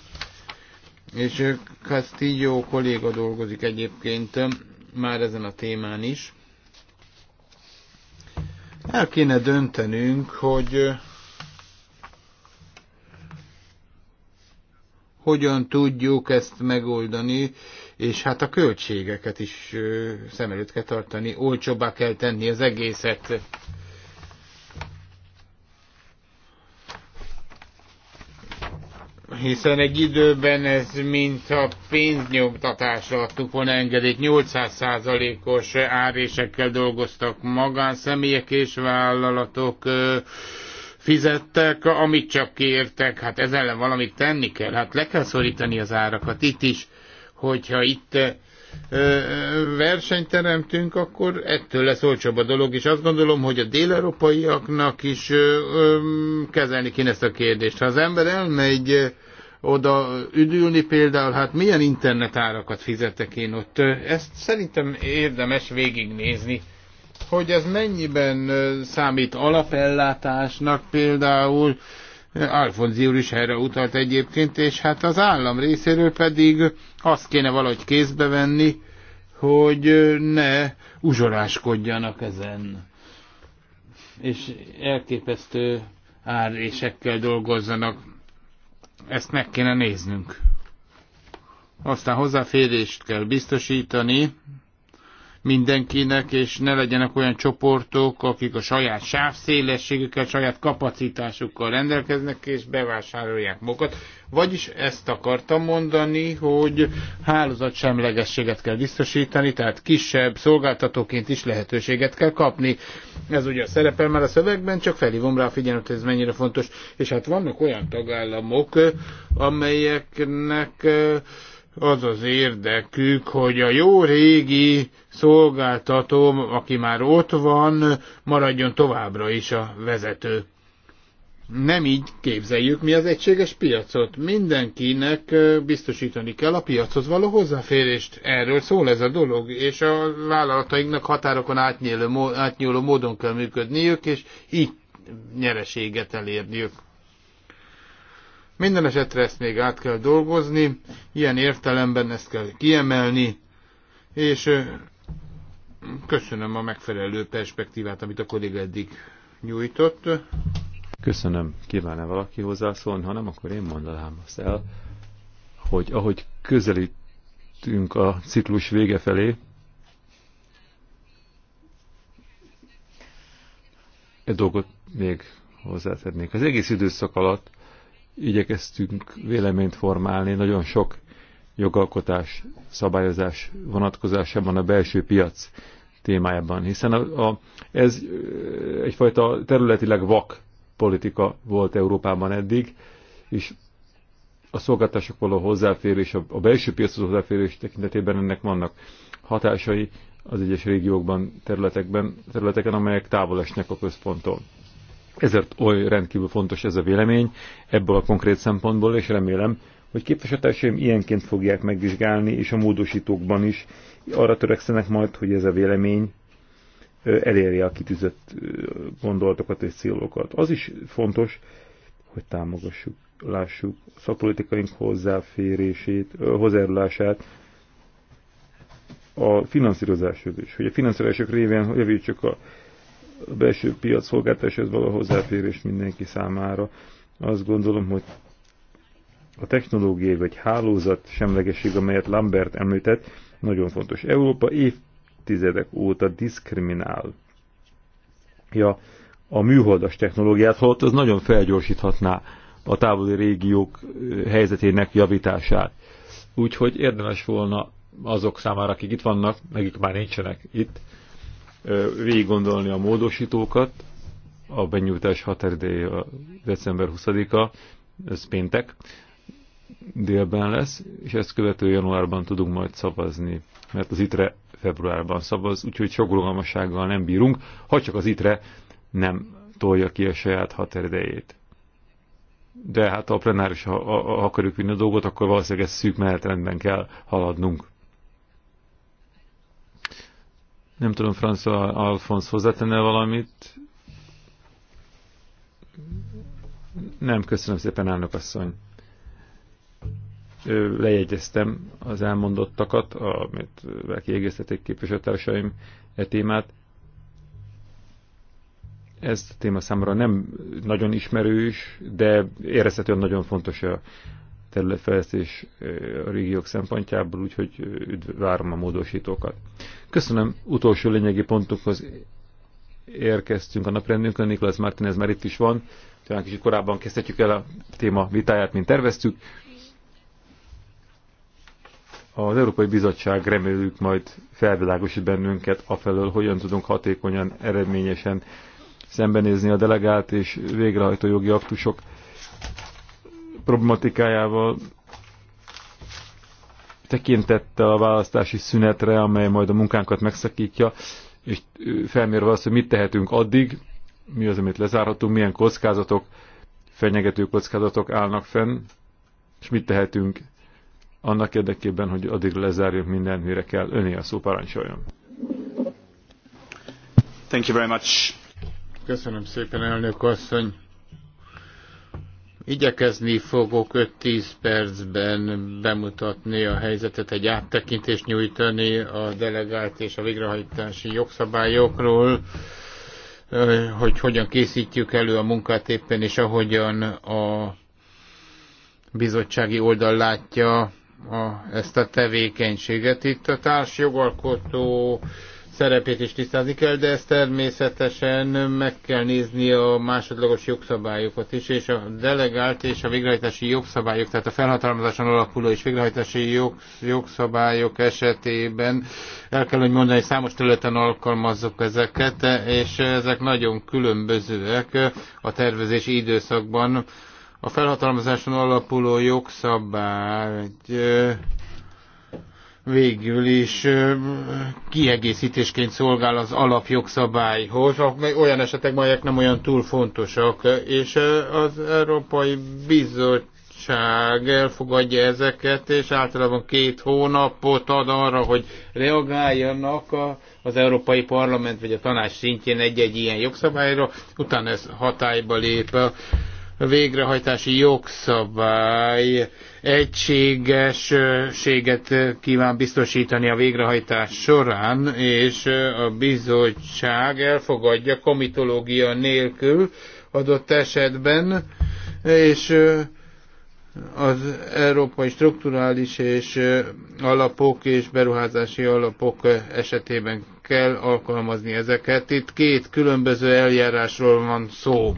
És Castillo kolléga dolgozik egyébként már ezen a témán is. El kéne döntenünk, hogy hogyan tudjuk ezt megoldani, és hát a költségeket is szem előtt kell tartani, olcsóbbá kell tenni az egészet. hiszen egy időben ez mint a pénznyomtatásra adtuk volna engedélyt, 800%-os árésekkel dolgoztak magánszemélyek és vállalatok, fizettek, amit csak kértek, hát ezzel ellen valamit tenni kell, hát le kell szorítani az árakat itt is, hogyha itt versenyt teremtünk, akkor ettől lesz olcsóbb a dolog, és azt gondolom, hogy a dél-európaiaknak is kezelni kéne ezt a kérdést. Ha az ember elmegy oda üdülni például, hát milyen internetárakat fizetek én ott, ezt szerintem érdemes végignézni hogy ez mennyiben számít alapellátásnak például, Alfonzi úr is erre utalt egyébként, és hát az állam részéről pedig azt kéne valahogy kézbe venni, hogy ne uzsoráskodjanak ezen. És elképesztő árésekkel dolgozzanak. Ezt meg kéne néznünk. Aztán hozzáférést kell biztosítani mindenkinek, és ne legyenek olyan csoportok, akik a saját sávszélességükkel, saját kapacitásukkal rendelkeznek, és bevásárolják magukat. Vagyis ezt akartam mondani, hogy hálózat semlegességet kell biztosítani, tehát kisebb szolgáltatóként is lehetőséget kell kapni. Ez ugye a szerepel már a szövegben, csak felhívom rá a figyelmet, hogy ez mennyire fontos. És hát vannak olyan tagállamok, amelyeknek eh, az az érdekük, hogy a jó régi szolgáltató, aki már ott van, maradjon továbbra is a vezető. Nem így képzeljük mi az egységes piacot. Mindenkinek biztosítani kell a piachoz való hozzáférést. Erről szól ez a dolog, és a vállalatainknak határokon átnyúló, átnyúló módon kell működniük, és így nyereséget elérniük. Minden esetre ezt még át kell dolgozni, ilyen értelemben ezt kell kiemelni, és Köszönöm a megfelelő perspektívát, amit a kolléga eddig nyújtott. Köszönöm. Kíván-e valaki hozzászólni? Ha nem, akkor én mondanám azt el, hogy ahogy közelítünk a ciklus vége felé, egy dolgot még hozzátennék. Az egész időszak alatt igyekeztünk véleményt formálni, nagyon sok jogalkotás, szabályozás vonatkozásában a belső piac témájában, hiszen a, a, ez egyfajta területileg vak politika volt Európában eddig, és a szolgáltások való hozzáférés, a, a belső piachoz hozzáférés tekintetében ennek vannak hatásai az egyes régiókban, területekben, területeken, amelyek távol esnek a központtól. Ezért oly rendkívül fontos ez a vélemény ebből a konkrét szempontból, és remélem, hogy képviselőtársaim ilyenként fogják megvizsgálni, és a módosítókban is arra törekszenek majd, hogy ez a vélemény elérje a kitűzött gondolatokat és célokat. Az is fontos, hogy támogassuk, lássuk szakpolitikaink hozzáférését, hozzájárulását a finanszírozásról is, hogy a finanszírozások révén javítsuk a belső piac szolgáltatáshoz való hozzáférést mindenki számára. Azt gondolom, hogy a technológiai vagy hálózat semlegesség, amelyet Lambert említett, nagyon fontos. Európa évtizedek óta diszkriminál ja, a műholdas technológiát, holott az nagyon felgyorsíthatná a távoli régiók helyzetének javítását. Úgyhogy érdemes volna azok számára, akik itt vannak, nekik már nincsenek itt, végig gondolni a módosítókat, a benyújtás határideje december 20-a, ez péntek, délben lesz, és ezt követő januárban tudunk majd szavazni, mert az ITRE februárban szavaz, úgyhogy sok rugalmassággal nem bírunk, ha csak az ITRE nem tolja ki a saját határidejét. De hát a plenáris, ha, ha, ha akarjuk vinni a dolgot, akkor valószínűleg ezt szűk menetrendben kell haladnunk. Nem tudom, François Alfonsz hozzátenne valamit? Nem, köszönöm szépen, elnök asszony lejegyeztem az elmondottakat, amit kiegészítették képviselőtársaim e témát. Ez a téma számomra nem nagyon ismerős, de érezhetően nagyon fontos a területfejlesztés a régiók szempontjából, úgyhogy várom a módosítókat. Köszönöm, utolsó lényegi pontokhoz érkeztünk a naprendünkön, Niklas Martinez már itt is van, talán kicsit korábban kezdhetjük el a téma vitáját, mint terveztük. Az Európai Bizottság reméljük majd felvilágosít bennünket afelől, hogyan tudunk hatékonyan, eredményesen szembenézni a delegált és végrehajtó jogi aktusok problematikájával tekintettel a választási szünetre, amely majd a munkánkat megszakítja, és felmérve azt, hogy mit tehetünk addig, mi az, amit lezárhatunk, milyen kockázatok, fenyegető kockázatok állnak fenn, és mit tehetünk annak érdekében, hogy addig lezárjuk minden mire kell. Öné a szó parancsoljon. Thank you very much. Köszönöm szépen, elnök asszony. Igyekezni fogok 5-10 percben bemutatni a helyzetet, egy áttekintést nyújtani a delegált és a végrehajtási jogszabályokról, hogy hogyan készítjük elő a munkát éppen, és ahogyan a bizottsági oldal látja, a, ezt a tevékenységet. Itt a társjogalkotó szerepét is tisztázni kell, de ezt természetesen meg kell nézni a másodlagos jogszabályokat is, és a delegált és a végrehajtási jogszabályok, tehát a felhatalmazáson alapuló és végrehajtási jog, jogszabályok esetében el kell, hogy mondani, hogy számos területen alkalmazzuk ezeket, és ezek nagyon különbözőek a tervezési időszakban. A felhatalmazáson alapuló jogszabály végül is kiegészítésként szolgál az alapjogszabályhoz, olyan esetekben, amelyek nem olyan túl fontosak, és az Európai Bizottság elfogadja ezeket, és általában két hónapot ad arra, hogy reagáljanak a az Európai Parlament vagy a tanács szintjén egy-egy ilyen jogszabályra, utána ez hatályba lép végrehajtási jogszabály egységességet kíván biztosítani a végrehajtás során, és a bizottság elfogadja komitológia nélkül adott esetben, és az európai strukturális és alapok és beruházási alapok esetében kell alkalmazni ezeket. Itt két különböző eljárásról van szó.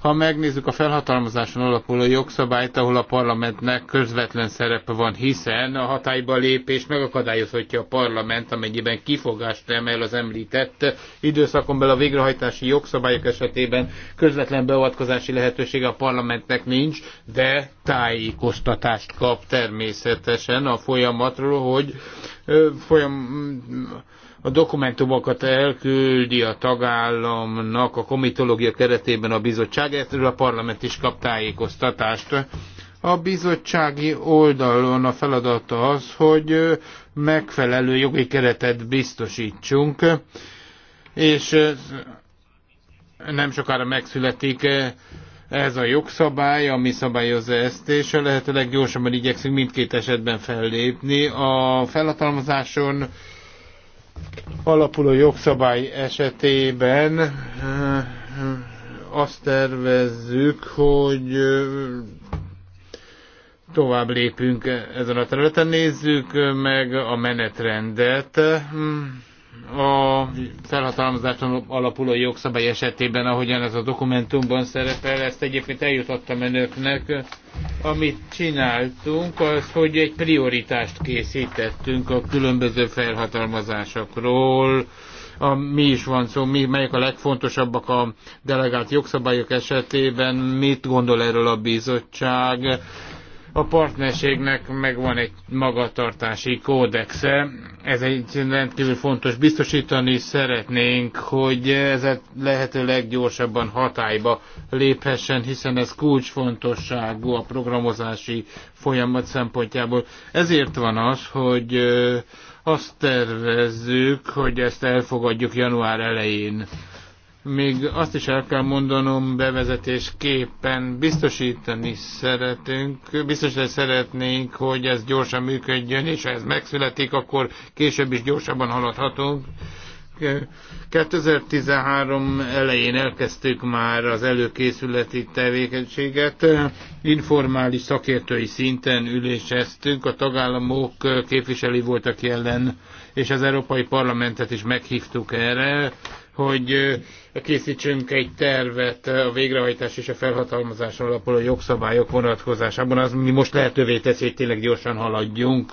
Ha megnézzük a felhatalmazáson alapuló jogszabályt, ahol a parlamentnek közvetlen szerepe van, hiszen a hatályba lépés megakadályozhatja a parlament, amennyiben kifogást emel az említett időszakon belül a végrehajtási jogszabályok esetében közvetlen beavatkozási lehetősége a parlamentnek nincs, de tájékoztatást kap természetesen a folyamatról, hogy folyam, a dokumentumokat elküldi a tagállamnak a komitológia keretében a bizottság, erről a parlament is kap tájékoztatást. A bizottsági oldalon a feladata az, hogy megfelelő jogi keretet biztosítsunk, és nem sokára megszületik ez a jogszabály, ami szabályozza ezt, és a lehető leggyorsabban igyekszünk mindkét esetben fellépni. A felhatalmazáson alapuló jogszabály esetében eh, azt tervezzük, hogy eh, tovább lépünk e-, ezen a területen. Nézzük eh, meg a menetrendet a felhatalmazáson alapuló jogszabály esetében, ahogyan ez a dokumentumban szerepel, ezt egyébként eljutottam önöknek. Amit csináltunk, az, hogy egy prioritást készítettünk a különböző felhatalmazásokról, a, mi is van szó, mi, melyek a legfontosabbak a delegált jogszabályok esetében, mit gondol erről a bizottság, a partnerségnek megvan egy magatartási kódexe, ez egy rendkívül fontos. Biztosítani szeretnénk, hogy ez lehető leggyorsabban hatályba léphessen, hiszen ez kulcsfontosságú a programozási folyamat szempontjából. Ezért van az, hogy azt tervezzük, hogy ezt elfogadjuk január elején még azt is el kell mondanom bevezetésképpen, biztosítani szeretünk, biztosítani szeretnénk, hogy ez gyorsan működjön, és ha ez megszületik, akkor később is gyorsabban haladhatunk. 2013 elején elkezdtük már az előkészületi tevékenységet. Informális szakértői szinten üléseztünk, a tagállamok képviselői voltak jelen, és az Európai Parlamentet is meghívtuk erre hogy készítsünk egy tervet a végrehajtás és a felhatalmazás alapul a jogszabályok vonatkozásában, az mi most lehetővé teszi, hogy tényleg gyorsan haladjunk.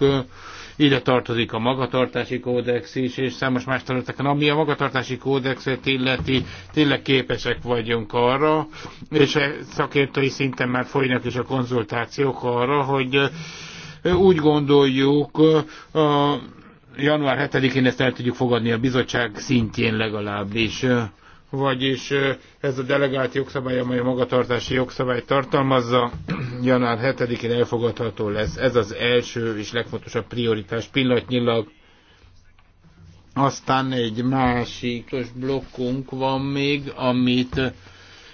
Ide tartozik a magatartási kódex is, és számos más területeken. Ami a magatartási kódexet illeti, tényleg képesek vagyunk arra, és e szakértői szinten már folynak is a konzultációk arra, hogy úgy gondoljuk, a január 7-én ezt el tudjuk fogadni a bizottság szintjén legalábbis. Vagyis ez a delegált jogszabály, amely a magatartási jogszabály tartalmazza, január 7-én elfogadható lesz. Ez az első és legfontosabb prioritás pillanatnyilag. Aztán egy másik blokkunk van még, amit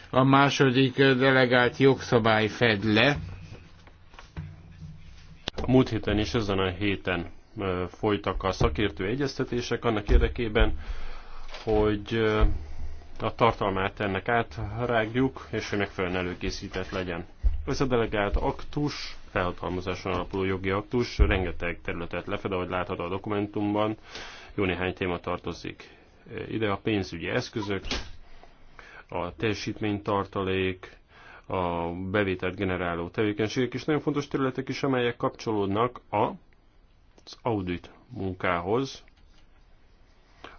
a második delegált jogszabály fed le. A múlt héten és ezen a héten folytak a szakértő egyeztetések annak érdekében, hogy a tartalmát ennek átrágjuk, és hogy megfelelően előkészített legyen. Ez a delegált aktus, felhatalmazáson alapuló jogi aktus, rengeteg területet lefed, ahogy látható a dokumentumban, jó néhány téma tartozik. Ide a pénzügyi eszközök, a teljesítménytartalék, a bevételt generáló tevékenységek is nagyon fontos területek is, amelyek kapcsolódnak a az audit munkához,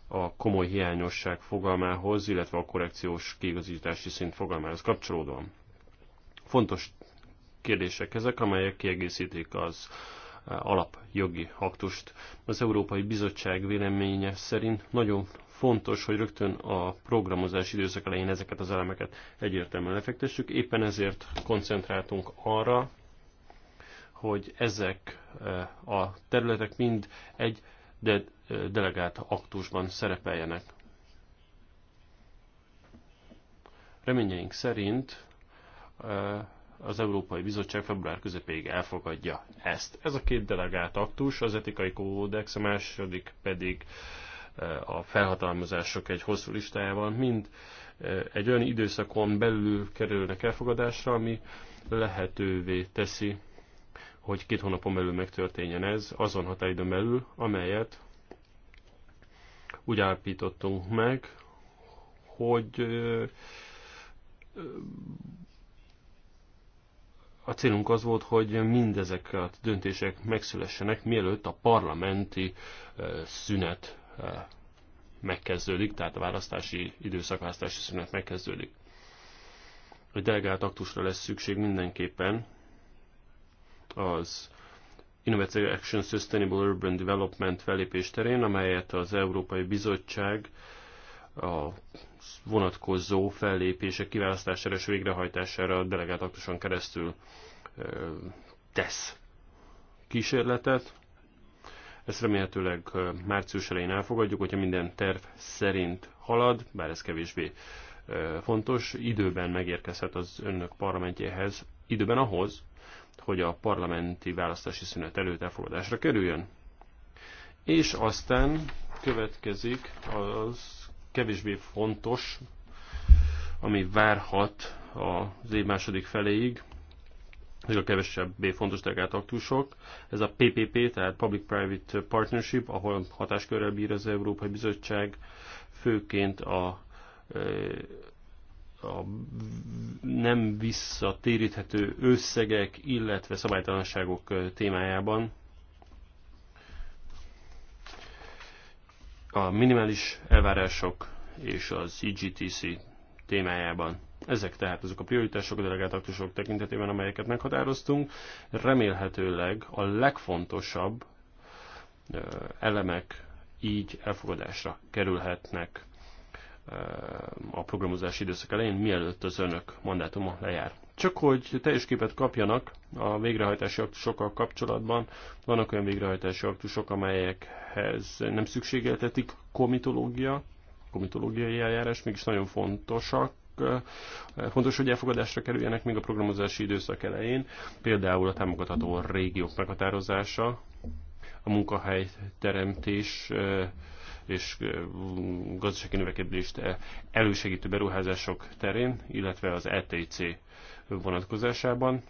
a komoly hiányosság fogalmához, illetve a korrekciós kiigazítási szint fogalmához kapcsolódóan. Fontos kérdések ezek, amelyek kiegészítik az eh, alapjogi aktust. Az Európai Bizottság véleménye szerint nagyon fontos, hogy rögtön a programozás időszak elején ezeket az elemeket egyértelműen lefektessük. Éppen ezért koncentráltunk arra, hogy ezek eh, a területek mind egy de eh, delegált aktusban szerepeljenek. Reményeink szerint eh, az Európai Bizottság február közepéig elfogadja ezt. Ez a két delegált aktus, az etikai kódex, a második pedig a felhatalmazások egy hosszú listájában mind egy olyan időszakon belül kerülnek elfogadásra, ami lehetővé teszi hogy két hónapon belül megtörténjen ez, azon határidőn belül, amelyet úgy állapítottunk meg, hogy a célunk az volt, hogy mindezek a döntések megszülessenek, mielőtt a parlamenti szünet megkezdődik, tehát a választási időszak választási szünet megkezdődik. A delegált aktusra lesz szükség mindenképpen, az Innovative Action Sustainable Urban Development felépés terén, amelyet az Európai Bizottság a vonatkozó fellépések kiválasztására és végrehajtására delegált aktuson keresztül tesz kísérletet. Ezt remélhetőleg március elején elfogadjuk, hogyha minden terv szerint halad, bár ez kevésbé fontos, időben megérkezhet az önök parlamentjéhez, időben ahhoz, hogy a parlamenti választási szünet előtt elfogadásra kerüljön. És aztán következik az kevésbé fontos, ami várhat az év második feléig, és a kevesebbé fontos delegált aktusok. Ez a PPP, tehát Public-Private Partnership, ahol hatáskörrel bír az Európai Bizottság, főként a a nem visszatéríthető összegek, illetve szabálytalanságok témájában a minimális elvárások és az IGTC témájában. Ezek tehát azok a prioritások a delegált aktusok tekintetében, amelyeket meghatároztunk. Remélhetőleg a legfontosabb elemek így elfogadásra kerülhetnek a programozási időszak elején, mielőtt az önök mandátuma lejár. Csak hogy teljes képet kapjanak a végrehajtási aktusokkal kapcsolatban, vannak olyan végrehajtási aktusok, amelyekhez nem szükségeltetik komitológia, komitológiai eljárás, mégis nagyon fontosak, fontos, hogy elfogadásra kerüljenek még a programozási időszak elején, például a támogatható régiók meghatározása, a munkahely teremtés és gazdasági növekedést e, elősegítő beruházások terén, illetve az ETC vonatkozásában.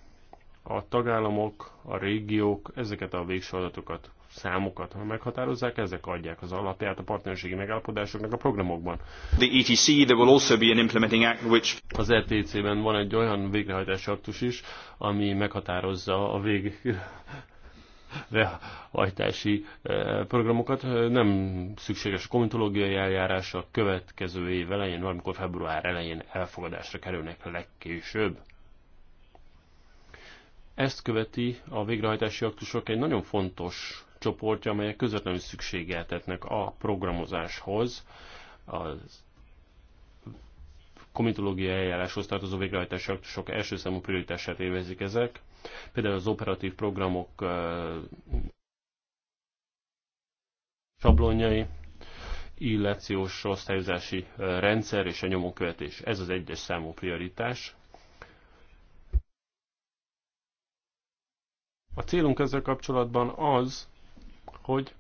A tagállamok, a régiók ezeket a végső adatokat, számokat meghatározzák, ezek adják az alapját a partnerségi megállapodásoknak a programokban. The ETC, there will also be an implementing act which... Az ETC-ben van egy olyan végrehajtási aktus is, ami meghatározza a vég rehajtási eh, programokat. Nem szükséges a komitológiai eljárás a következő év elején, valamikor február elején elfogadásra kerülnek legkésőbb. Ezt követi a végrehajtási aktusok egy nagyon fontos csoportja, amelyek közvetlenül szükségeltetnek a programozáshoz, az komitológiai eljáráshoz tartozó végrehajtási aktusok első számú prioritását élvezik ezek. Például az operatív programok sablonjai, illációs osztályozási rendszer és a nyomonkövetés. Ez az egyes számú prioritás. A célunk ezzel kapcsolatban az, hogy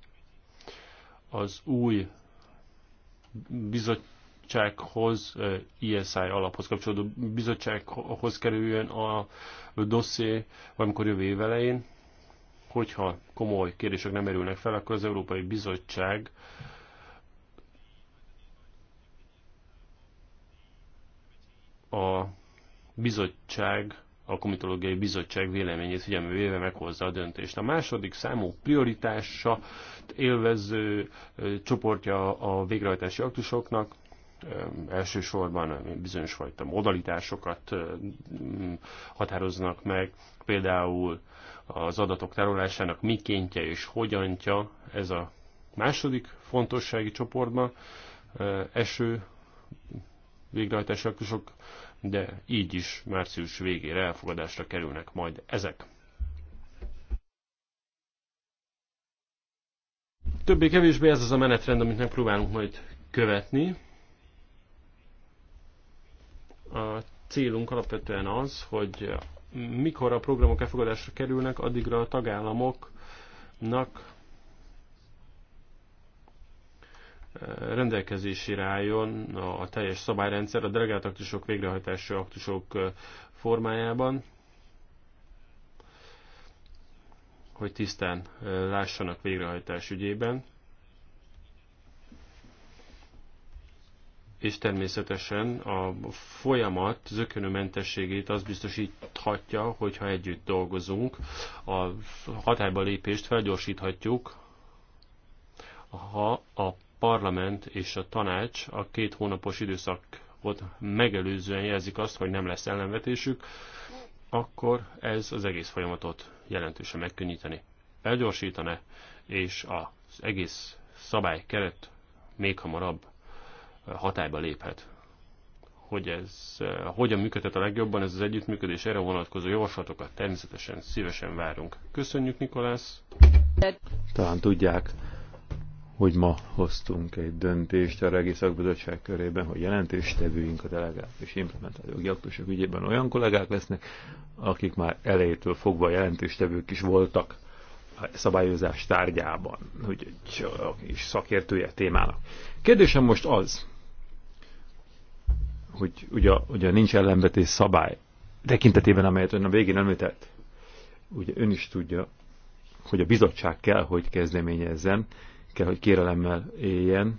az új bizot, bizottsághoz, ISI alaphoz kapcsolódó bizottsághoz kerüljön a dosszé valamikor jövő év elején. Hogyha komoly kérdések nem erülnek fel, akkor az Európai Bizottság a bizottság, a komitológiai bizottság véleményét figyelme véve meghozza a döntést. A második számú prioritása élvező csoportja a végrehajtási aktusoknak elsősorban bizonyos fajta modalitásokat határoznak meg, például az adatok tárolásának mikéntje és hogyantja ez a második fontossági csoportban eső végrehajtási aktusok, de így is március végére elfogadásra kerülnek majd ezek. Többé-kevésbé ez az a menetrend, amit megpróbálunk majd követni. A célunk alapvetően az, hogy mikor a programok elfogadásra kerülnek, addigra a tagállamoknak eh, rendelkezésére álljon a teljes szabályrendszer a delegált aktusok végrehajtási aktusok eh, formájában, hogy tisztán eh, lássanak végrehajtás ügyében. és természetesen a folyamat zökönömentességét az biztosíthatja, hogyha együtt dolgozunk. A hatályba lépést felgyorsíthatjuk, ha a parlament és a tanács a két hónapos időszakot megelőzően jelzik azt, hogy nem lesz ellenvetésük, akkor ez az egész folyamatot jelentősen megkönnyíteni. Felgyorsítane, és az egész szabály keret még hamarabb hatályba léphet. Hogy ez hogyan működhet a legjobban, ez az együttműködés, erre vonatkozó javaslatokat természetesen szívesen várunk. Köszönjük, Nikolász! Talán tudják, hogy ma hoztunk egy döntést a Regi Szakbizottság körében, hogy jelentéstevőink a delegált és implementált jogi ügyében olyan kollégák lesznek, akik már elejétől fogva jelentéstevők is voltak a szabályozás tárgyában, hogy is szakértője témának. Kérdésem most az, hogy ugye, ugye nincs ellenvetés szabály tekintetében, amelyet ön a végén említett. Ugye ön is tudja, hogy a bizottság kell, hogy kezdeményezzen, kell, hogy kérelemmel éljen,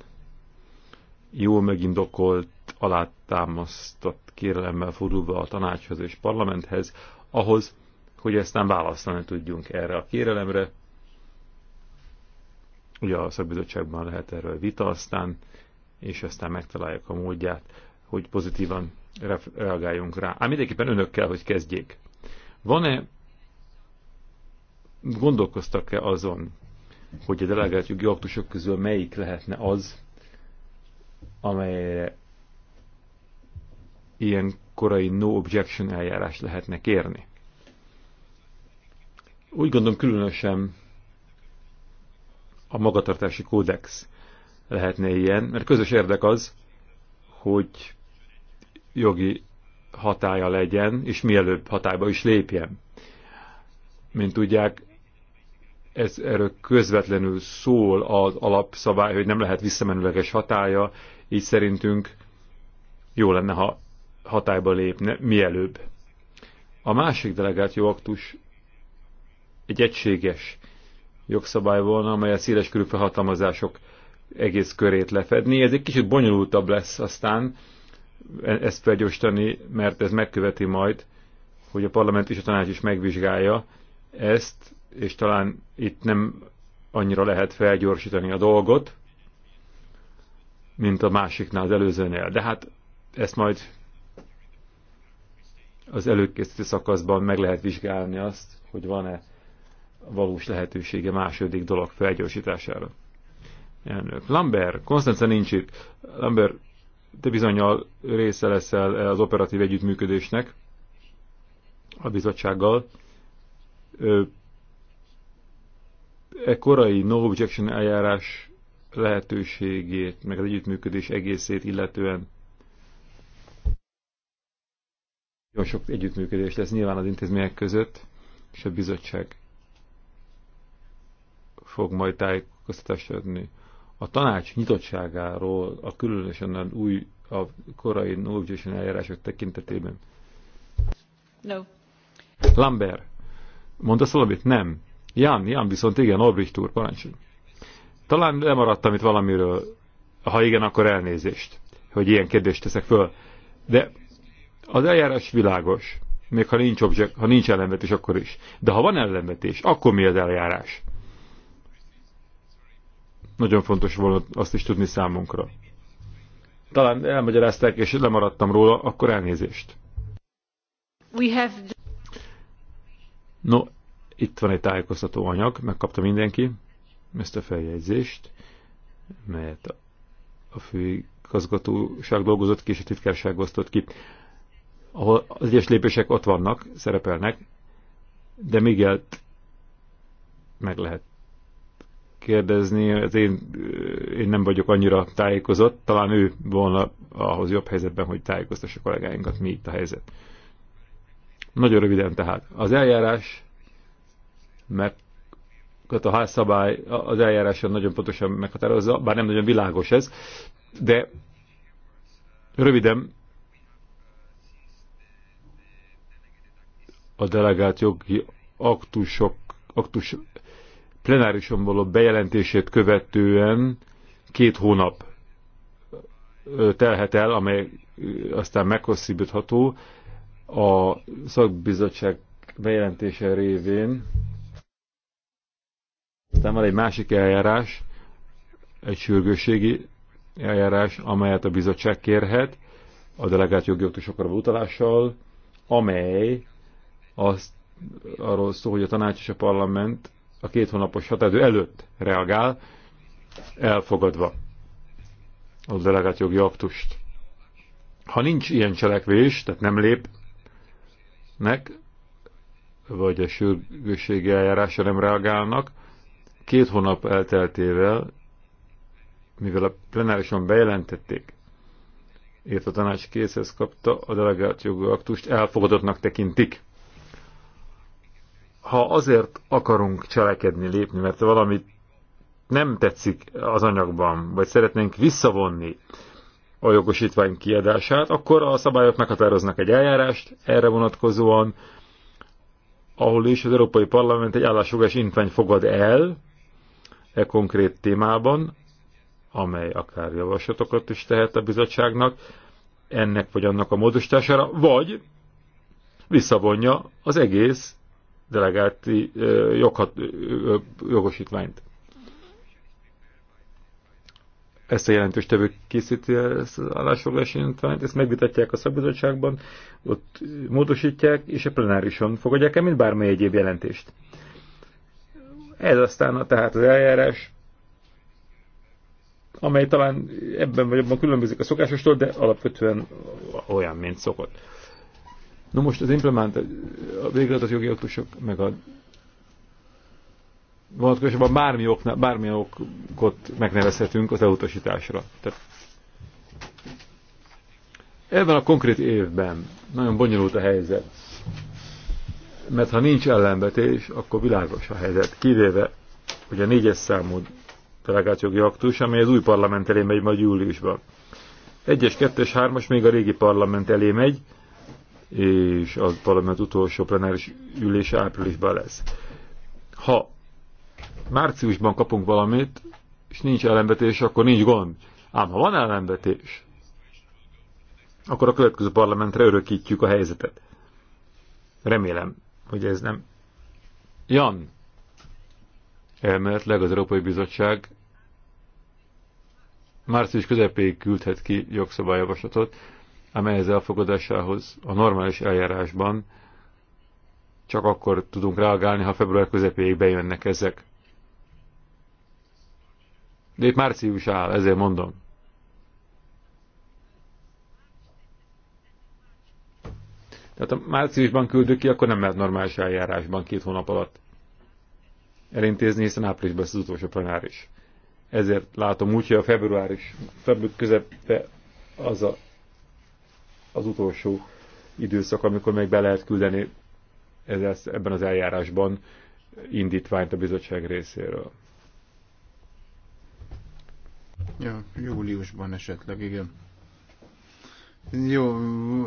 jól megindokolt, alátámasztott kérelemmel fordulva a tanácshoz és parlamenthez, ahhoz, hogy aztán választani tudjunk erre a kérelemre. Ugye a szakbizottságban lehet erről vita aztán, és aztán megtaláljuk a módját hogy pozitívan reagáljunk rá. Ám mindenképpen önökkel, hogy kezdjék. Van-e, gondolkoztak-e azon, hogy a delegált jogi aktusok közül melyik lehetne az, amelyre ilyen korai no objection eljárás lehetne kérni? Úgy gondolom különösen a magatartási kódex lehetne ilyen, mert közös érdek az, hogy jogi hatája legyen, és mielőbb hatályba is lépjen. Mint tudják, ez erről közvetlenül szól az alapszabály, hogy nem lehet visszamenőleges hatája, így szerintünk jó lenne, ha hatályba lépne mielőbb. A másik delegált jogaktus egy egységes jogszabály volna, amely a széles körülfelhatalmazások felhatalmazások egész körét lefedni. Ez egy kicsit bonyolultabb lesz aztán ezt felgyorsítani, mert ez megköveti majd, hogy a parlament és a tanács is megvizsgálja ezt, és talán itt nem annyira lehet felgyorsítani a dolgot, mint a másiknál, az előzőnél. De hát ezt majd az előkészítő szakaszban meg lehet vizsgálni azt, hogy van-e valós lehetősége második dolog felgyorsítására. Elnök. Lambert, Konstantin nincs itt. Lambert, te bizonyal része leszel e az operatív együttműködésnek a bizottsággal. E korai no objection eljárás lehetőségét, meg az együttműködés egészét illetően nagyon sok együttműködés lesz nyilván az intézmények között, és a bizottság fog majd tájékoztatást adni a tanács nyitottságáról, a különösen az új, a korai novification eljárások tekintetében? No. Lambert. Mondta valamit? Nem. Jan, Jan viszont igen, Albrecht úr, parancsolj. Talán lemaradtam itt valamiről. Ha igen, akkor elnézést, hogy ilyen kérdést teszek föl. De az eljárás világos, még ha nincs, object, ha nincs ellenvetés, akkor is. De ha van ellenvetés, akkor mi az eljárás? Nagyon fontos volna azt is tudni számunkra. Talán elmagyarázták, és lemaradtam róla, akkor elnézést. We have... No, itt van egy tájékoztató anyag, megkapta mindenki ezt a feljegyzést, mert a főigazgatóság dolgozott ki, és a titkárság osztott ki. Ahol az egyes lépések ott vannak, szerepelnek, de még el meg lehet kérdezni, az hát én, én nem vagyok annyira tájékozott, talán ő volna ahhoz jobb helyzetben, hogy tájékoztassa kollégáinkat, mi itt a helyzet. Nagyon röviden tehát. Az eljárás, mert hát a házszabály az eljáráson nagyon pontosan meghatározza, bár nem nagyon világos ez, de röviden a delegált jogi aktusok, aktus plenárison való bejelentését követően két hónap telhet el, amely aztán meghosszabbítható a szakbizottság bejelentése révén. Aztán van egy másik eljárás, egy sürgősségi eljárás, amelyet a bizottság kérhet a delegált jogi oktusokra utalással, amely azt arról szól, hogy a tanács és a parlament a két hónapos határidő előtt reagál, elfogadva a delegált jogi aktust. Ha nincs ilyen cselekvés, tehát nem lépnek, vagy a sürgősségi eljárásra nem reagálnak, két hónap elteltével, mivel a plenárison bejelentették, ért a tanács készhez kapta, a delegált jogi aktust elfogadottnak tekintik ha azért akarunk cselekedni, lépni, mert valamit nem tetszik az anyagban, vagy szeretnénk visszavonni a jogosítvány kiadását, akkor a szabályok meghatároznak egy eljárást erre vonatkozóan, ahol is az Európai Parlament egy állásfogás intvány fogad el e konkrét témában, amely akár javaslatokat is tehet a bizottságnak, ennek vagy annak a módosítására, vagy visszavonja az egész delegált joghat, jogosítványt. Ezt a jelentős tevő készíti ezt az állásfoglalási jelentványt, ezt megvitatják a szakbizottságban, ott módosítják, és a plenárison fogadják el, mint bármely egyéb jelentést. Ez aztán tehát az eljárás, amely talán ebben vagy abban különbözik a szokásostól, de alapvetően olyan, mint szokott. Na most az implement, a végrehajtott jogi aktusok, meg a vonatkozásban bármi, ok, bármi okot megnevezhetünk az elutasításra. Tehát ebben a konkrét évben nagyon bonyolult a helyzet. Mert ha nincs ellenvetés, akkor világos a helyzet. Kivéve, hogy a négyes számú delegációgi aktus, amely az új parlament elé megy majd júliusban. Egyes, kettes, hármas még a régi parlament elé megy, és a parlament utolsó plenáris ülése áprilisban lesz. Ha márciusban kapunk valamit, és nincs ellenvetés, akkor nincs gond. Ám ha van ellenvetés, akkor a következő parlamentre örökítjük a helyzetet. Remélem, hogy ez nem. Jan, elméletleg az Európai Bizottság március közepéig küldhet ki jogszabályjavaslatot, amelyhez elfogadásához a normális eljárásban csak akkor tudunk reagálni, ha február közepéig bejönnek ezek. De itt március áll, ezért mondom. Tehát ha márciusban küldök ki, akkor nem lehet normális eljárásban két hónap alatt elintézni, hiszen áprilisban ez az utolsó plenáris. Ezért látom úgy, hogy a februáris, február közepe az a az utolsó időszak, amikor még be lehet küldeni ez, ebben az eljárásban indítványt a bizottság részéről. Ja, júliusban esetleg, igen. Jó,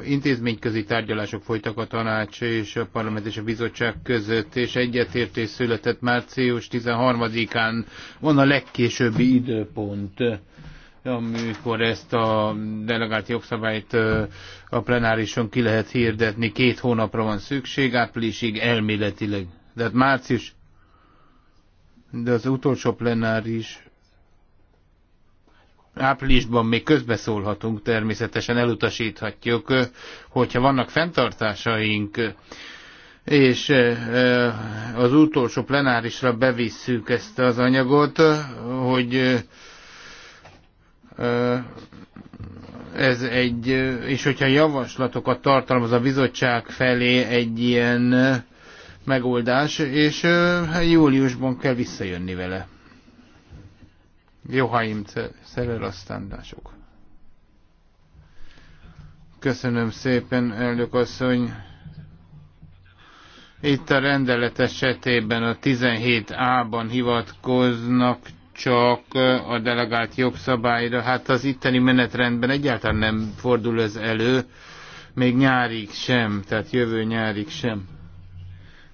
intézményközi tárgyalások folytak a tanács és a parlament és a bizottság között, és egyetértés született március 13-án, van a legkésőbbi időpont amikor ezt a delegált jogszabályt a plenárison ki lehet hirdetni, két hónapra van szükség, áprilisig elméletileg. De hát március, de az utolsó plenáris áprilisban még közbeszólhatunk, természetesen elutasíthatjuk, hogyha vannak fenntartásaink, és az utolsó plenárisra bevisszük ezt az anyagot, hogy ez egy, és hogyha javaslatokat tartalmaz a bizottság felé egy ilyen megoldás, és hát júliusban kell visszajönni vele. Johaim szerel a sok. Köszönöm szépen, elnök asszony. Itt a rendelet esetében a 17A-ban hivatkoznak csak a delegált jogszabályra. Hát az itteni menetrendben egyáltalán nem fordul ez elő, még nyárig sem, tehát jövő nyárig sem.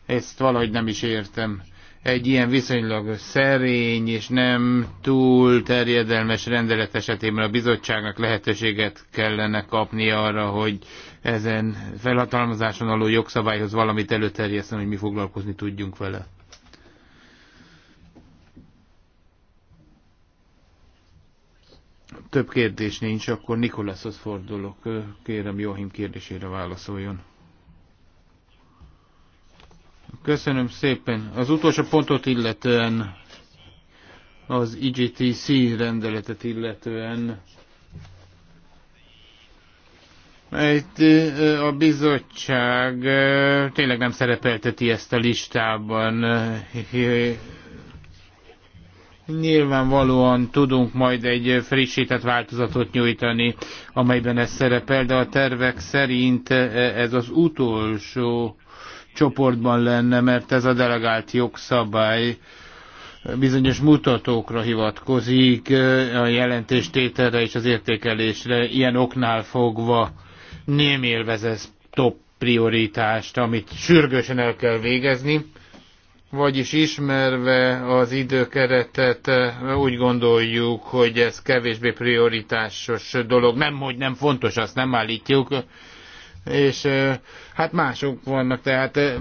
Ezt valahogy nem is értem. Egy ilyen viszonylag szerény és nem túl terjedelmes rendelet esetében a bizottságnak lehetőséget kellene kapni arra, hogy ezen felhatalmazáson aló jogszabályhoz valamit előterjeszten, hogy mi foglalkozni tudjunk vele. több kérdés nincs, akkor Nikolászhoz fordulok. Kérem Johim kérdésére válaszoljon. Köszönöm szépen. Az utolsó pontot illetően, az IGTC rendeletet illetően, itt a bizottság tényleg nem szerepelteti ezt a listában, Nyilvánvalóan tudunk majd egy frissített változatot nyújtani, amelyben ez szerepel, de a tervek szerint ez az utolsó csoportban lenne, mert ez a delegált jogszabály bizonyos mutatókra hivatkozik, a jelentéstételre és az értékelésre, ilyen oknál fogva nem élvez ez top prioritást, amit sürgősen el kell végezni vagyis ismerve az időkeretet úgy gondoljuk, hogy ez kevésbé prioritásos dolog. Nem, hogy nem fontos, azt nem állítjuk, és hát mások vannak, tehát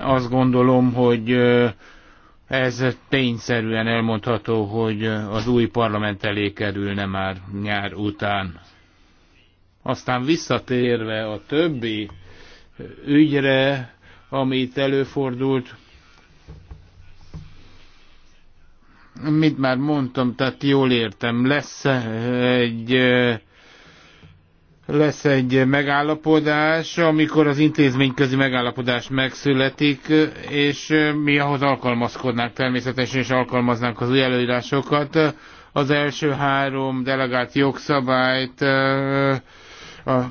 azt gondolom, hogy ez tényszerűen elmondható, hogy az új parlament elé kerülne már nyár után. Aztán visszatérve a többi ügyre, amit előfordult, Mit már mondtam, tehát jól értem, lesz eh, egy eh, lesz egy megállapodás, amikor az közi megállapodás megszületik, és eh, mi ahhoz alkalmazkodnánk természetesen, és alkalmaznánk az új előírásokat. Az első három delegált jogszabályt a,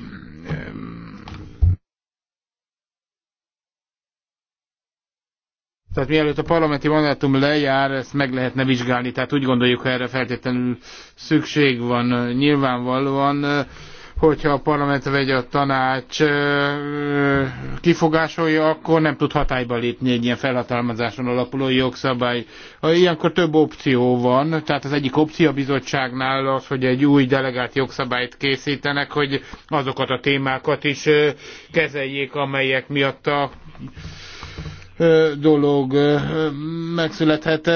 Tehát mielőtt a parlamenti mandátum lejár, ezt meg lehetne vizsgálni, tehát úgy gondoljuk, hogy erre feltétlenül szükség van. Nyilvánvalóan, hogyha a parlament vagy a tanács kifogásolja, akkor nem tud hatályba lépni egy ilyen felhatalmazáson alapuló jogszabály. Ilyenkor több opció van, tehát az egyik opció a bizottságnál az, hogy egy új delegált jogszabályt készítenek, hogy azokat a témákat is kezeljék, amelyek miatt a dolog megszülethet,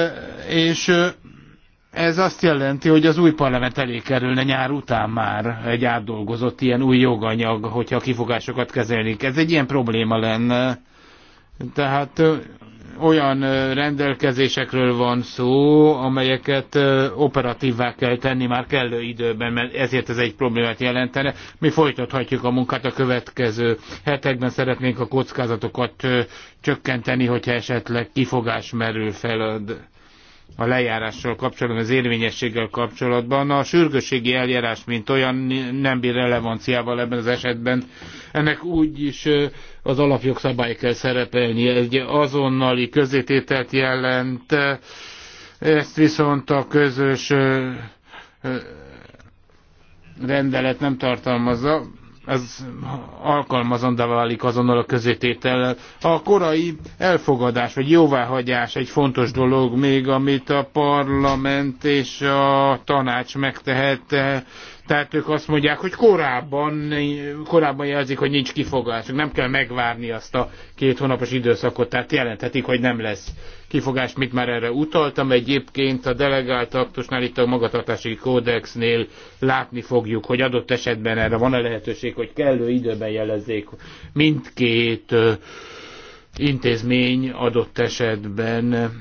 és ez azt jelenti, hogy az új parlament elé kerülne nyár után már egy átdolgozott ilyen új joganyag, hogyha a kifogásokat kezelnék. Ez egy ilyen probléma lenne. Tehát olyan rendelkezésekről van szó, amelyeket operatívvá kell tenni már kellő időben, mert ezért ez egy problémát jelentene. Mi folytathatjuk a munkát a következő hetekben, szeretnénk a kockázatokat csökkenteni, hogyha esetleg kifogás merül fel a, lejárással kapcsolatban, az érvényességgel kapcsolatban. A sürgősségi eljárás, mint olyan nem bír relevanciával ebben az esetben. Ennek úgy is az alapjogszabály kell szerepelnie. Egy azonnali közétételt jelent, ezt viszont a közös rendelet nem tartalmazza, ez alkalmazandá válik azonnal a közététellel. A korai elfogadás vagy jóváhagyás egy fontos dolog még, amit a parlament és a tanács megtehet tehát ők azt mondják, hogy korábban, korábban jelzik, hogy nincs kifogásuk, nem kell megvárni azt a két hónapos időszakot, tehát jelenthetik, hogy nem lesz kifogás, mit már erre utaltam. Egyébként a delegált aktusnál, itt a magatartási kódexnél látni fogjuk, hogy adott esetben erre van-e lehetőség, hogy kellő időben jelezzék mindkét intézmény adott esetben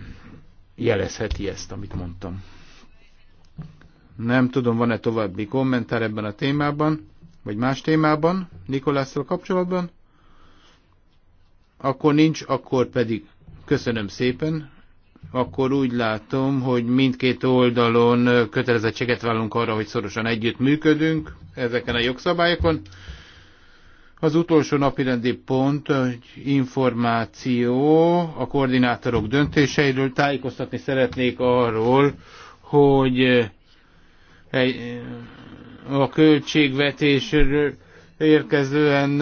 jelezheti ezt, amit mondtam. Nem tudom, van-e további kommentár ebben a témában, vagy más témában, Nikolászról kapcsolatban? Akkor nincs, akkor pedig köszönöm szépen. Akkor úgy látom, hogy mindkét oldalon kötelezettséget vállunk arra, hogy szorosan együtt működünk ezeken a jogszabályokon. Az utolsó rendi pont, hogy információ a koordinátorok döntéseiről. Tájékoztatni szeretnék arról, hogy egy, a költségvetésről érkezően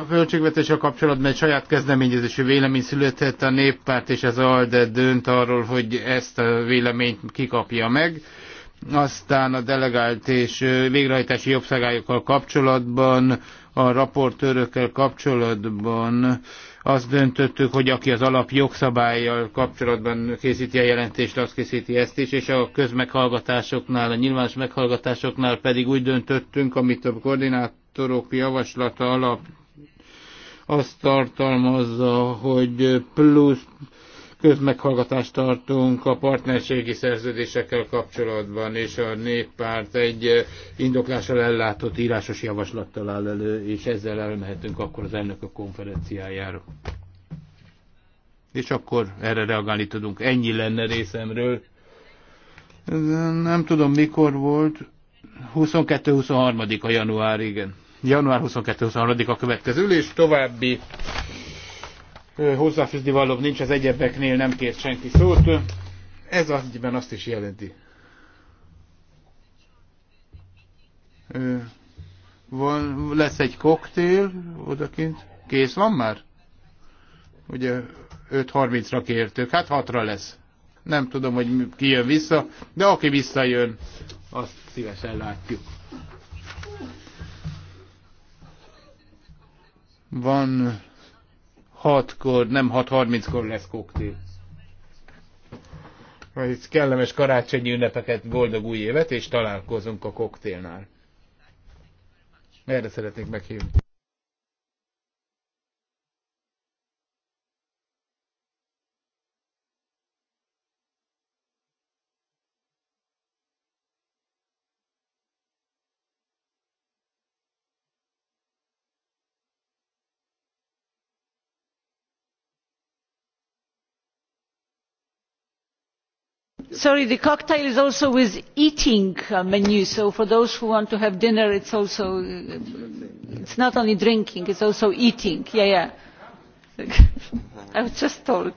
a költségvetéssel kapcsolatban egy saját kezdeményezésű vélemény született a néppárt, és az ALDE dönt arról, hogy ezt a véleményt kikapja meg. Aztán a delegált és végrehajtási jobbszágályokkal kapcsolatban, a raportőrökkel kapcsolatban azt döntöttük, hogy aki az alap jogszabályjal kapcsolatban készíti a jelentést, azt készíti ezt is, és a közmeghallgatásoknál, a nyilvános meghallgatásoknál pedig úgy döntöttünk, amit a koordinátorok javaslata alap azt tartalmazza, hogy plusz közmeghallgatást tartunk a partnerségi szerződésekkel kapcsolatban, és a néppárt egy eh, indoklással ellátott írásos javaslattal áll elő, és ezzel elmehetünk akkor az a konferenciájára. És akkor erre reagálni tudunk. Ennyi lenne részemről. Nem tudom mikor volt. 22-23-a január, igen. Január 22-23-a következő és további hozzáfűzni valóbb nincs, az egyebeknél nem kért senki szót. Ez egyben azt is jelenti. Van, lesz egy koktél odakint. Kész van már? Ugye 5.30-ra kértük, hát 6-ra lesz. Nem tudom, hogy ki jön vissza, de aki visszajön, azt szívesen látjuk. Van 6-kor, nem 6.30-kor lesz koktél. Itt kellemes karácsonyi ünnepeket, boldog új évet, és találkozunk a koktélnál. Erre szeretnék meghívni. sorry the cocktail is also with eating menu so for those who want to have dinner it's also it's not only drinking it's also eating yeah yeah i was just told